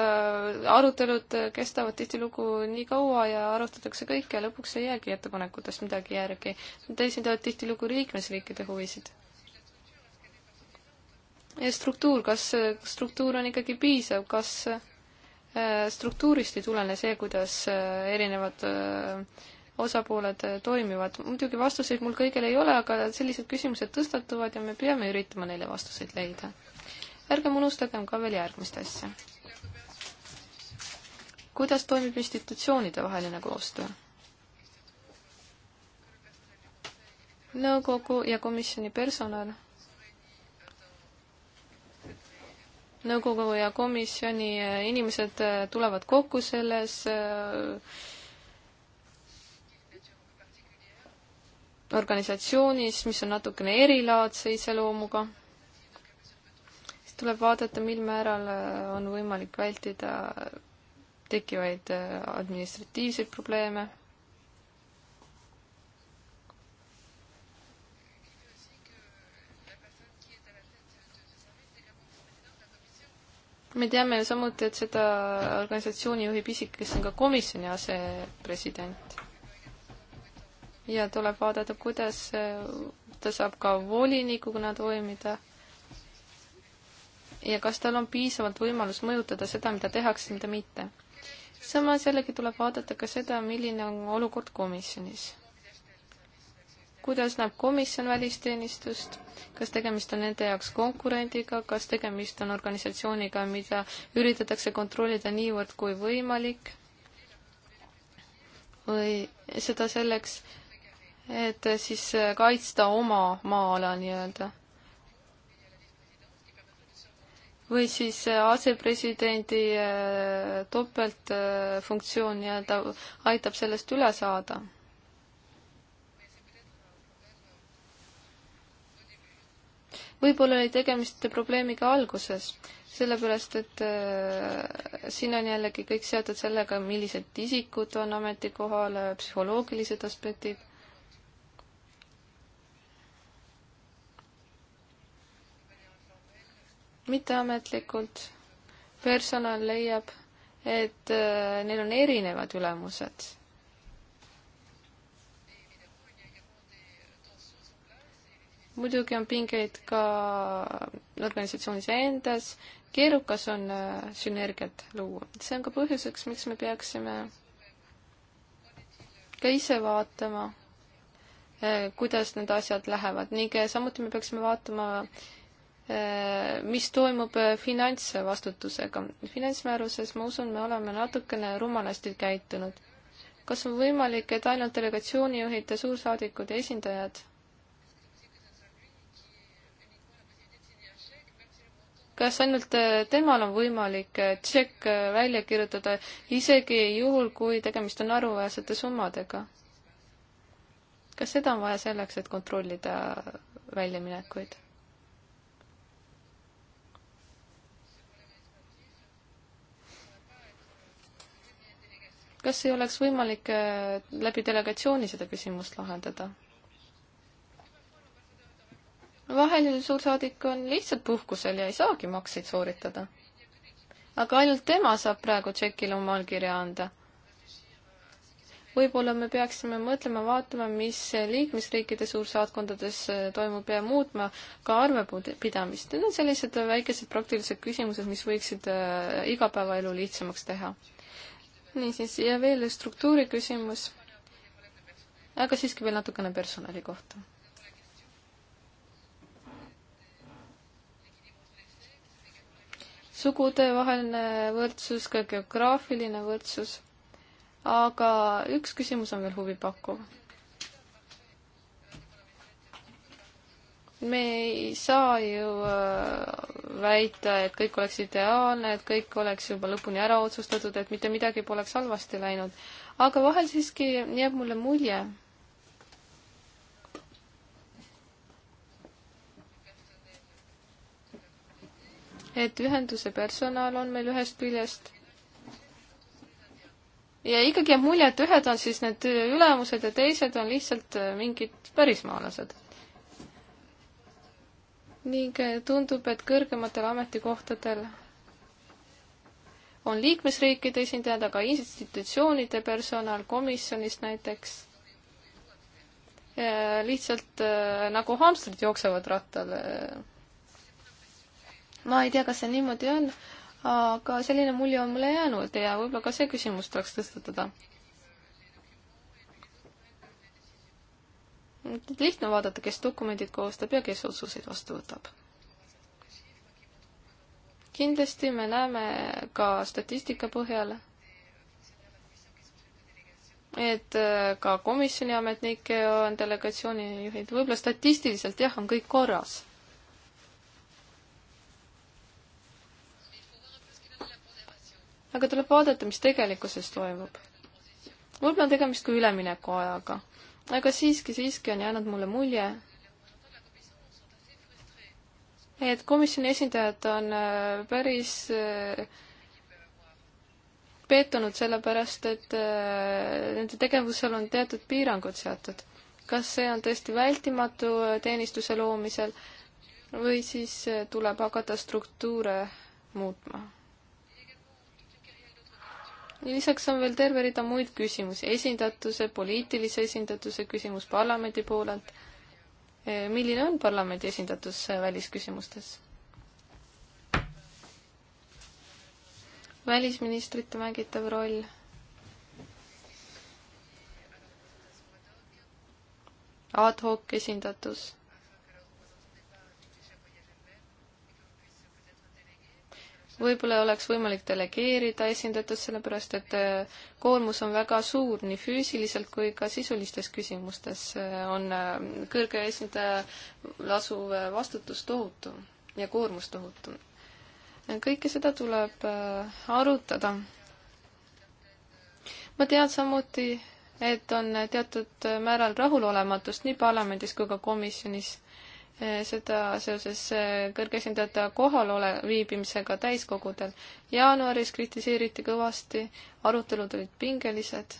arutelud kestavad tihtilugu nii kaua ja arutatakse kõike ja lõpuks ei jäägi ettepanekutest midagi järgi. Nad esindavad tihtilugu liikmesriikide huvisid. ja struktuur, kas struktuur on ikkagi piisav, kas äh, struktuurist ei tulene see, kuidas äh, erinevad äh, osapooled toimivad. muidugi vastuseid mul kõigil ei ole, aga sellised küsimused tõstatuvad ja me peame üritama neile vastuseid leida. ärgem unustagem ka veel järgmist asja kuidas toimib institutsioonide vaheline koostöö? nõukogu ja komisjoni personal. nõukogu ja komisjoni inimesed tulevad kokku selles äh, organisatsioonis, mis on natukene erilaadse iseloomuga tuleb vaadata, mil määral äh, on võimalik vältida tekivaid äh, administratiivseid probleeme. me teame ju samuti, et seda organisatsiooni juhib isik, kes on ka komisjoni asepresident. ja tuleb vaadata, kuidas äh, ta saab ka volinikuna toimida ja kas tal on piisavalt võimalus mõjutada seda, mida tehakse, mida mitte samas jällegi tuleb vaadata ka seda, milline on olukord komisjonis. kuidas näeb komisjon välisteenistust, kas tegemist on nende jaoks konkurendiga, kas tegemist on organisatsiooniga, mida üritatakse kontrollida niivõrd kui võimalik või seda selleks, et siis kaitsta oma maa-ala nii-öelda või siis äh, asepresidendi äh, topeltfunktsioon nii-öelda aitab sellest üle saada. võib-olla oli tegemist probleemiga alguses, sellepärast et äh, siin on jällegi kõik seotud sellega, millised isikud on ametikohal, psühholoogilised aspektid mitteametlikult personal leiab, et äh, neil on erinevad ülemused. muidugi on pingeid ka organisatsioonis endas, keerukas on äh, sünergiat luua. see on ka põhjuseks, miks me peaksime ka ise vaatama, äh, kuidas need asjad lähevad ning samuti me peaksime vaatama äh, Äh, mis toimub äh, finantsvastutusega. finantsmääruses, ma usun, me oleme natukene rumalasti käitunud. kas on võimalik, et ainult delegatsioonijuhid ja suursaadikud ja esindajad kas ainult äh, temal on võimalik tšekk välja kirjutada, isegi juhul, kui tegemist on arvuväärsete summadega? kas seda on vaja selleks, et kontrollida väljaminekuid? kas ei oleks võimalik äh, läbi delegatsiooni seda küsimust lahendada? vahel suursaadik on lihtsalt puhkusel ja ei saagi makseid sooritada. aga ainult tema saab praegu tšekile oma allkirja anda. võib-olla me peaksime mõtlema, vaatama, mis liikmesriikide suursaatkondades äh, toimub ja muutma ka arvepidamist. Need on sellised väikesed praktilised küsimused, mis võiksid äh, igapäevaelu lihtsamaks teha niisiis, ja veel struktuuri küsimus, aga siiski veel natukene personali kohta. sugudevaheline võrdsus, ka geograafiline võrdsus, aga üks küsimus on veel huvipakkuv me ei saa ju äh, väita, et kõik oleks ideaalne, et kõik oleks juba lõpuni ära otsustatud, et mitte midagi poleks halvasti läinud. aga vahel siiski jääb mulle mulje, et ühenduse personal on meil ühest küljest ja ikkagi jääb mulje, et ühed on siis need ülemused ja teised on lihtsalt äh, mingid pärismaalased ning eh, tundub, et kõrgematel ametikohtadel on liikmesriikide esindajad, aga institutsioonide personal komisjonist näiteks Ja eh, lihtsalt eh, nagu hamstrid jooksevad rattal. ma ei tea, kas see niimoodi on, aga selline mulje on mulle jäänud ja võib-olla ka see küsimus tuleks tõstatada. lihtne on vaadata, kes dokumendid koostab ja kes otsuseid vastu võtab. kindlasti me näeme ka statistika põhjal, et äh, ka komisjoni ametnikke on delegatsiooni juhid, võib-olla statistiliselt jah, on kõik korras. aga tuleb vaadata, mis tegelikkuses toimub. võib-olla on tegemist ka üleminekuajaga aga siiski, siiski on jäänud mulle mulje, et komisjoni esindajad on äh, päris äh, peetunud, sellepärast et äh, nende tegevusel on teatud piirangud seatud. kas see on tõesti vältimatu teenistuse loomisel või siis tuleb hakata struktuure muutma? lisaks on veel terve rida muid küsimusi, esindatuse, poliitilise esindatuse küsimus parlamendi poolelt. E, milline on parlamendi esindatus e, välisküsimustes? välisministrite mängitav roll. ad hoc esindatus võib-olla oleks võimalik delegeerida esindatust, sellepärast et äh, koormus on väga suur nii füüsiliselt kui ka sisulistes küsimustes äh, on äh, kõrge esindaja lasuv vastutus tohutu ja koormus tohutu. kõike seda tuleb arutada. ma tean samuti, et on teatud määral rahulolematust nii parlamendis kui ka komisjonis Eh, seda seoses eh, kõrge esindajate kohalole viibimisega täiskogudel. jaanuaris kritiseeriti kõvasti, arutelud olid pingelised.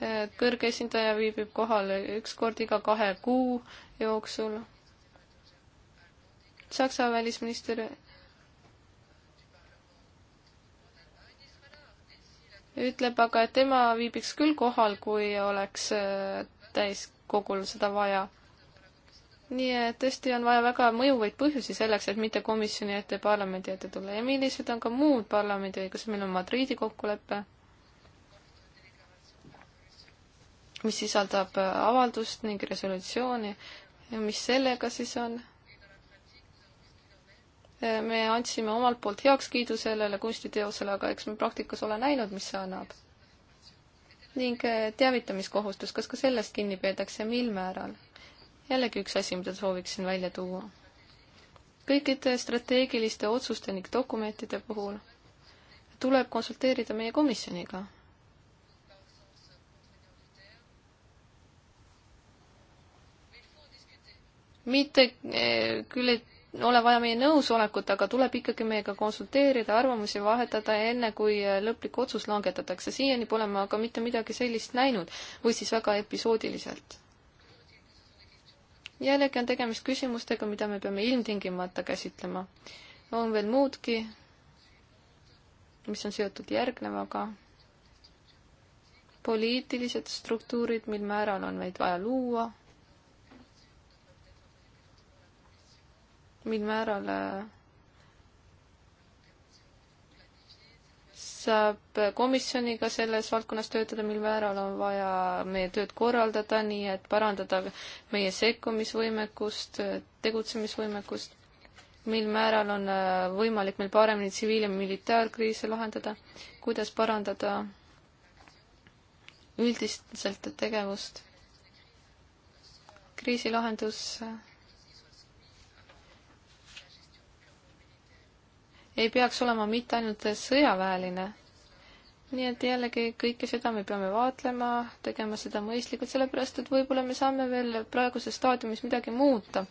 Eh, kõrge esindaja viibib kohal üks kord iga kahe kuu jooksul. Saksa välisminister ütleb aga, et tema viibiks küll kohal, kui oleks täis kogul seda vaja. nii et tõesti on vaja väga mõjuvaid põhjusi selleks, et mitte komisjoni ette ja parlamendi ette tulla ja millised on ka muud parlamendi õigused, meil on Madriidi kokkulepe, mis sisaldab avaldust ning resolutsiooni ja mis sellega siis on? me andsime omalt poolt heakskiidu sellele kunstiteosele, aga eks me praktikas ole näinud, mis see annab ning äh, teavitamiskohustus, kas ka sellest kinni peetakse ja mil määral? jällegi üks asi, mida sooviksin välja tuua. kõikide strateegiliste otsuste ning dokumentide puhul tuleb konsulteerida meie komisjoniga. mitte äh, küll, et ole vaja meie nõusolekut, aga tuleb ikkagi meiega konsulteerida, arvamusi vahetada, enne kui lõplik otsus langetatakse. siiani pole ma aga mitte midagi sellist näinud või siis väga episoodiliselt. jällegi on tegemist küsimustega, mida me peame ilmtingimata käsitlema. on veel muudki, mis on seotud järgnevaga. poliitilised struktuurid, mil määral on neid vaja luua mil määral äh, saab komisjoniga selles valdkonnas töötada, mil määral on vaja meie tööd korraldada, nii et parandada meie sekkumisvõimekust, tegutsemisvõimekust, mil määral on äh, võimalik meil paremini tsiviil- ja militaarkriise lahendada, kuidas parandada üldiselt tegevust, kriisilahendus äh, ei peaks olema mitte ainult sõjaväeline. nii et jällegi kõike seda me peame vaatlema, tegema seda mõistlikult, sellepärast et võib-olla me saame veel praeguses staadiumis midagi muuta,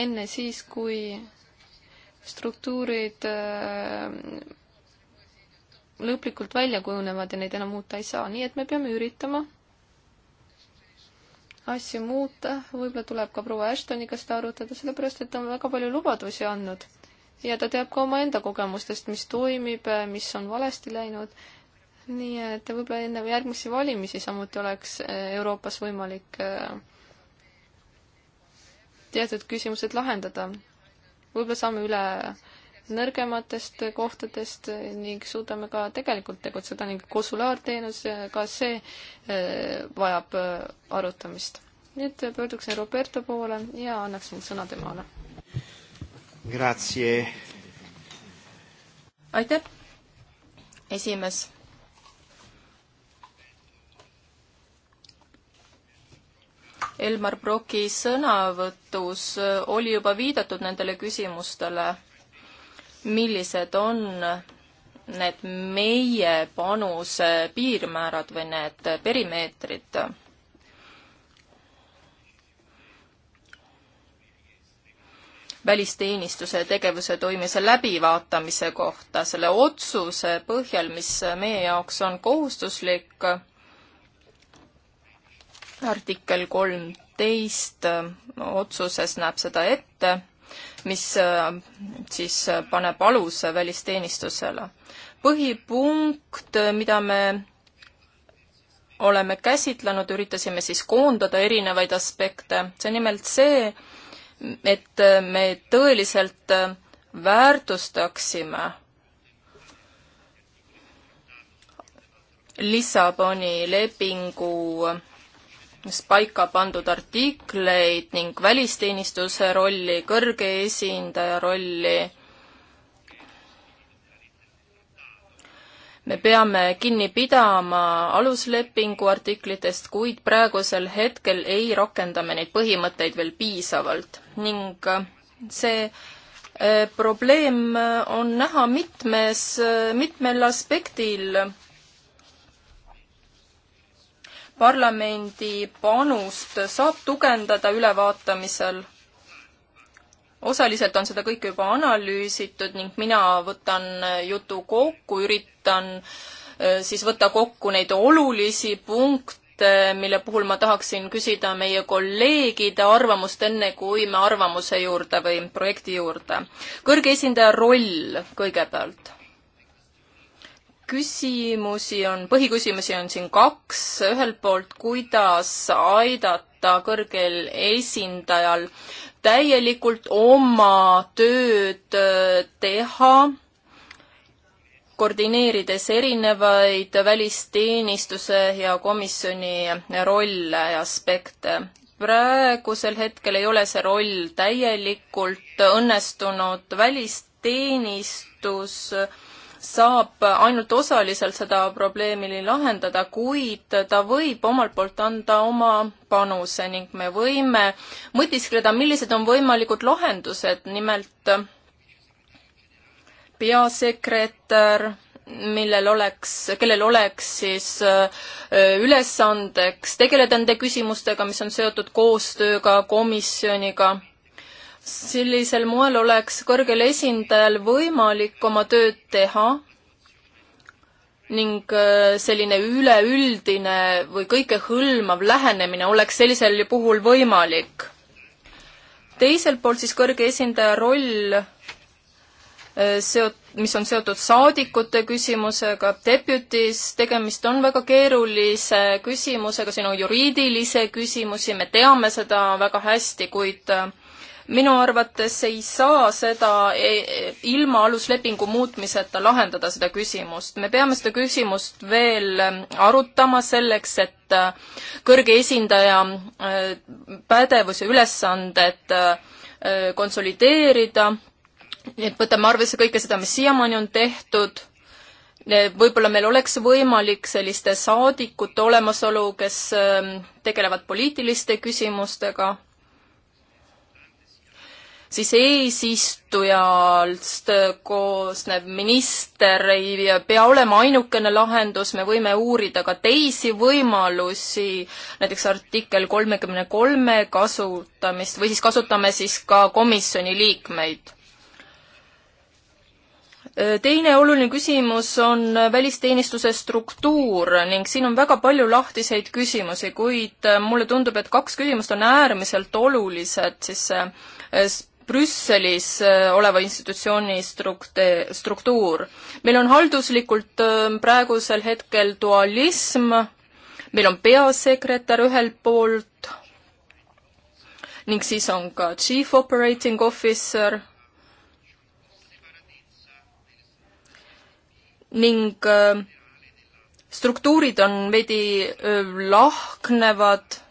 enne siis, kui struktuurid äh, lõplikult välja kujunevad ja neid enam muuta ei saa, nii et me peame üritama asju muuta, võib-olla tuleb ka proua Ashtoniga seda arutada, sellepärast et ta on väga palju lubadusi andnud ja ta teab ka omaenda kogemustest, mis toimib, mis on valesti läinud. nii et võib-olla enne järgmisi valimisi samuti oleks eh, Euroopas võimalik eh, teatud küsimused lahendada. võib-olla saame üle nõrgematest kohtadest ning suudame ka tegelikult tegutseda ning konsulaarteenus, ka see eh, vajab arutamist. nüüd pöörduksin Roberto poole ja annaksin sõna temale Grazie. aitäh, esimees. Elmar Broki sõnavõtus oli juba viidatud nendele küsimustele, millised on need meie panuse piirmäärad või need perimeetrid välisteenistuse tegevuse toimimise läbivaatamise kohta, selle otsuse põhjal, mis meie jaoks on kohustuslik, artikkel kolmteist otsuses näeb seda ette, mis siis paneb aluse välisteenistusele. põhipunkt, mida me oleme käsitlenud, üritasime siis koondada erinevaid aspekte, see on nimelt see, et äh, me tõeliselt äh, väärtustaksime Lissaboni lepingus paika pandud artikleid ning välisteenistuse rolli, kõrge esindaja rolli me peame kinni pidama aluslepingu artiklitest, kuid praegusel hetkel ei rakenda me neid põhimõtteid veel piisavalt ning äh, see äh, probleem äh, on näha mitmes, mitmel aspektil. parlamendi panust saab tugevdada ülevaatamisel osaliselt on seda kõike juba analüüsitud ning mina võtan jutu kokku, üritan äh, siis võtta kokku neid olulisi punkte, mille puhul ma tahaksin küsida meie kolleegide arvamust, enne kui me arvamuse juurde või projekti juurde. kõrge esindaja roll kõigepealt. küsimusi on, põhiküsimusi on siin kaks, ühelt poolt, kuidas aidata lasta kõrgel esindajal täielikult oma tööd äh, teha, koordineerides erinevaid välisteenistuse ja komisjoni rolle ja aspekte praegusel hetkel ei ole see roll täielikult õnnestunud, välisteenistus saab ainult osaliselt seda probleemi lahendada, kuid ta võib omalt poolt anda oma panuse ning me võime mõtiskleda, millised on võimalikud lahendused, nimelt peasekretär, millel oleks, kellel oleks siis äh, ülesandeks tegeleda nende küsimustega, mis on seotud koostööga, komisjoniga sellisel moel oleks kõrgel esindajal võimalik oma tööd teha ning äh, selline üleüldine või kõikehõlmav lähenemine oleks sellisel puhul võimalik. teiselt poolt siis kõrge esindaja roll äh, seot-, mis on seotud saadikute küsimusega, deputis, tegemist on väga keerulise küsimusega, siin on juriidilisi küsimusi, me teame seda väga hästi, kuid äh, minu arvates ei saa seda e, ilma aluslepingu muutmiseta lahendada, seda küsimust. me peame seda küsimust veel ähm, arutama selleks, et äh, kõrge esindaja äh, pädevuse ülesanded äh, konsolideerida, nii et võtame arvesse kõike seda, mis siiamaani on tehtud võib-olla meil oleks võimalik selliste saadikute olemasolu, kes ähm, tegelevad poliitiliste küsimustega siis eesistujast koosnev minister ei pea olema ainukene lahendus, me võime uurida ka teisi võimalusi, näiteks artikkel kolmekümne kolme kasutamist või siis kasutame siis ka komisjoni liikmeid teine oluline küsimus on välisteenistuse struktuur ning siin on väga palju lahtiseid küsimusi, kuid mulle tundub, et kaks küsimust on äärmiselt olulised, siis eh, Brüsselis äh, oleva institutsiooni strukte-, struktuur. meil on halduslikult ähm, praegusel hetkel dualism, meil on peasekretär ühelt poolt ning siis on ka chief operating officer ning äh, struktuurid on veidi äh, lahknevad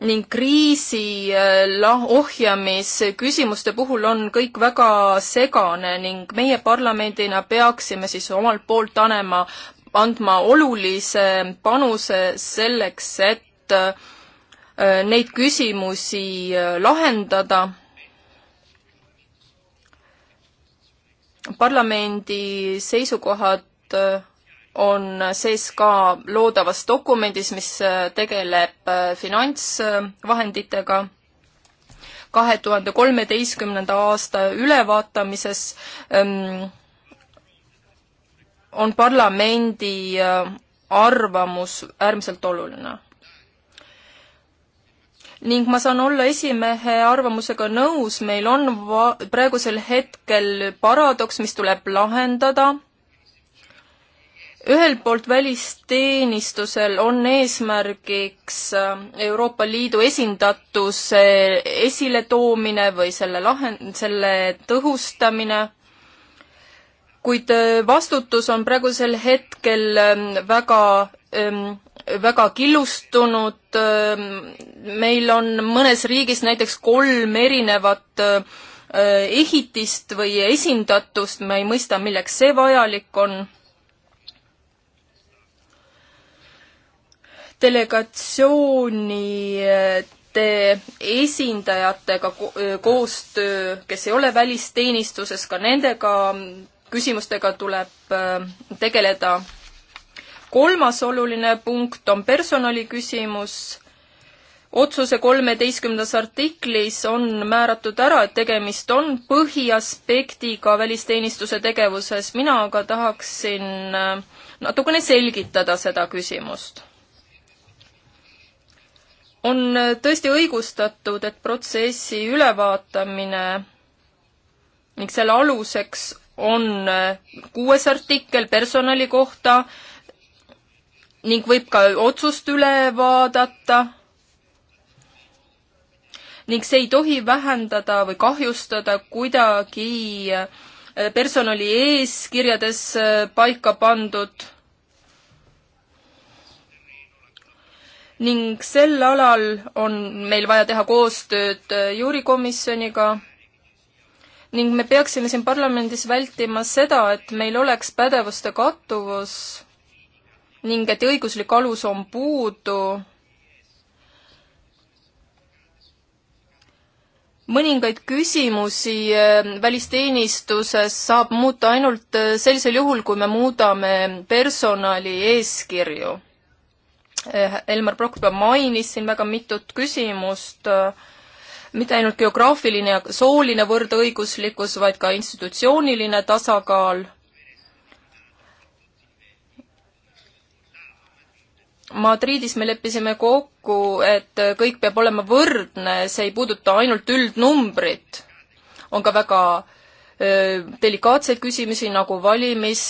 ning kriisi äh, ohjamisküsimuste puhul on kõik väga segane ning meie parlamendina peaksime siis omalt poolt anema, andma olulise panuse selleks, et äh, neid küsimusi äh, lahendada parlamendi seisukohad on sees ka loodavas dokumendis, mis äh, tegeleb äh, finantsvahenditega kahe tuhande kolmeteistkümnenda aasta ülevaatamises ähm, on parlamendi äh, arvamus äärmiselt oluline. ning ma saan olla esimehe arvamusega nõus, meil on va-, praegusel hetkel paradoks, mis tuleb lahendada ühelt poolt välisteenistusel on eesmärgiks äh, Euroopa Liidu esindatuse esiletoomine või selle lahend-, selle tõhustamine, kuid äh, vastutus on praegusel hetkel ähm, väga ähm, väga killustunud, ähm, meil on mõnes riigis näiteks kolm erinevat äh, ehitist või esindatust, ma ei mõista, milleks see vajalik on delegatsioonide eh, esindajatega eh, koostöö, kes ei ole välisteenistuses, ka nendega küsimustega tuleb eh, tegeleda. kolmas oluline punkt on personali küsimus. otsuse kolmeteistkümnendas artiklis on määratud ära, et tegemist on põhiaspektiga välisteenistuse tegevuses, mina aga tahaksin natukene selgitada seda küsimust on tõesti õigustatud, et protsessi ülevaatamine ning selle aluseks on kuues artikkel personali kohta ning võib ka otsust üle vaadata ning see ei tohi vähendada või kahjustada kuidagi personali eeskirjades paika pandud ning sel alal on meil vaja teha koostööd äh, juurikomisjoniga ning me peaksime siin parlamendis vältima seda, et meil oleks pädevuste kattuvus ning et õiguslik alus on puudu. mõningaid küsimusi äh, välisteenistuses saab muuta ainult äh, sellisel juhul, kui me muudame personali eeskirju Eh, Elmar Brokk juba mainis siin väga mitut küsimust, eh, mitte ainult geograafiline ja sooline võrdõiguslikkus, vaid ka institutsiooniline tasakaal. Madridis me leppisime kokku, et kõik peab olema võrdne, see ei puuduta ainult üldnumbrit. on ka väga äh, delikaatseid küsimusi nagu valimis,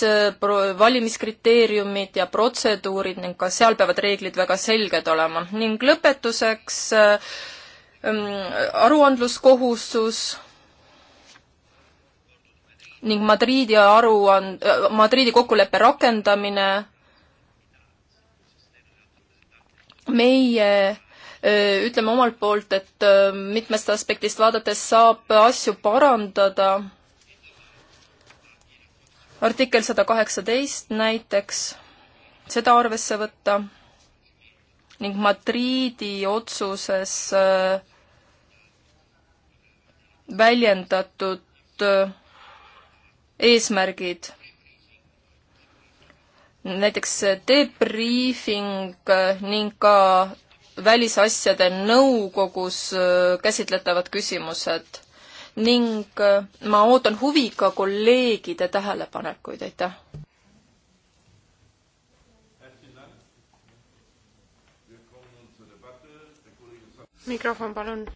valimiskriteeriumid ja protseduurid ning ka seal peavad reeglid väga selged olema. ning lõpetuseks aruandluskohustus ning Madriidi aruand-, Madriidi kokkuleppe rakendamine meie ütleme omalt poolt, et mitmest aspektist vaadates saab asju parandada artikkel sada kaheksateist näiteks, seda arvesse võtta ning Madriidi otsuses äh, väljendatud äh, eesmärgid. näiteks äh, debriefing ning ka välisasjade nõukogus käsitletavad küsimused ning äh, ma ootan huviga kolleegide tähelepanekuid, aitäh! mikrofon, palun.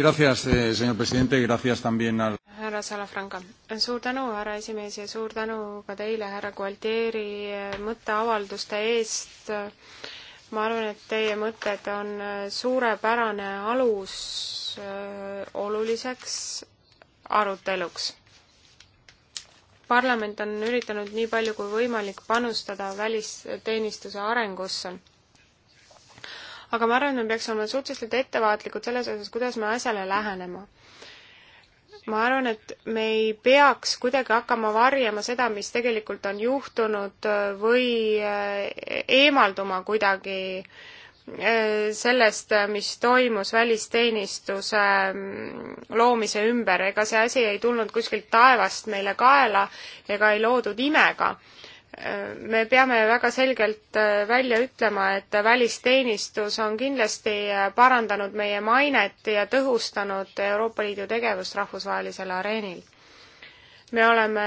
Gracias, eh, señor presidente, gracias también al härra Salafranca. suur tänu, härra esimees, ja suur tänu ka teile, härra Gualtieri, eh, mõtteavalduste eest. ma arvan, et teie mõtted on eh, suurepärane alus Äh, oluliseks aruteluks. parlament on üritanud nii palju kui võimalik panustada välisteenistuse arengusse. aga ma arvan, et me peaks olema suhteliselt ettevaatlikud selles osas, kuidas me asjale lähenema. ma arvan, et me ei peaks kuidagi hakkama varjama seda, mis tegelikult on juhtunud äh, või äh, eemalduma kuidagi äh, sellest, mis toimus välisteenistuse mm, loomise ümber, ega see asi ei tulnud kuskilt taevast meile kaela ega ei loodud imega. me peame väga selgelt äh, välja ütlema, et välisteenistus on kindlasti äh, parandanud meie mainet ja tõhustanud Euroopa Liidu tegevust rahvusvahelisel areenil me oleme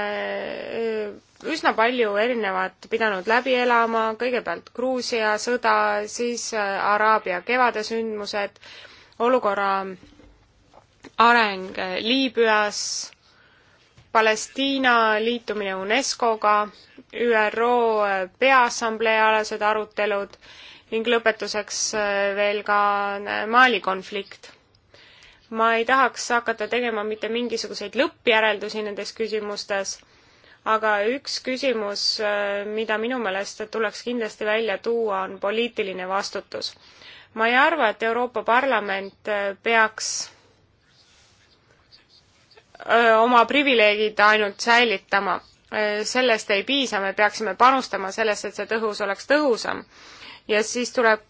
äh, üsna palju erinevat pidanud läbi elama, kõigepealt Gruusia sõda, siis äh, Araabia kevade sündmused, olukorra areng äh, Liibüas, Palestiina liitumine UNESCO-ga, ÜRO Peaassamblee alased arutelud ning lõpetuseks veel ka Mali konflikt ma ei tahaks hakata tegema mitte mingisuguseid lõppjäreldusi nendes küsimustes, aga üks küsimus, äh, mida minu meelest tuleks kindlasti välja tuua, on poliitiline vastutus. ma ei arva, et Euroopa Parlament äh, peaks äh, oma privileegid ainult säilitama. sellest ei piisa, me peaksime panustama sellesse, et see tõhus oleks tõhusam. ja siis tuleb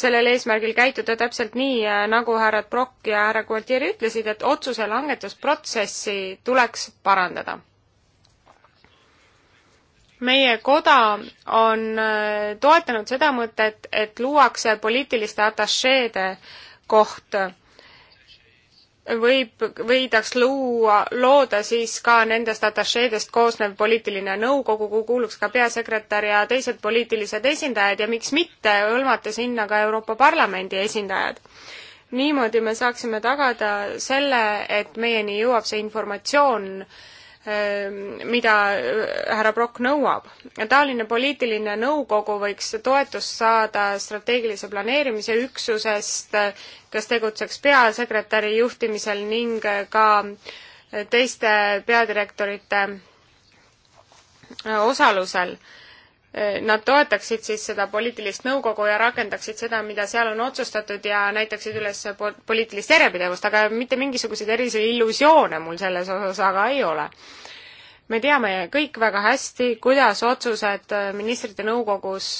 sellel eesmärgil käituda täpselt nii, äh, nagu härrad Brock ja härra Gualtieri ütlesid, et otsuse langetusprotsessi tuleks parandada. meie koda on äh, toetanud seda mõtet, et luuakse poliitiliste atašeede koht võib, võidaks luua, looda siis ka nendest atašeedest koosnev poliitiline nõukogu, kuhu kuuluks ka peasekretär ja teised poliitilised esindajad ja miks mitte hõlmata sinna ka Euroopa Parlamendi esindajad. niimoodi me saaksime tagada selle, et meieni jõuab see informatsioon äh, Ehm, mida äh, härra Brock nõuab. taoline poliitiline nõukogu võiks toetust saada strateegilise planeerimise üksusest, kes tegutseks peasekretäri juhtimisel ning äh, ka äh, teiste peadirektorite osalusel Eh, nad toetaksid siis seda poliitilist nõukogu ja rakendaksid seda, mida seal on otsustatud ja näitaksid üles poliitilist järjepidevust, aga mitte mingisuguseid erilisi illusioone mul selles osas aga ei ole. me teame kõik väga hästi, kuidas otsused eh, ministrite nõukogus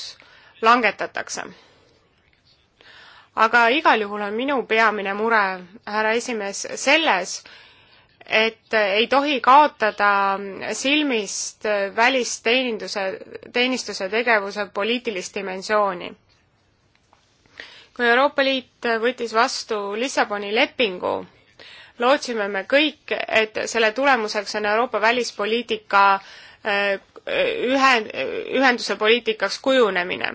langetatakse. aga igal juhul on minu peamine mure, härra esimees, selles, et ei tohi kaotada silmist välisteeninduse, teenistuse tegevuse poliitilist dimensiooni. kui Euroopa Liit võttis vastu Lissaboni lepingu, lootsime me kõik, et selle tulemuseks on Euroopa välispoliitika äh, Äh, ühe, ühenduse poliitikaks kujunemine.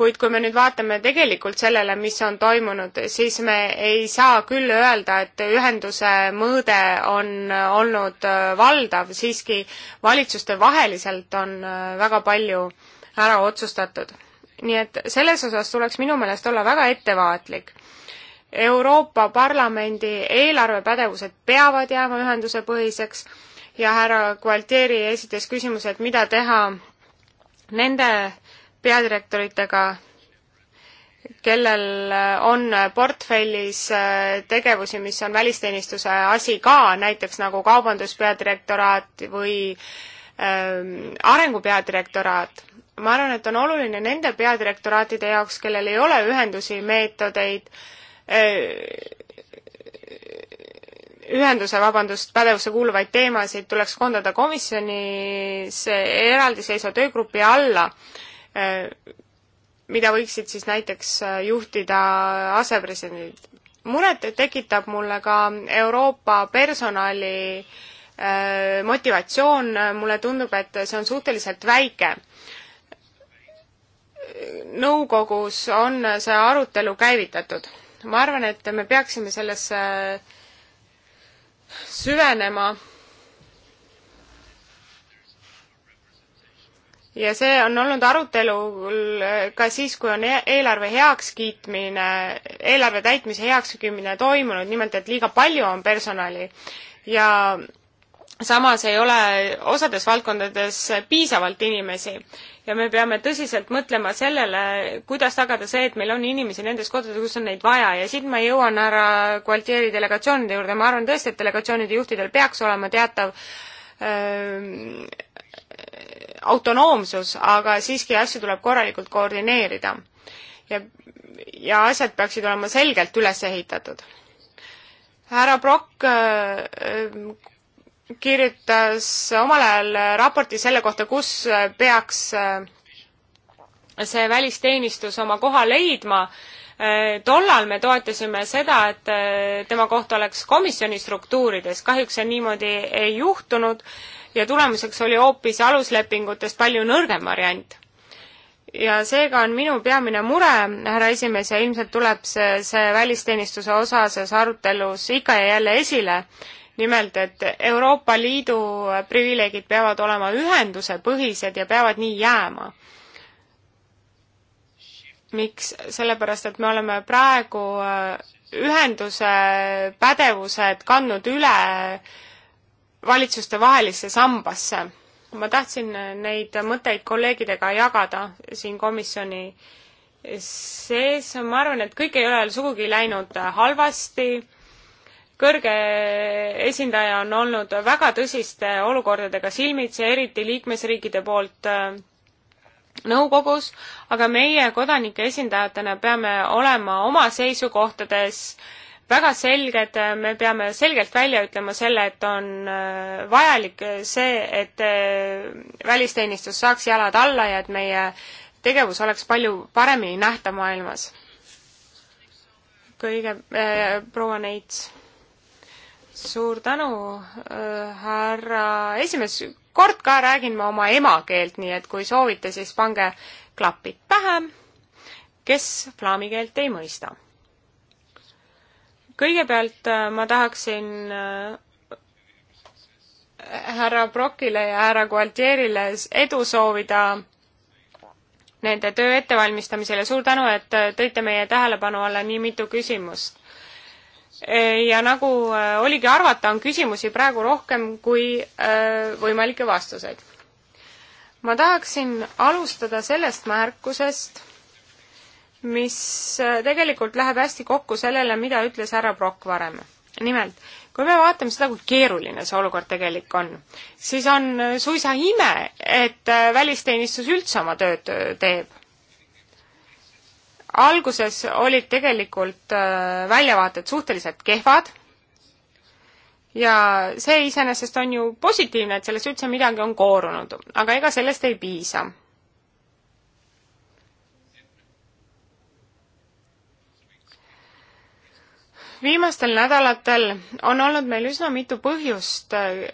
kuid kui me nüüd vaatame tegelikult sellele, mis on toimunud, siis me ei saa küll öelda, et ühenduse mõõde on olnud äh, valdav, siiski valitsuste vaheliselt on äh, väga palju ära otsustatud. nii et selles osas tuleks minu meelest olla väga ettevaatlik Euroopa Parlamendi eelarvepädevused peavad jääma ühenduse põhiseks ja härra Gualtieri esitas küsimuse, et mida teha nende peadirektoritega, kellel on portfellis äh, tegevusi, mis on välisteenistuse asi ka, näiteks nagu kaubanduspeadirektoraat või ähm, arengupeadirektoraat. ma arvan, et on oluline nende peadirektoraatide jaoks, kellel ei ole ühendusi, meetodeid äh,, ühenduse, vabandust, pädevusse kuuluvaid teemasid tuleks koondada komisjonis eraldiseisva töögrupi alla, eh, mida võiksid siis näiteks eh, juhtida asepresidendid. muret tekitab mulle ka Euroopa personali eh, motivatsioon, mulle tundub, et see on suhteliselt väike nõukogus on see arutelu käivitatud. ma arvan, et me peaksime sellesse süvenema. ja see on olnud arutelul ka siis, kui on e-, eelarve heakskiitmine, eelarve täitmise heakskiitmine toimunud, nimelt et liiga palju on personali ja samas ei ole osades valdkondades piisavalt inimesi ja me peame tõsiselt mõtlema sellele, kuidas tagada see, et meil on inimesi nendes kohtades, kus on neid vaja ja siit ma jõuan härra Gualtieri delegatsioonide juurde, ma arvan tõesti, et delegatsioonide juhtidel peaks olema teatav öö, autonoomsus, aga siiski asju tuleb korralikult koordineerida. ja, ja asjad peaksid olema selgelt üles ehitatud härra Brock kirjutas omal ajal raporti selle kohta, kus peaks äh, see välisteenistus oma koha leidma. Äh, tollal me toetasime seda, et äh, tema koht oleks komisjoni struktuurides, kahjuks see niimoodi ei juhtunud ja tulemuseks oli hoopis aluslepingutest palju nõrgem variant ja seega on minu peamine mure, härra esimees, ja ilmselt tuleb see, see välisteenistuse osases arutelus ikka ja jälle esile, nimelt, et Euroopa Liidu privileegid peavad olema ühenduse põhised ja peavad nii jääma. miks? sellepärast, et me oleme praegu äh, ühenduse pädevused kandnud üle valitsuste vahelisse sambasse. ma tahtsin neid mõtteid kolleegidega jagada siin komisjoni sees, ma arvan, et kõik ei ole sugugi läinud halvasti kõrge esindaja on olnud väga tõsiste olukordadega silmitsi, eriti liikmesriikide poolt äh, nõukogus, aga meie kodanike esindajatena peame olema oma seisukohtades väga selged, me peame selgelt välja ütlema selle, et on äh, vajalik see, et äh, välisteenistus saaks jalad alla ja et meie tegevus oleks palju paremini nähtav maailmas. kõige äh,, proua Neits suur tänu, äh, härra esimees, kord ka räägin ma oma emakeelt, nii et kui soovite, siis pange klapid pähe, kes flaami keelt ei mõista. kõigepealt äh, ma tahaksin äh, härra Brokile ja härra Gualtierile edu soovida nende töö ettevalmistamisel ja suur tänu, et tõite meie tähelepanu alla nii mitu küsimust Eh, ja nagu eh, oligi arvata, on küsimusi praegu rohkem kui eh, võimalikke vastuseid. ma tahaksin alustada sellest märkusest, mis tegelikult läheb hästi kokku sellele, mida ütles härra Brock varem. nimelt, kui me vaatame seda, kui keeruline see olukord tegelik on, siis on suisa ime, et välisteenistus üldse oma tööd teeb alguses olid tegelikult äh, väljavaated suhteliselt kehvad ja see iseenesest on ju positiivne, et sellest üldse midagi on koorunud, aga ega sellest ei piisa. viimastel nädalatel on olnud meil üsna mitu põhjust äh,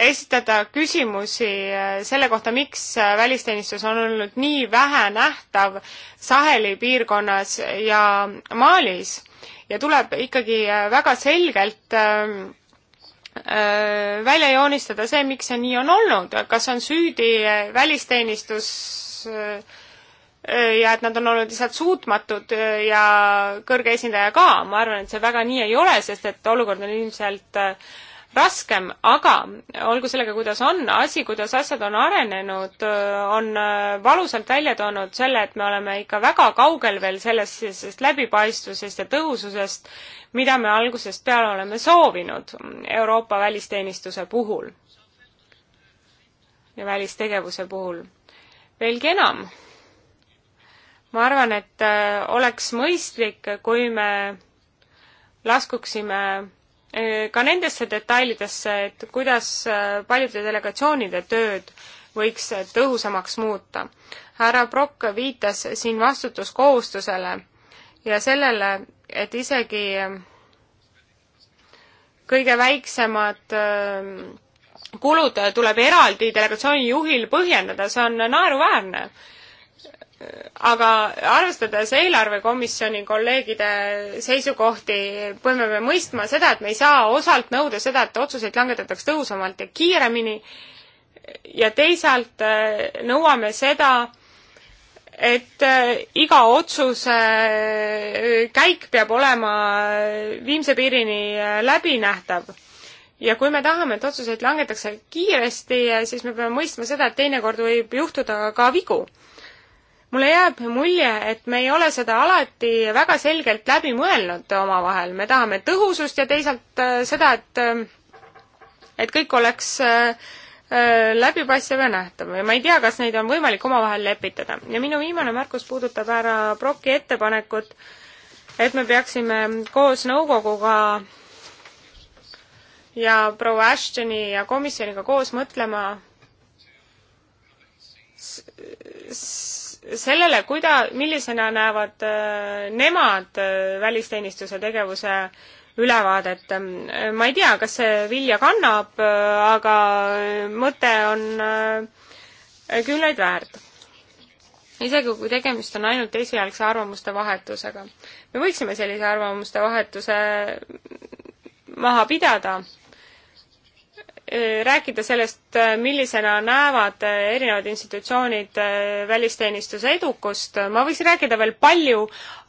esitada küsimusi äh, selle kohta, miks äh, välisteenistus on olnud nii vähe nähtav Saheli piirkonnas ja Malis ja tuleb ikkagi äh, väga selgelt ähm, välja joonistada see, miks see nii on olnud, kas on süüdi välisteenistus ja et nad on olnud lihtsalt suutmatud ja kõrge esindaja ka, ma arvan, et see väga nii ei ole, sest et olukord on ilmselt äh, raskem, aga olgu sellega, kuidas on, asi, kuidas asjad on arenenud, on äh, valusalt välja toonud selle, et me oleme ikka väga kaugel veel sellest, sellest läbipaistvusest ja tõhususest, mida me algusest peale oleme soovinud Euroopa välisteenistuse puhul ja välistegevuse puhul. veelgi enam, ma arvan, et äh, oleks mõistlik, kui me laskuksime Eh, ka nendesse detailidesse, et kuidas eh, paljude delegatsioonide tööd võiks tõhusamaks muuta. härra Brock viitas siin vastutuskohustusele ja sellele, et isegi eh, kõige väiksemad kulud tuleb eraldi delegatsiooni juhil põhjendada, see on naeruväärne aga arvestades eelarvekomisjoni kolleegide seisukohti, peame me mõistma seda, et me ei saa osalt nõuda seda, et otsuseid langetataks tõhusamalt ja kiiremini ja teisalt äh, nõuame seda, et äh, iga otsuse äh, käik peab olema viimse piirini läbinähtav ja kui me tahame, et otsuseid langetakse kiiresti, siis me peame mõistma seda, et teinekord võib juhtuda ka vigu mulle jääb mulje, et me ei ole seda alati väga selgelt läbi mõelnud omavahel, me tahame tõhusust ja teisalt äh, seda, et äh, et kõik oleks äh, läbipaistev ja nähtav ja ma ei tea, kas neid on võimalik omavahel lepitada. ja minu viimane märkus puudutab härra Broki ettepanekut, et me peaksime koos nõukoguga ja proua Ashtoni ja komisjoniga koos mõtlema sellele, kuida-, millisena näevad äh, nemad äh, välisteenistuse tegevuse ülevaadet. ma ei tea, kas see vilja kannab, äh, aga mõte on küllaid väärt. isegi kui tegemist on ainult esialgse arvamuste vahetusega. me võiksime sellise arvamuste vahetuse maha pidada Äh, rääkida sellest, äh, millisena näevad äh, erinevad institutsioonid välisteenistuse edukust. ma võiks rääkida veel palju,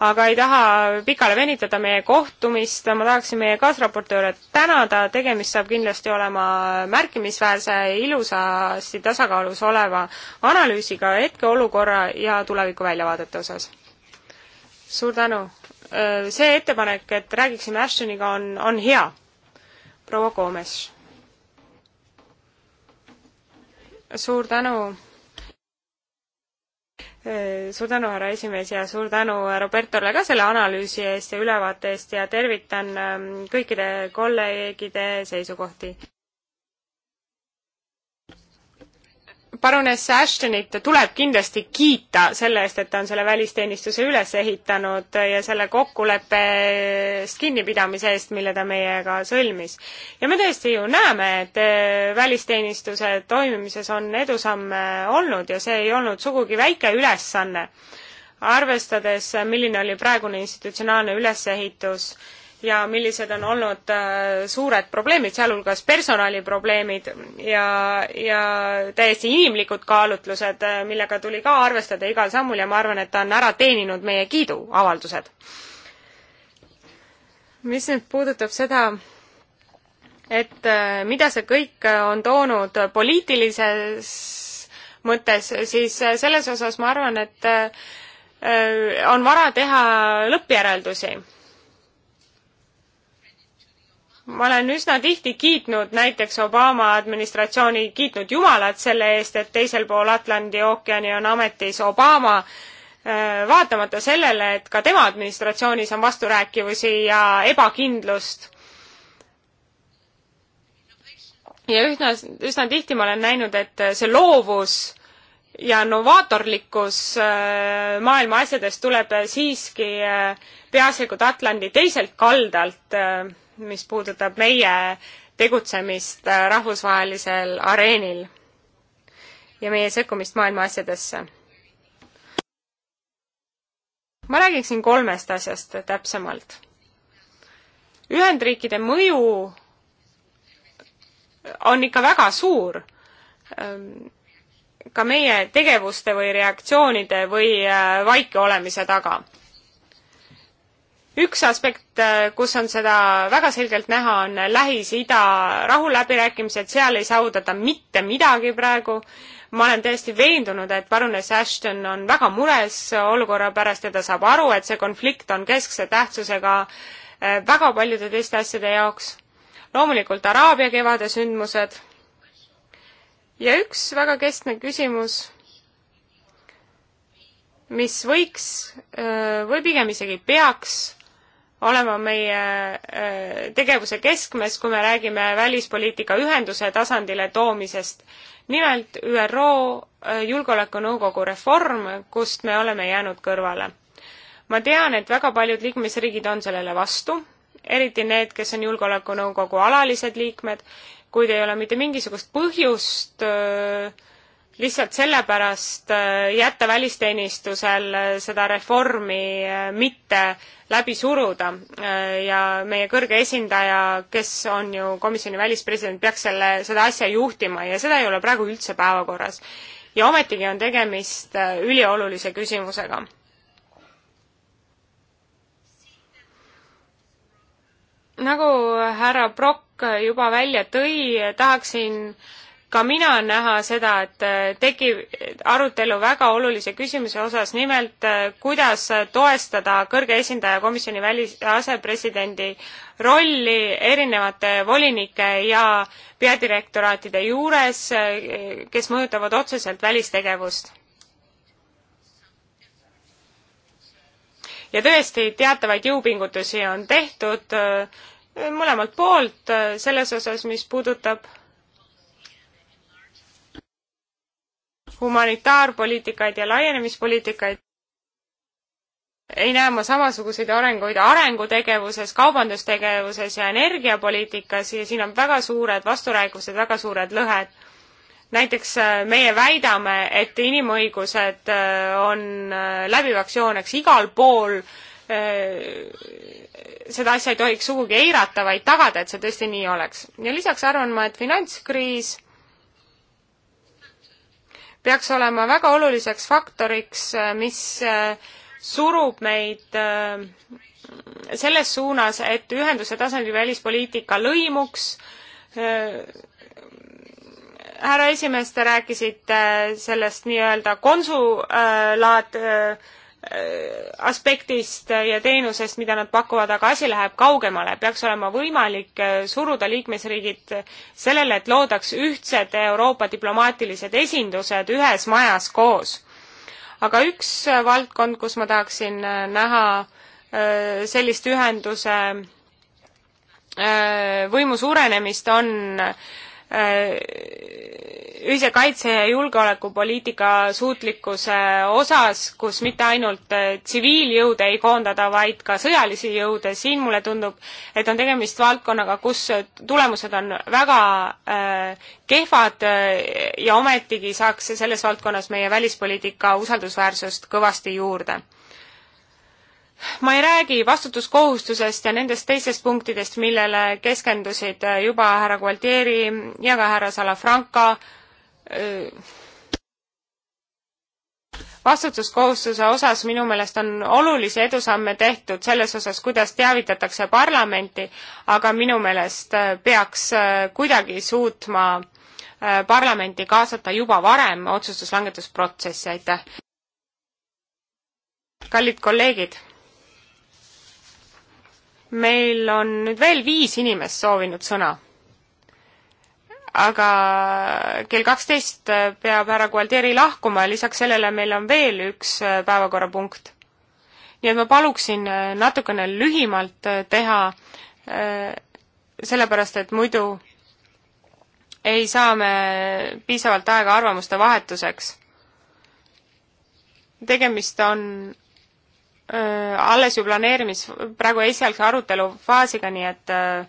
aga ei taha pikale venitada meie kohtumist. ma tahaksin meie kaasraportööre tänada, tegemist saab kindlasti olema märkimisväärse, ilusasti tasakaalus oleva analüüsiga hetkeolukorra ja tuleviku väljavaadete osas. suur tänu! see ettepanek, et räägiksime Ashtoniga, on, on hea. proua Koomes suur tänu äh, suur tänu, härra esimees ja suur tänu Robertole ka selle analüüsi eest ja ülevaate eest ja tervitan ähm, kõikide kolleegide seisukohti. parunes Ashtonit tuleb kindlasti kiita selle eest, et ta on selle välisteenistuse üles ehitanud ja selle kokkuleppest kinnipidamise eest, mille ta meiega sõlmis. ja me tõesti ju näeme, et äh, välisteenistuse toimimises on edusamme olnud ja see ei olnud sugugi väike ülesanne, arvestades, milline oli praegune institutsionaalne ülesehitus ja millised on olnud äh, suured probleemid, sealhulgas personaliprobleemid ja, ja täiesti inimlikud kaalutlused, äh, millega tuli ka arvestada igal sammul ja ma arvan, et ta on ära teeninud meie kiiduavaldused. mis nüüd puudutab seda, et äh, mida see kõik on toonud poliitilises mõttes, siis selles osas ma arvan, et on vara teha lõppjäreldusi ma olen üsna tihti kiitnud näiteks Obama administratsiooni, kiitnud Jumalat selle eest, et teisel pool Atlandi ookeani on ametis Obama, äh, vaatamata sellele, et ka tema administratsioonis on vasturääkivusi ja ebakindlust. ja üsna, üsna tihti ma olen näinud, et see loovus ja novaatorlikkus äh, maailma asjades tuleb siiski äh, peaasjalikult Atlandi teiselt kaldalt mis puudutab meie tegutsemist äh, rahvusvahelisel areenil ja meie sekkumist maailma asjadesse. ma räägiksin kolmest asjast täpsemalt. Ühendriikide mõju on ikka väga suur ähm, ka meie tegevuste või reaktsioonide või äh, vaike olemise taga üks aspekt, äh, kus on seda väga selgelt näha, on Lähis-Ida rahuläbirääkimised, seal ei saavutata mitte midagi praegu. ma olen täiesti veendunud, et parunes Ashton on väga mures olukorra pärast ja ta saab aru, et see konflikt on keskse tähtsusega äh, väga paljude teiste asjade jaoks. loomulikult Araabia kevade sündmused. ja üks väga keskne küsimus mis võiks äh, või pigem isegi peaks olema meie äh, tegevuse keskmes, kui me räägime välispoliitika ühenduse tasandile toomisest. nimelt ÜRO äh, Julgeolekunõukogu reform, kust me oleme jäänud kõrvale. ma tean, et väga paljud liikmesriigid on sellele vastu, eriti need, kes on Julgeolekunõukogu alalised liikmed, kuid ei ole mitte mingisugust põhjust öö, äh, lihtsalt sellepärast äh, jätta välisteenistusel äh, seda reformi äh, mitte läbi suruda ja meie kõrge esindaja, kes on ju komisjoni välispresident, peaks selle, seda asja juhtima ja seda ei ole praegu üldse päevakorras. ja ometigi on tegemist üliolulise küsimusega. nagu härra Brock juba välja tõi, tahaksin ka mina näha seda, et äh, tekib arutelu väga olulise küsimuse osas, nimelt äh, kuidas toestada kõrge esindaja komisjoni välis-, asepresidendi rolli erinevate volinike ja peadirektoraatide juures, äh, kes mõjutavad otseselt välistegevust. ja tõesti, teatavaid jõupingutusi on tehtud mõlemalt poolt selles osas, mis puudutab humanitaarpoliitikaid ja laienemispoliitikaid, ei näe ma samasuguseid arenguid arengutegevuses, kaubandustegevuses ja energiapoliitikas ja siin on väga suured vasturääkivused, väga suured lõhed. näiteks äh, meie väidame, et inimõigused äh, on äh, läbivaks jooneks igal pool, seda asja ei tohiks sugugi eirata, vaid tagada, et see tõesti nii oleks. ja lisaks arvan ma, et finantskriis peaks olema väga oluliseks faktoriks, äh, mis äh, surub meid äh, selles suunas, et ühenduse tasandil välispoliitika lõimuks. härra esimees, te rääkisite sellest nii-öelda konsulaat äh, Äh, aspektist ja teenusest, mida nad pakuvad, aga asi läheb kaugemale, peaks olema võimalik äh, suruda liikmesriigid sellele, et loodaks ühtsed Euroopa diplomaatilised esindused ühes majas koos. aga üks äh, valdkond, kus ma tahaksin näha sellist ühenduse võimu suurenemist, on ühise kaitse- ja julgeolekupoliitika suutlikkuse osas, kus mitte ainult eh, tsiviiljõude ei koondada, vaid ka sõjalisi jõude, siin mulle tundub, et on tegemist valdkonnaga, kus tulemused on väga äh, kehvad eh, ja ometigi saaks selles valdkonnas meie välispoliitika usaldusväärsust kõvasti juurde ma ei räägi vastutuskohustusest ja nendest teistest punktidest, millele keskendusid juba härra Gualtieri ja ka härra Salafranca vastutuskohustuse osas minu meelest on olulisi edusamme tehtud selles osas, kuidas teavitatakse parlamenti, aga minu meelest peaks kuidagi suutma parlamenti kaasata juba varem otsustuslangetusprotsessi, aitäh! kallid kolleegid, meil on nüüd veel viis inimest soovinud sõna aga kell kaksteist peab härra Gualtieri lahkuma, lisaks sellele meil on veel üks äh, päevakorrapunkt. nii et ma paluksin äh, natukene lühimalt äh, teha, sellepärast et muidu ei saa me piisavalt aega arvamuste vahetuseks. tegemist on öö, alles ju planeerimis, praegu esialgse arutelu faasiga, nii et öö,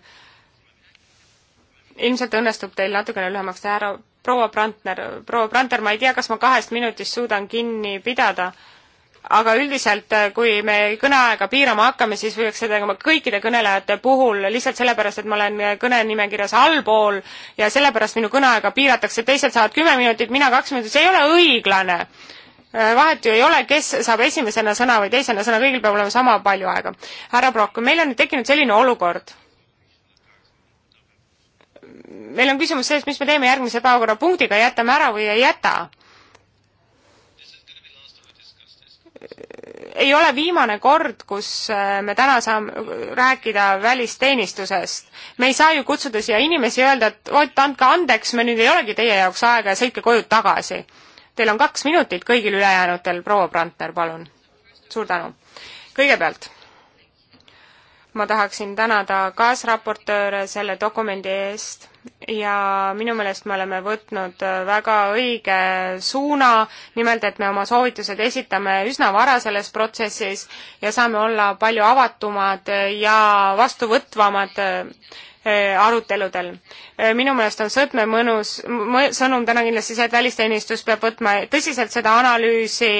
ilmselt õnnestub teil natukene lühemaks teha ära. proua Brandner, proua Brandner, ma ei tea, kas ma kahest minutist suudan kinni pidada, aga üldiselt, eh, kui me kõneaega piirama hakkame, siis võiks seda tegema kõikide kõnelejate puhul, lihtsalt sellepärast, et ma olen eh, kõnenimekirjas allpool ja sellepärast minu kõneaega piiratakse, teised saavad kümme minutit, mina kaks minutit, see ei ole õiglane eh, vahet ju ei ole, kes saab esimesena sõna või teisena sõna, kõigil peab olema sama palju aega. härra Prokk, meil on nüüd tekkinud selline olukord, meil on küsimus selles, mis me teeme järgmise päevakorrapunktiga, jätame ära või ei jäta. ei ole viimane kord, kus äh, me täna saame rääkida välisteenistusest. me ei saa ju kutsuda siia inimesi ja öelda, et vot andke andeks, me nüüd ei olegi teie jaoks aega ja sõitke koju tagasi. Teil on kaks minutit kõigil ülejäänutel, proua Brandner, palun. suur tänu. kõigepealt ma tahaksin tänada kaasraportööre selle dokumendi eest ja minu meelest me oleme võtnud väga õige suuna, nimelt et me oma soovitused esitame üsna vara selles protsessis ja saame olla palju avatumad ja vastuvõtvamad Eh, aruteludel. Eh, minu meelest on Sõtme mõnus, sõnum täna kindlasti see, et välisteenistus peab võtma tõsiselt seda analüüsi,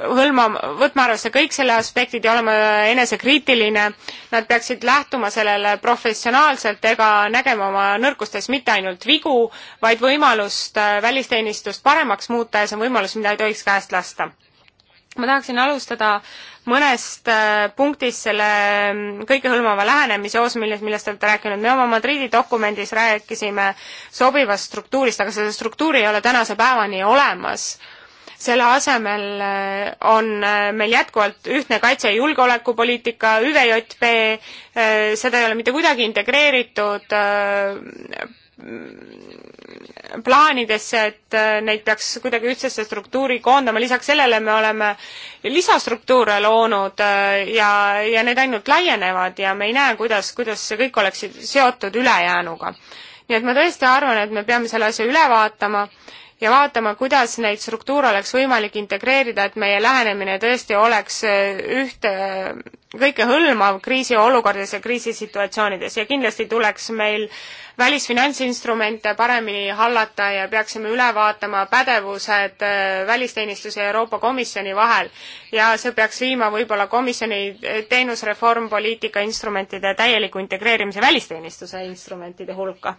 hõlma, võtma arvesse kõik selle aspektid ja olema enesekriitiline. Nad peaksid lähtuma sellele professionaalselt ega nägema oma nõrkustes mitte ainult vigu, vaid võimalust eh, välisteenistust paremaks muuta ja see on võimalus, mida ei tohiks käest lasta ma tahaksin alustada mõnest äh, punktist selle mm, kõikehõlmava lähenemise osas, millest, millest te olete rääkinud. me oma Madridi dokumendis rääkisime sobivast struktuurist, aga seda struktuuri ei ole tänase päevani olemas. selle asemel äh, on äh, meil jätkuvalt ühtne kaitse- ja julgeolekupoliitika, ÜVJP, seda ei ole mitte kuidagi integreeritud plaanidesse, et äh, neid peaks kuidagi ühtsesse struktuuri koondama, lisaks sellele me oleme lisastruktuure loonud äh, ja, ja need ainult laienevad ja me ei näe, kuidas, kuidas see kõik oleks seotud ülejäänuga. nii et ma tõesti arvan, et me peame selle asja üle vaatama ja vaatama, kuidas neid struktuure oleks võimalik integreerida, et meie lähenemine tõesti oleks äh, ühte, äh, kõikehõlmav kriisiolukordades ja kriisisituatsioonides ja kindlasti tuleks meil välisfinantsinstrumente paremini hallata ja peaksime üle vaatama pädevused äh, välisteenistuse ja Euroopa Komisjoni vahel. ja see peaks viima võib-olla komisjoni teenusreform poliitika instrumentide täieliku integreerimise välisteenistuse instrumentide hulka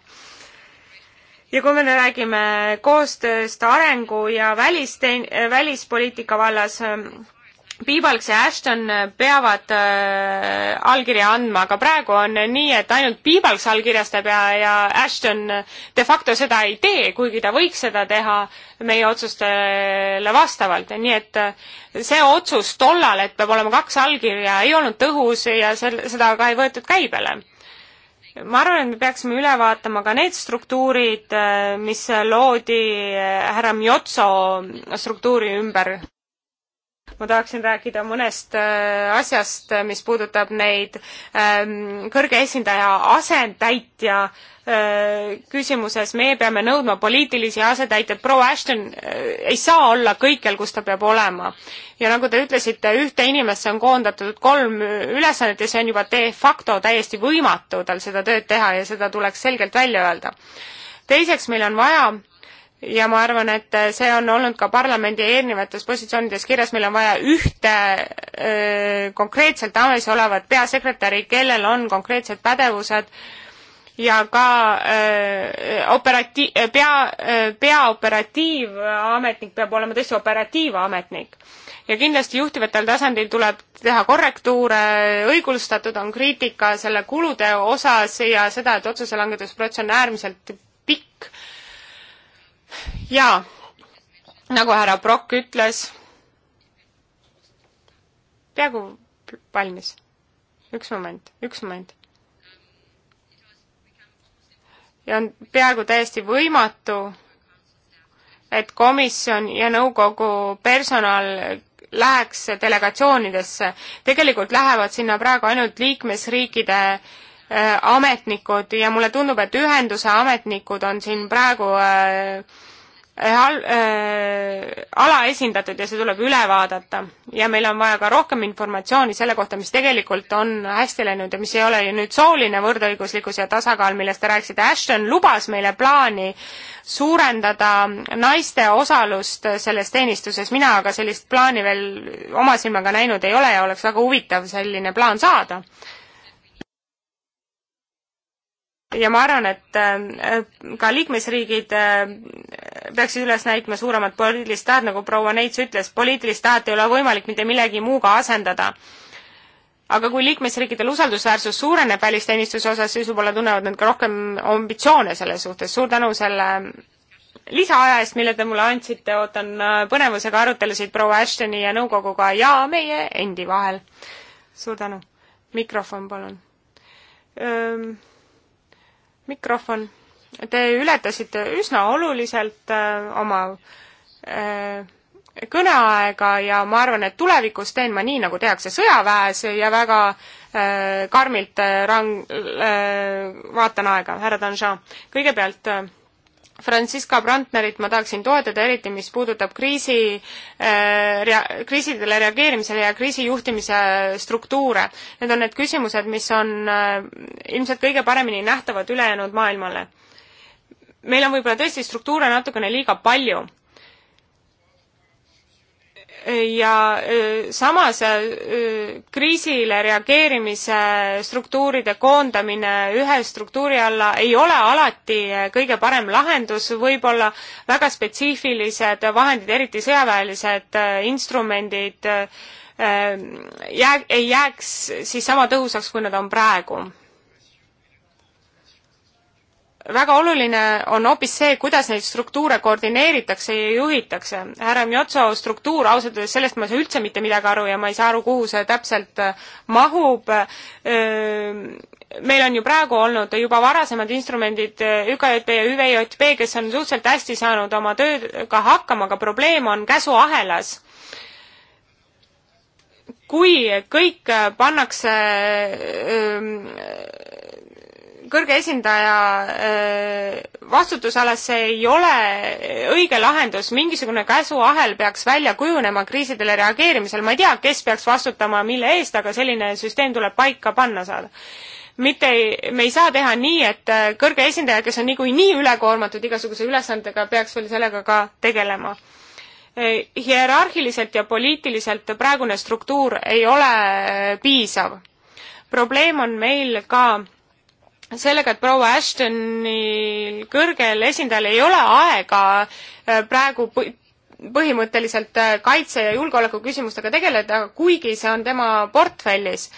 ja kui me räägime koostööst arengu ja väliste-, välispoliitika vallas, Piibalks ja Ashton peavad äh, allkirja andma, aga praegu on nii, et ainult Piibalks allkirjastab ja, ja Ashton de facto seda ei tee, kuigi ta võiks seda teha meie otsustele vastavalt, nii et äh, see otsus tollal, et peab olema kaks allkirja, ei olnud tõhus ja sel-, seda ka ei võetud käibele ma arvan, et me peaksime üle vaatama ka need struktuurid, äh, mis loodi äh, härra Miotso struktuuri ümber ma tahaksin rääkida mõnest äh, asjast, äh, mis puudutab neid ähm, kõrge esindaja asetäitja äh, küsimuses. meie peame nõudma poliitilisi asetäitjaid. proua Ashton ei saa olla kõikjal, kus ta peab olema. ja nagu te ütlesite, ühte inimesse on koondatud kolm ülesannet ja see on juba de facto täiesti võimatu tal seda tööd teha ja seda tuleks selgelt välja öelda. teiseks, meil on vaja ja ma arvan, et see on olnud ka parlamendi eelnevates positsioonides kirjas, meil on vaja ühte öö, konkreetselt ametis olevat peasekretäri, kellel on konkreetsed pädevused ja ka öö, operati-, pea, peaoperatiivametnik peab olema tõesti operatiivametnik. ja kindlasti juhtivatel tasandil tuleb teha korrektuure, õigustatud on kriitika selle kulude osas ja seda, et otsuse langetusprotsess on äärmiselt pikk jaa, nagu härra Brock ütles, peaaegu valmis. üks moment, üks moment. ja on peaaegu täiesti võimatu, et komisjon ja nõukogu personal läheks delegatsioonidesse. tegelikult lähevad sinna praegu ainult liikmesriikide äh, Äh, ametnikud ja mulle tundub, et ühenduse ametnikud on siin praegu äh, äh, hal- äh,, alaesindatud ja see tuleb üle vaadata. ja meil on vaja ka rohkem informatsiooni selle kohta, mis tegelikult on hästi läinud ja mis ei ole ju nüüd sooline võrdõiguslikkus ja tasakaal, millest te rääkisite. Ashton lubas meile plaani suurendada naiste osalust selles teenistuses, mina aga sellist plaani veel oma silmaga näinud ei ole ja oleks väga huvitav selline plaan saada ja ma arvan, et äh, ka liikmesriigid äh, peaksid üles näitama suuremat poliitilist tahet, nagu proua Neits ütles, poliitilist tahet ei ole võimalik mitte millegi muuga asendada. aga kui liikmesriikidel usaldusväärsus suureneb välisteenistuse osas, siis võib-olla tunnevad nad ka rohkem ambitsioone selle suhtes, suur tänu selle lisaaja eest, mille te mulle andsite, ootan äh, põnevusega arutelusid proua Ashtoni ja nõukoguga ja meie endi vahel. suur tänu. mikrofon, palun mikrofon. Te ületasite üsna oluliselt äh, oma äh, kõneaega ja ma arvan, et tulevikus teen ma nii, nagu tehakse sõjaväes ja väga äh, karmilt rang-, vaatan aega, härra Danjean. kõigepealt Franziska Brandnerit ma tahaksin toetada, eriti mis puudutab kriisi äh, rea-, kriisidele reageerimisele ja kriisijuhtimise struktuure. Need on need küsimused, mis on äh, ilmselt kõige paremini nähtavad ülejäänud maailmale. meil on võib-olla tõesti struktuure natukene liiga palju ja samas kriisile reageerimise struktuuride koondamine ühe struktuuri alla ei ole alati kõige parem lahendus, võib-olla väga spetsiifilised vahendid, eriti sõjaväelised instrumendid jää-, ei jääks siis sama tõhusaks, kui nad on praegu väga oluline on hoopis see, kuidas neid struktuure koordineeritakse ja juhitakse. härra Mjotso struktuur, ausalt öeldes sellest ma ei saa üldse mitte midagi aru ja ma ei saa aru, kuhu see täpselt äh, mahub. meil on ju praegu olnud juba varasemad instrumendid äh, ÜKJP ja ÜVJP, kes on suhteliselt hästi saanud oma tööga hakkama, aga probleem on käsuahelas kui kõik pannakse öö, kõrge esindaja äh, vastutusalasse ei ole õige lahendus, mingisugune käsuahel peaks välja kujunema kriisidele reageerimisel, ma ei tea, kes peaks vastutama mille eest, aga selline süsteem tuleb paika panna saada mitte, me ei saa teha nii, et äh, kõrge esindaja, kes on niikuinii nii ülekoormatud igasuguse ülesandega, peaks veel sellega ka tegelema äh, hierarhiliselt ja poliitiliselt praegune struktuur ei ole piisav. probleem on meil ka sellega, et proua Ashtonil, kõrgel esindajal ei ole aega äh, praegu põhimõtteliselt äh, kaitse- ja julgeolekuküsimustega tegeleda, kuigi see on tema portfellis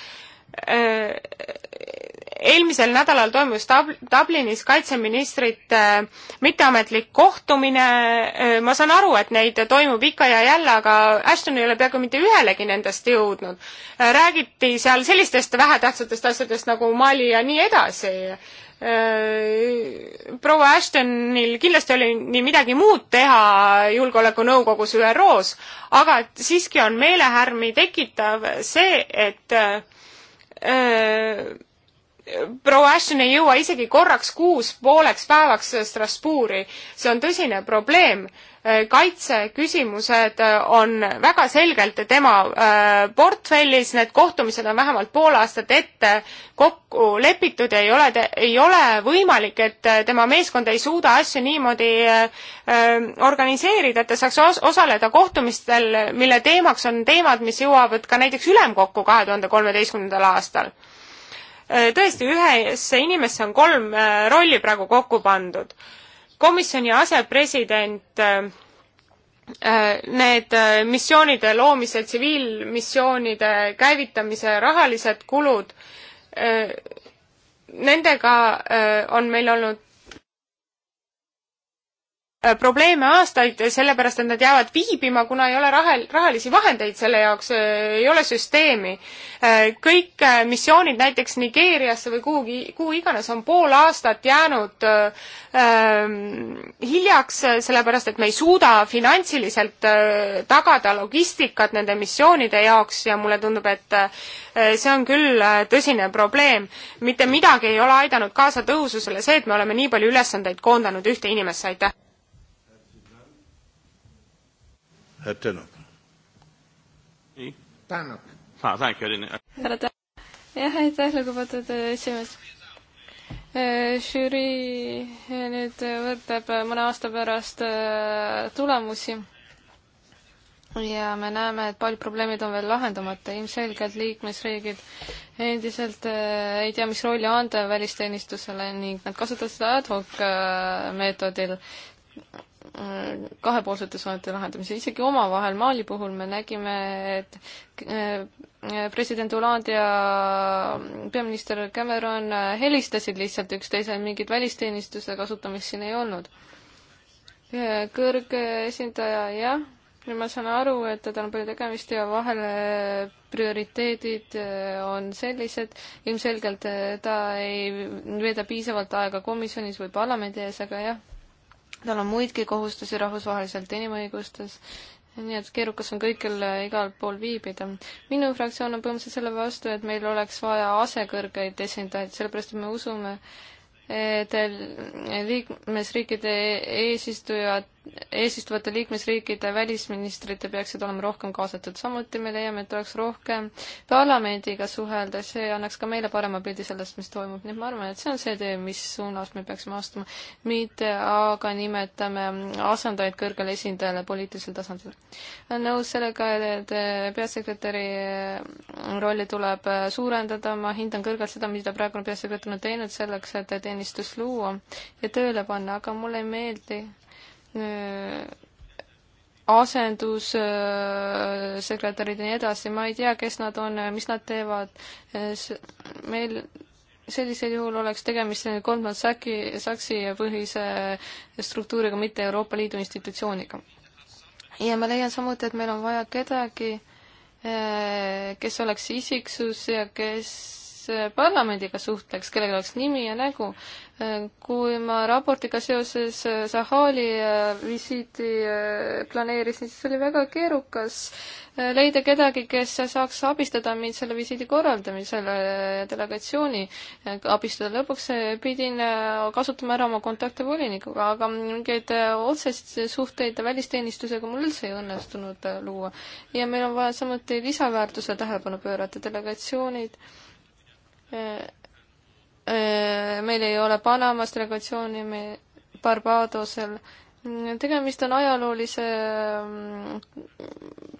äh, eelmisel nädalal toimus Dub-, Dublinis kaitseministrite äh, mitteametlik kohtumine, äh, ma saan aru, et neid toimub ikka ja jälle, aga Ashton ei ole peaaegu mitte ühelegi nendest jõudnud. Äh, räägiti seal sellistest vähetähtsatest asjadest nagu Mali ja nii edasi. proua Ashtonil kindlasti oli nii midagi muud teha Julgeolekunõukogus ÜRO-s, aga siiski on meelehärmi tekitav see, et öö, proua Ashton ei jõua isegi korraks kuus pooleks päevaks Strasbourgi. see on tõsine probleem. Äh, kaitseküsimused äh, on väga selgelt tema äh, portfellis, need kohtumised on vähemalt pool aastat ette kokku lepitud ja ei ole, ei ole võimalik, et tema meeskond ei suuda asju niimoodi organiseerida, et ta saaks osaleda kohtumistel, mille teemaks on teemad, mis jõuavad ka näiteks ülemkokku kahe tuhande kolmeteistkümnendal aastal Äh, tõesti, ühesse inimesse on kolm äh, rolli praegu kokku pandud. komisjoni asepresident, äh, need missioonide loomise, tsiviilmissioonide käivitamise rahalised kulud, nendega on meil olnud Äh, probleeme aastaid, sellepärast et nad jäävad viibima, kuna ei ole rahel, rahalisi vahendeid selle jaoks, äh, ei ole süsteemi. Äh, kõik missioonid näiteks Nigeeriasse või kuhugi, kuhu iganes on pool aastat jäänud ähm, hiljaks, sellepärast et me ei suuda finantsiliselt äh, tagada logistikat nende missioonide jaoks ja mulle tundub, et äh, see on küll äh, tõsine probleem. mitte midagi ei ole aidanud kaasa tõhususele see, et me oleme nii palju ülesandeid koondanud ühte inimesse, aitäh! Herr Tänok. Tänok. Ah, härra Tänok. jah, aitäh, lugupeetud äh, esimees äh, žürii äh, nüüd võtab mõne aasta pärast tulemusi ja me näeme, et paljud probleemid on veel lahendamata, ilmselgelt liikmesriigid endiselt ei tea, mis rolli anda välisteenistusele ning nad kasutavad seda ad hoc meetodil kahepoolsete suhete lahendamise, isegi omavahel Mali puhul me nägime, et eh, eh, president Hollande ja peaminister Cameron helistasid lihtsalt üksteisele, mingit välisteenistuse kasutamist siin ei olnud. Eh, kõrge esindaja, jah, nüüd ma saan aru, et tal on palju tegemist ja vahel prioriteedid on sellised, ilmselgelt ta ei veeda piisavalt aega komisjonis või parlamendi ees, aga jah tal on muidki kohustusi rahvusvaheliselt inimõigustes, nii et keerukas on kõikjal igal pool viibida. minu fraktsioon on põhimõtteliselt selle vastu, et meil oleks vaja asekõrgeid esindajaid, sellepärast et me usume, et liikmesriikide eesistujad eesistuvate liikmesriikide välisministrite peaksid olema rohkem kaasatud. samuti me leiame, et oleks rohkem parlamendiga suhelda, see annaks ka meile parema pildi sellest, mis toimub, nii et ma arvan, et see on see tee, mis suunas me peaksime astuma, mitte aga nimetame asendajaid kõrgele esindajale poliitilisel tasandil. olen nõus sellega, et peasekretäri rolli tuleb suurendada, ma hindan kõrgelt seda, mida praegune peasekretär on teinud selleks, et teenistus luua ja tööle panna, aga mulle ei meeldi asendussekretärid ja nii edasi, ma ei tea, kes nad on, mis nad teevad. meil sellisel juhul oleks tegemist Goldman Sachsi, Sachsi põhise struktuuriga, mitte Euroopa Liidu institutsiooniga. ja ma leian samuti, et meil on vaja kedagi, kes oleks isiksus ja kes parlamendiga suhtleks, kellel oleks nimi ja nägu. kui ma raportiga seoses Sahali äh, visiiti äh, planeerisin, siis oli väga keerukas äh, leida kedagi, kes saaks abistada mind selle visiidi korraldamisel, delegatsiooni abistada. lõpuks pidin kasutama ära oma kontakte volinikuga, aga mingeid otseseid suhteid välisteenistusega mul üldse ei õnnestunud luua. ja meil on vaja samuti lisaväärtuse tähelepanu pöörata, delegatsioonid Äh, äh, meil ei ole Panamas delegatsiooni, me Barbadosel. tegemist on ajaloolise mm,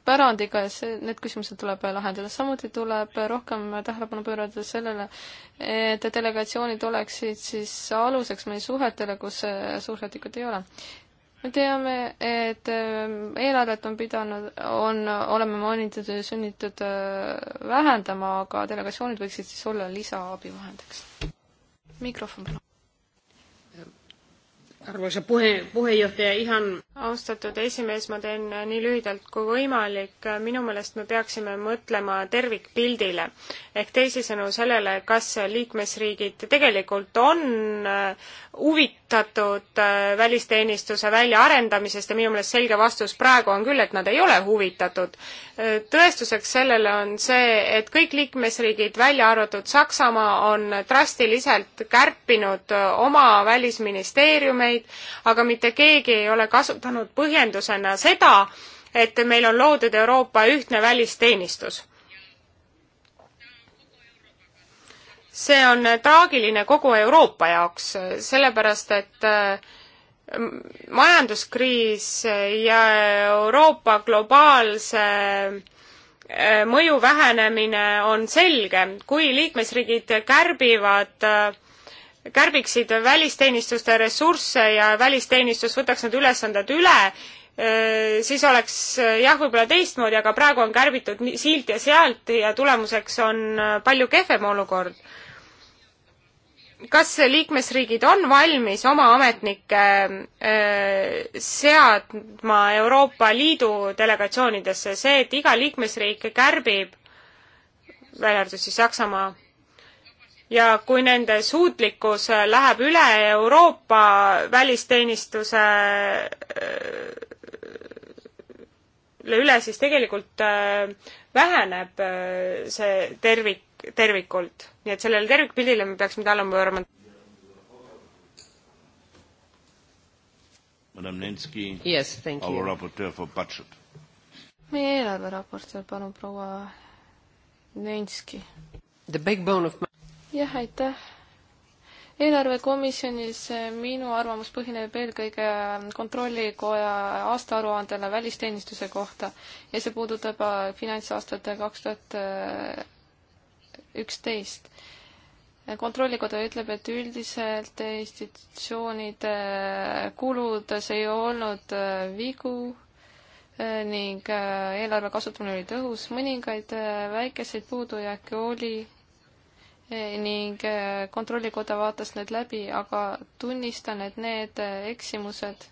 pärandiga ja see, need küsimused tuleb lahendada. samuti tuleb rohkem tähelepanu pöörata sellele, et delegatsioonid oleksid siis aluseks meie suhetele, kus äh, suursaadikud ei ole me teame, et ähm, eelarvet on pidanud, on, oleme mainitud ja sunnitud äh, vähendama, aga delegatsioonid võiksid siis olla lisaabivahendiks. mikrofon palun arvoisa puhe, puheenjohtaja ihan... austatud esimees, ma teen äh, nii lühidalt kui võimalik. Äh, minu meelest me peaksime mõtlema tervikpildile ehk teisisõnu sellele, kas liikmesriigid tegelikult on äh, huvitatud välisteenistuse väljaarendamisest ja minu meelest selge vastus praegu on küll, et nad ei ole huvitatud. tõestuseks sellele on see, et kõik liikmesriigid, välja arvatud Saksamaa, on drastiliselt kärpinud oma välisministeeriumeid, meid, aga mitte keegi ei ole kasutanud põhjendusena seda, et meil on loodud Euroopa ühtne välisteenistus. see on traagiline kogu Euroopa jaoks, sellepärast et äh, majanduskriis ja Euroopa globaalse äh, mõju vähenemine on selge, kui liikmesriigid kärbivad äh, kärbiksid välisteenistuste ressursse ja välisteenistus võtaks need ülesanded üle, siis oleks jah, võib-olla teistmoodi, aga praegu on kärbitud siilt ja sealt ja tulemuseks on palju kehvem olukord. kas liikmesriigid on valmis oma ametnikke seadma Euroopa Liidu delegatsioonidesse, see, et iga liikmesriik kärbib, välja arvatud siis Saksamaa ja kui nende suutlikkus läheb üle Euroopa välisteenistuse äh, üle, siis tegelikult äh, väheneb äh, see tervik, tervikult. nii et sellele tervikpildile me peaksime tähelepanu pöörama. Madame Nenski yes,, our raportöör for budget. meie eelarveraportöör, palun proua Nenski. The backbone of jah, aitäh. eelarvekomisjonis eh, minu arvamus põhineb eelkõige eh, Kontrollikoja aastaaruandele välisteenistuse kohta ja see puudutab eh, finantsaastat kaks tuhat üksteist kontrollikoda ütleb, et üldiselt institutsioonide kuludes ei olnud vigu ning eelarve kasutamine oli tõhus, mõningaid väikeseid puudujääke oli ning äh, Kontrollikoda vaatas need läbi, aga tunnistan, et need äh, eksimused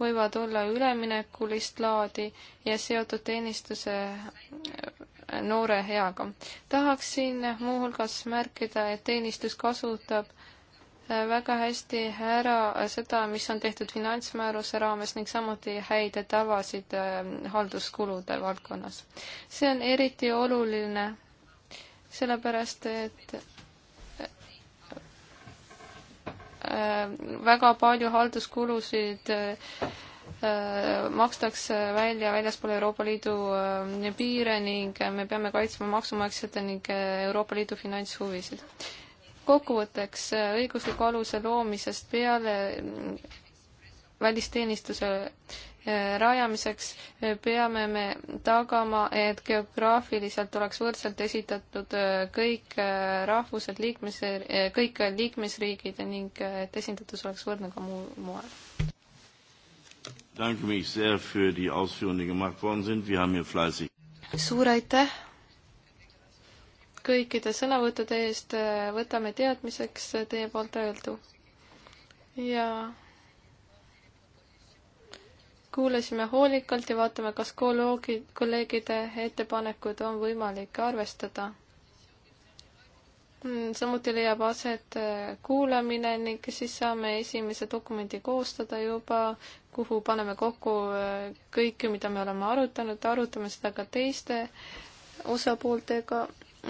võivad olla üleminekulist laadi ja seotud teenistuse äh, noore heaga. tahaksin muuhulgas märkida, et teenistus kasutab väga hästi ära seda, mis on tehtud finantsmääruse raames ning samuti häid tavasid halduskulude valdkonnas. see on eriti oluline sellepärast et äh, väga palju halduskulusid äh, makstakse välja väljaspool Euroopa Liidu äh, piire ning me peame kaitsma maksumaksjate ning Euroopa Liidu finantshuvisid. kokkuvõtteks õigusliku aluse loomisest peale välisteenistuse Äh, rajamiseks äh, peame me tagama, et geograafiliselt oleks võrdselt esitatud äh, kõik rahvused, liikmes, kõik liikmesriigid ning et esindatus oleks võrdne ka muul moel. suur aitäh kõikide sõnavõttude eest, võtame teadmiseks teie poolt öeldu ja kuulasime hoolikalt ja vaatame, kas kolleegid, kolleegide ettepanekud on võimalik arvestada. Mm, samuti leiab aset äh, kuulamine ning siis saame esimese dokumendi koostada juba, kuhu paneme kokku äh, kõike, mida me oleme arutanud, arutame seda ka teiste osapooltega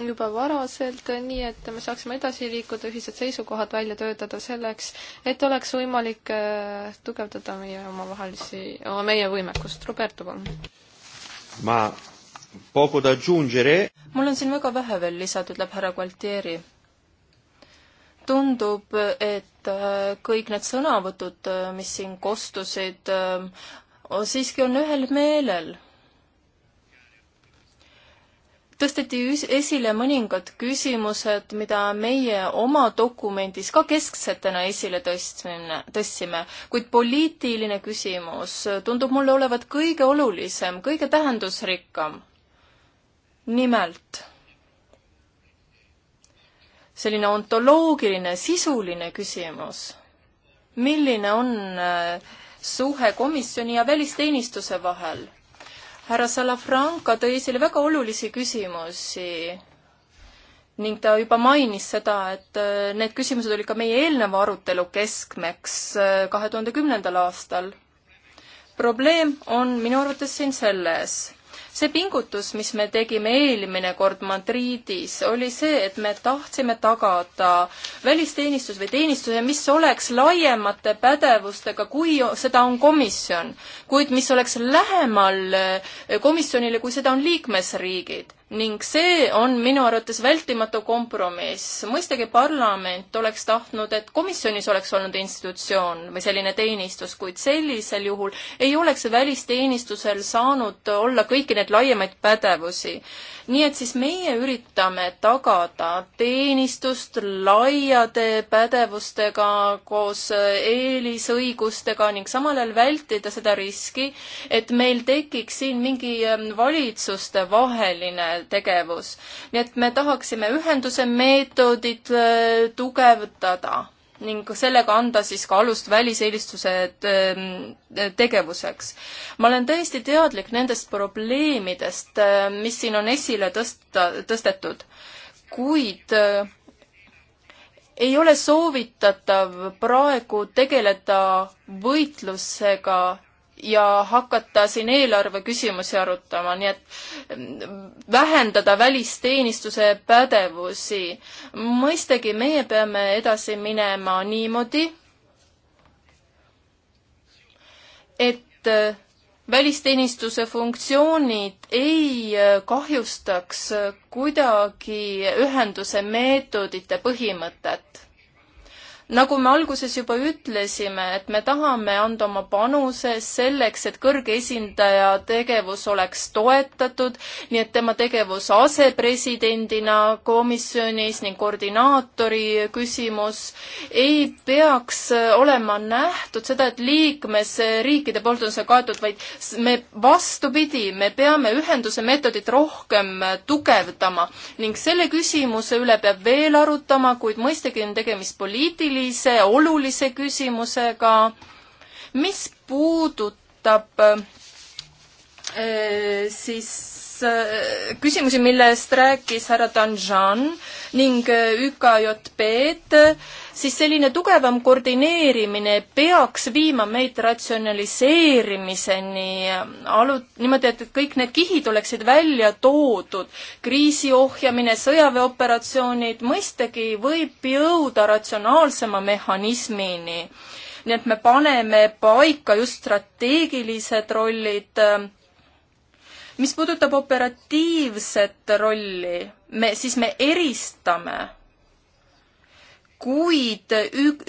juba varaselt, nii et me saaksime edasi liikuda, ühised seisukohad välja töötada selleks, et oleks võimalik äh, tugevdada meie omavahelisi, meie võimekust. Roberto, palun. ma poco da aggiungere. mul on siin väga vähe veel lisada, ütleb härra Gualtieri. tundub, et äh, kõik need sõnavõtud, äh, mis siin kostusid, siiski on ühel meelel tõsteti esile mõningad küsimused, mida meie oma dokumendis ka kesksetena esile tõstmine, tõstsime, kuid poliitiline küsimus tundub mulle olevat kõige olulisem, kõige tähendusrikkam. nimelt selline ontoloogiline, sisuline küsimus. milline on äh, suhe komisjoni ja välisteenistuse vahel? härra Salafranca tõi esile väga olulisi küsimusi ning ta juba mainis seda, et äh, need küsimused olid ka meie eelneva arutelu keskmeks äh, kahe tuhande kümnendal aastal. probleem on minu arvates siin selles, see pingutus, mis me tegime eelmine kord Madridis, oli see, et me tahtsime tagada välisteenistus või teenistuse, mis oleks laiemate pädevustega, kui seda on komisjon, kuid mis oleks lähemal eh, komisjonile, kui seda on liikmesriigid ning see on minu arvates vältimatu kompromiss. mõistagi parlament oleks tahtnud, et komisjonis oleks olnud institutsioon või selline teenistus, kuid sellisel juhul ei oleks välisteenistusel saanud olla kõiki neid laiemaid pädevusi. nii et siis meie üritame tagada teenistust laiade pädevustega koos eelisõigustega ning samal ajal vältida seda riski, et meil tekiks siin mingi ähm, valitsustevaheline tegevus. nii et me tahaksime ühenduse meetodit äh, tugevdada ning sellega anda siis ka alust väliseelistuse ähm, tegevuseks. ma olen täiesti teadlik nendest probleemidest, äh, mis siin on esile tõsta, tõstetud, kuid äh, ei ole soovitatav praegu tegeleda võitlusega ja hakata siin eelarve küsimusi arutama, nii et mm, vähendada välisteenistuse pädevusi. mõistagi, meie peame edasi minema niimoodi, et äh, välisteenistuse funktsioonid ei äh, kahjustaks kuidagi ühenduse meetodite põhimõtet nagu me alguses juba ütlesime, et me tahame anda oma panuse selleks, et kõrge esindaja tegevus oleks toetatud, nii et tema tegevus asepresidendina komisjonis ning koordinaatori küsimus ei peaks olema nähtud seda, et liikmesriikide poolt on see kaetud, vaid me vastupidi, me peame ühenduse meetodit rohkem tugevdama ning selle küsimuse üle peab veel arutama, kuid mõistagi on tegemist poliitilise kriitilise, olulise küsimusega, mis puudutab äh, siis äh, küsimusi, millest rääkis härra Danjan ning äh, ÜKJP-d siis selline tugevam koordineerimine peaks viima meid ratsionaliseerimiseni, alu-, niimoodi, et, et kõik need kihid oleksid välja toodud. kriisi ohjamine, sõjaväeoperatsioonid, mõistagi võib jõuda ratsionaalsema mehhanismini. nii et me paneme paika just strateegilised rollid mis puudutab operatiivset rolli, me, siis me eristame kuid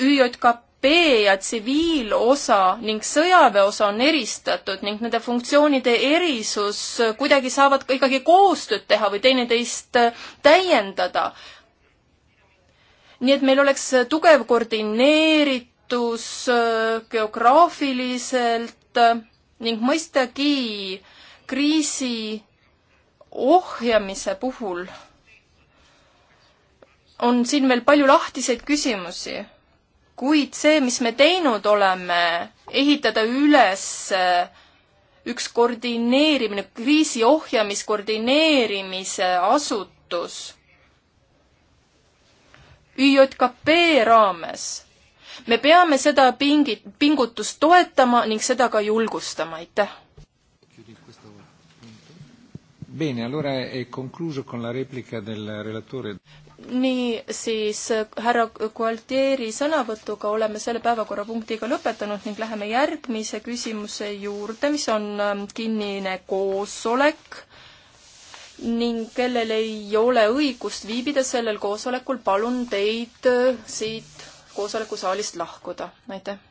ÜJKP ja tsiviilosa ning sõjaväeosa on eristatud ning nende funktsioonide erisus kuidagi saavad ka ikkagi koostööd teha või teineteist täiendada. nii et meil oleks tugev koordineeritus äh, geograafiliselt äh, ning mõistagi kriisi ohjamise puhul on siin veel palju lahtiseid küsimusi, kuid see, mis me teinud oleme, ehitada üles äh, üks koordineerimine, kriisi ohjamiskoordineerimise asutus ÜJKP raames. me peame seda pingi, pingutust toetama ning seda ka julgustama, aitäh! Bene, allora è concluso con la replica del relatore niisiis äh, härra Gualtieri sõnavõtuga oleme selle päevakorrapunktiga lõpetanud ning läheme järgmise küsimuse juurde, mis on ähm, kinnine koosolek ning kellel ei ole õigust viibida sellel koosolekul, palun teid äh, siit koosolekusaalist lahkuda. aitäh!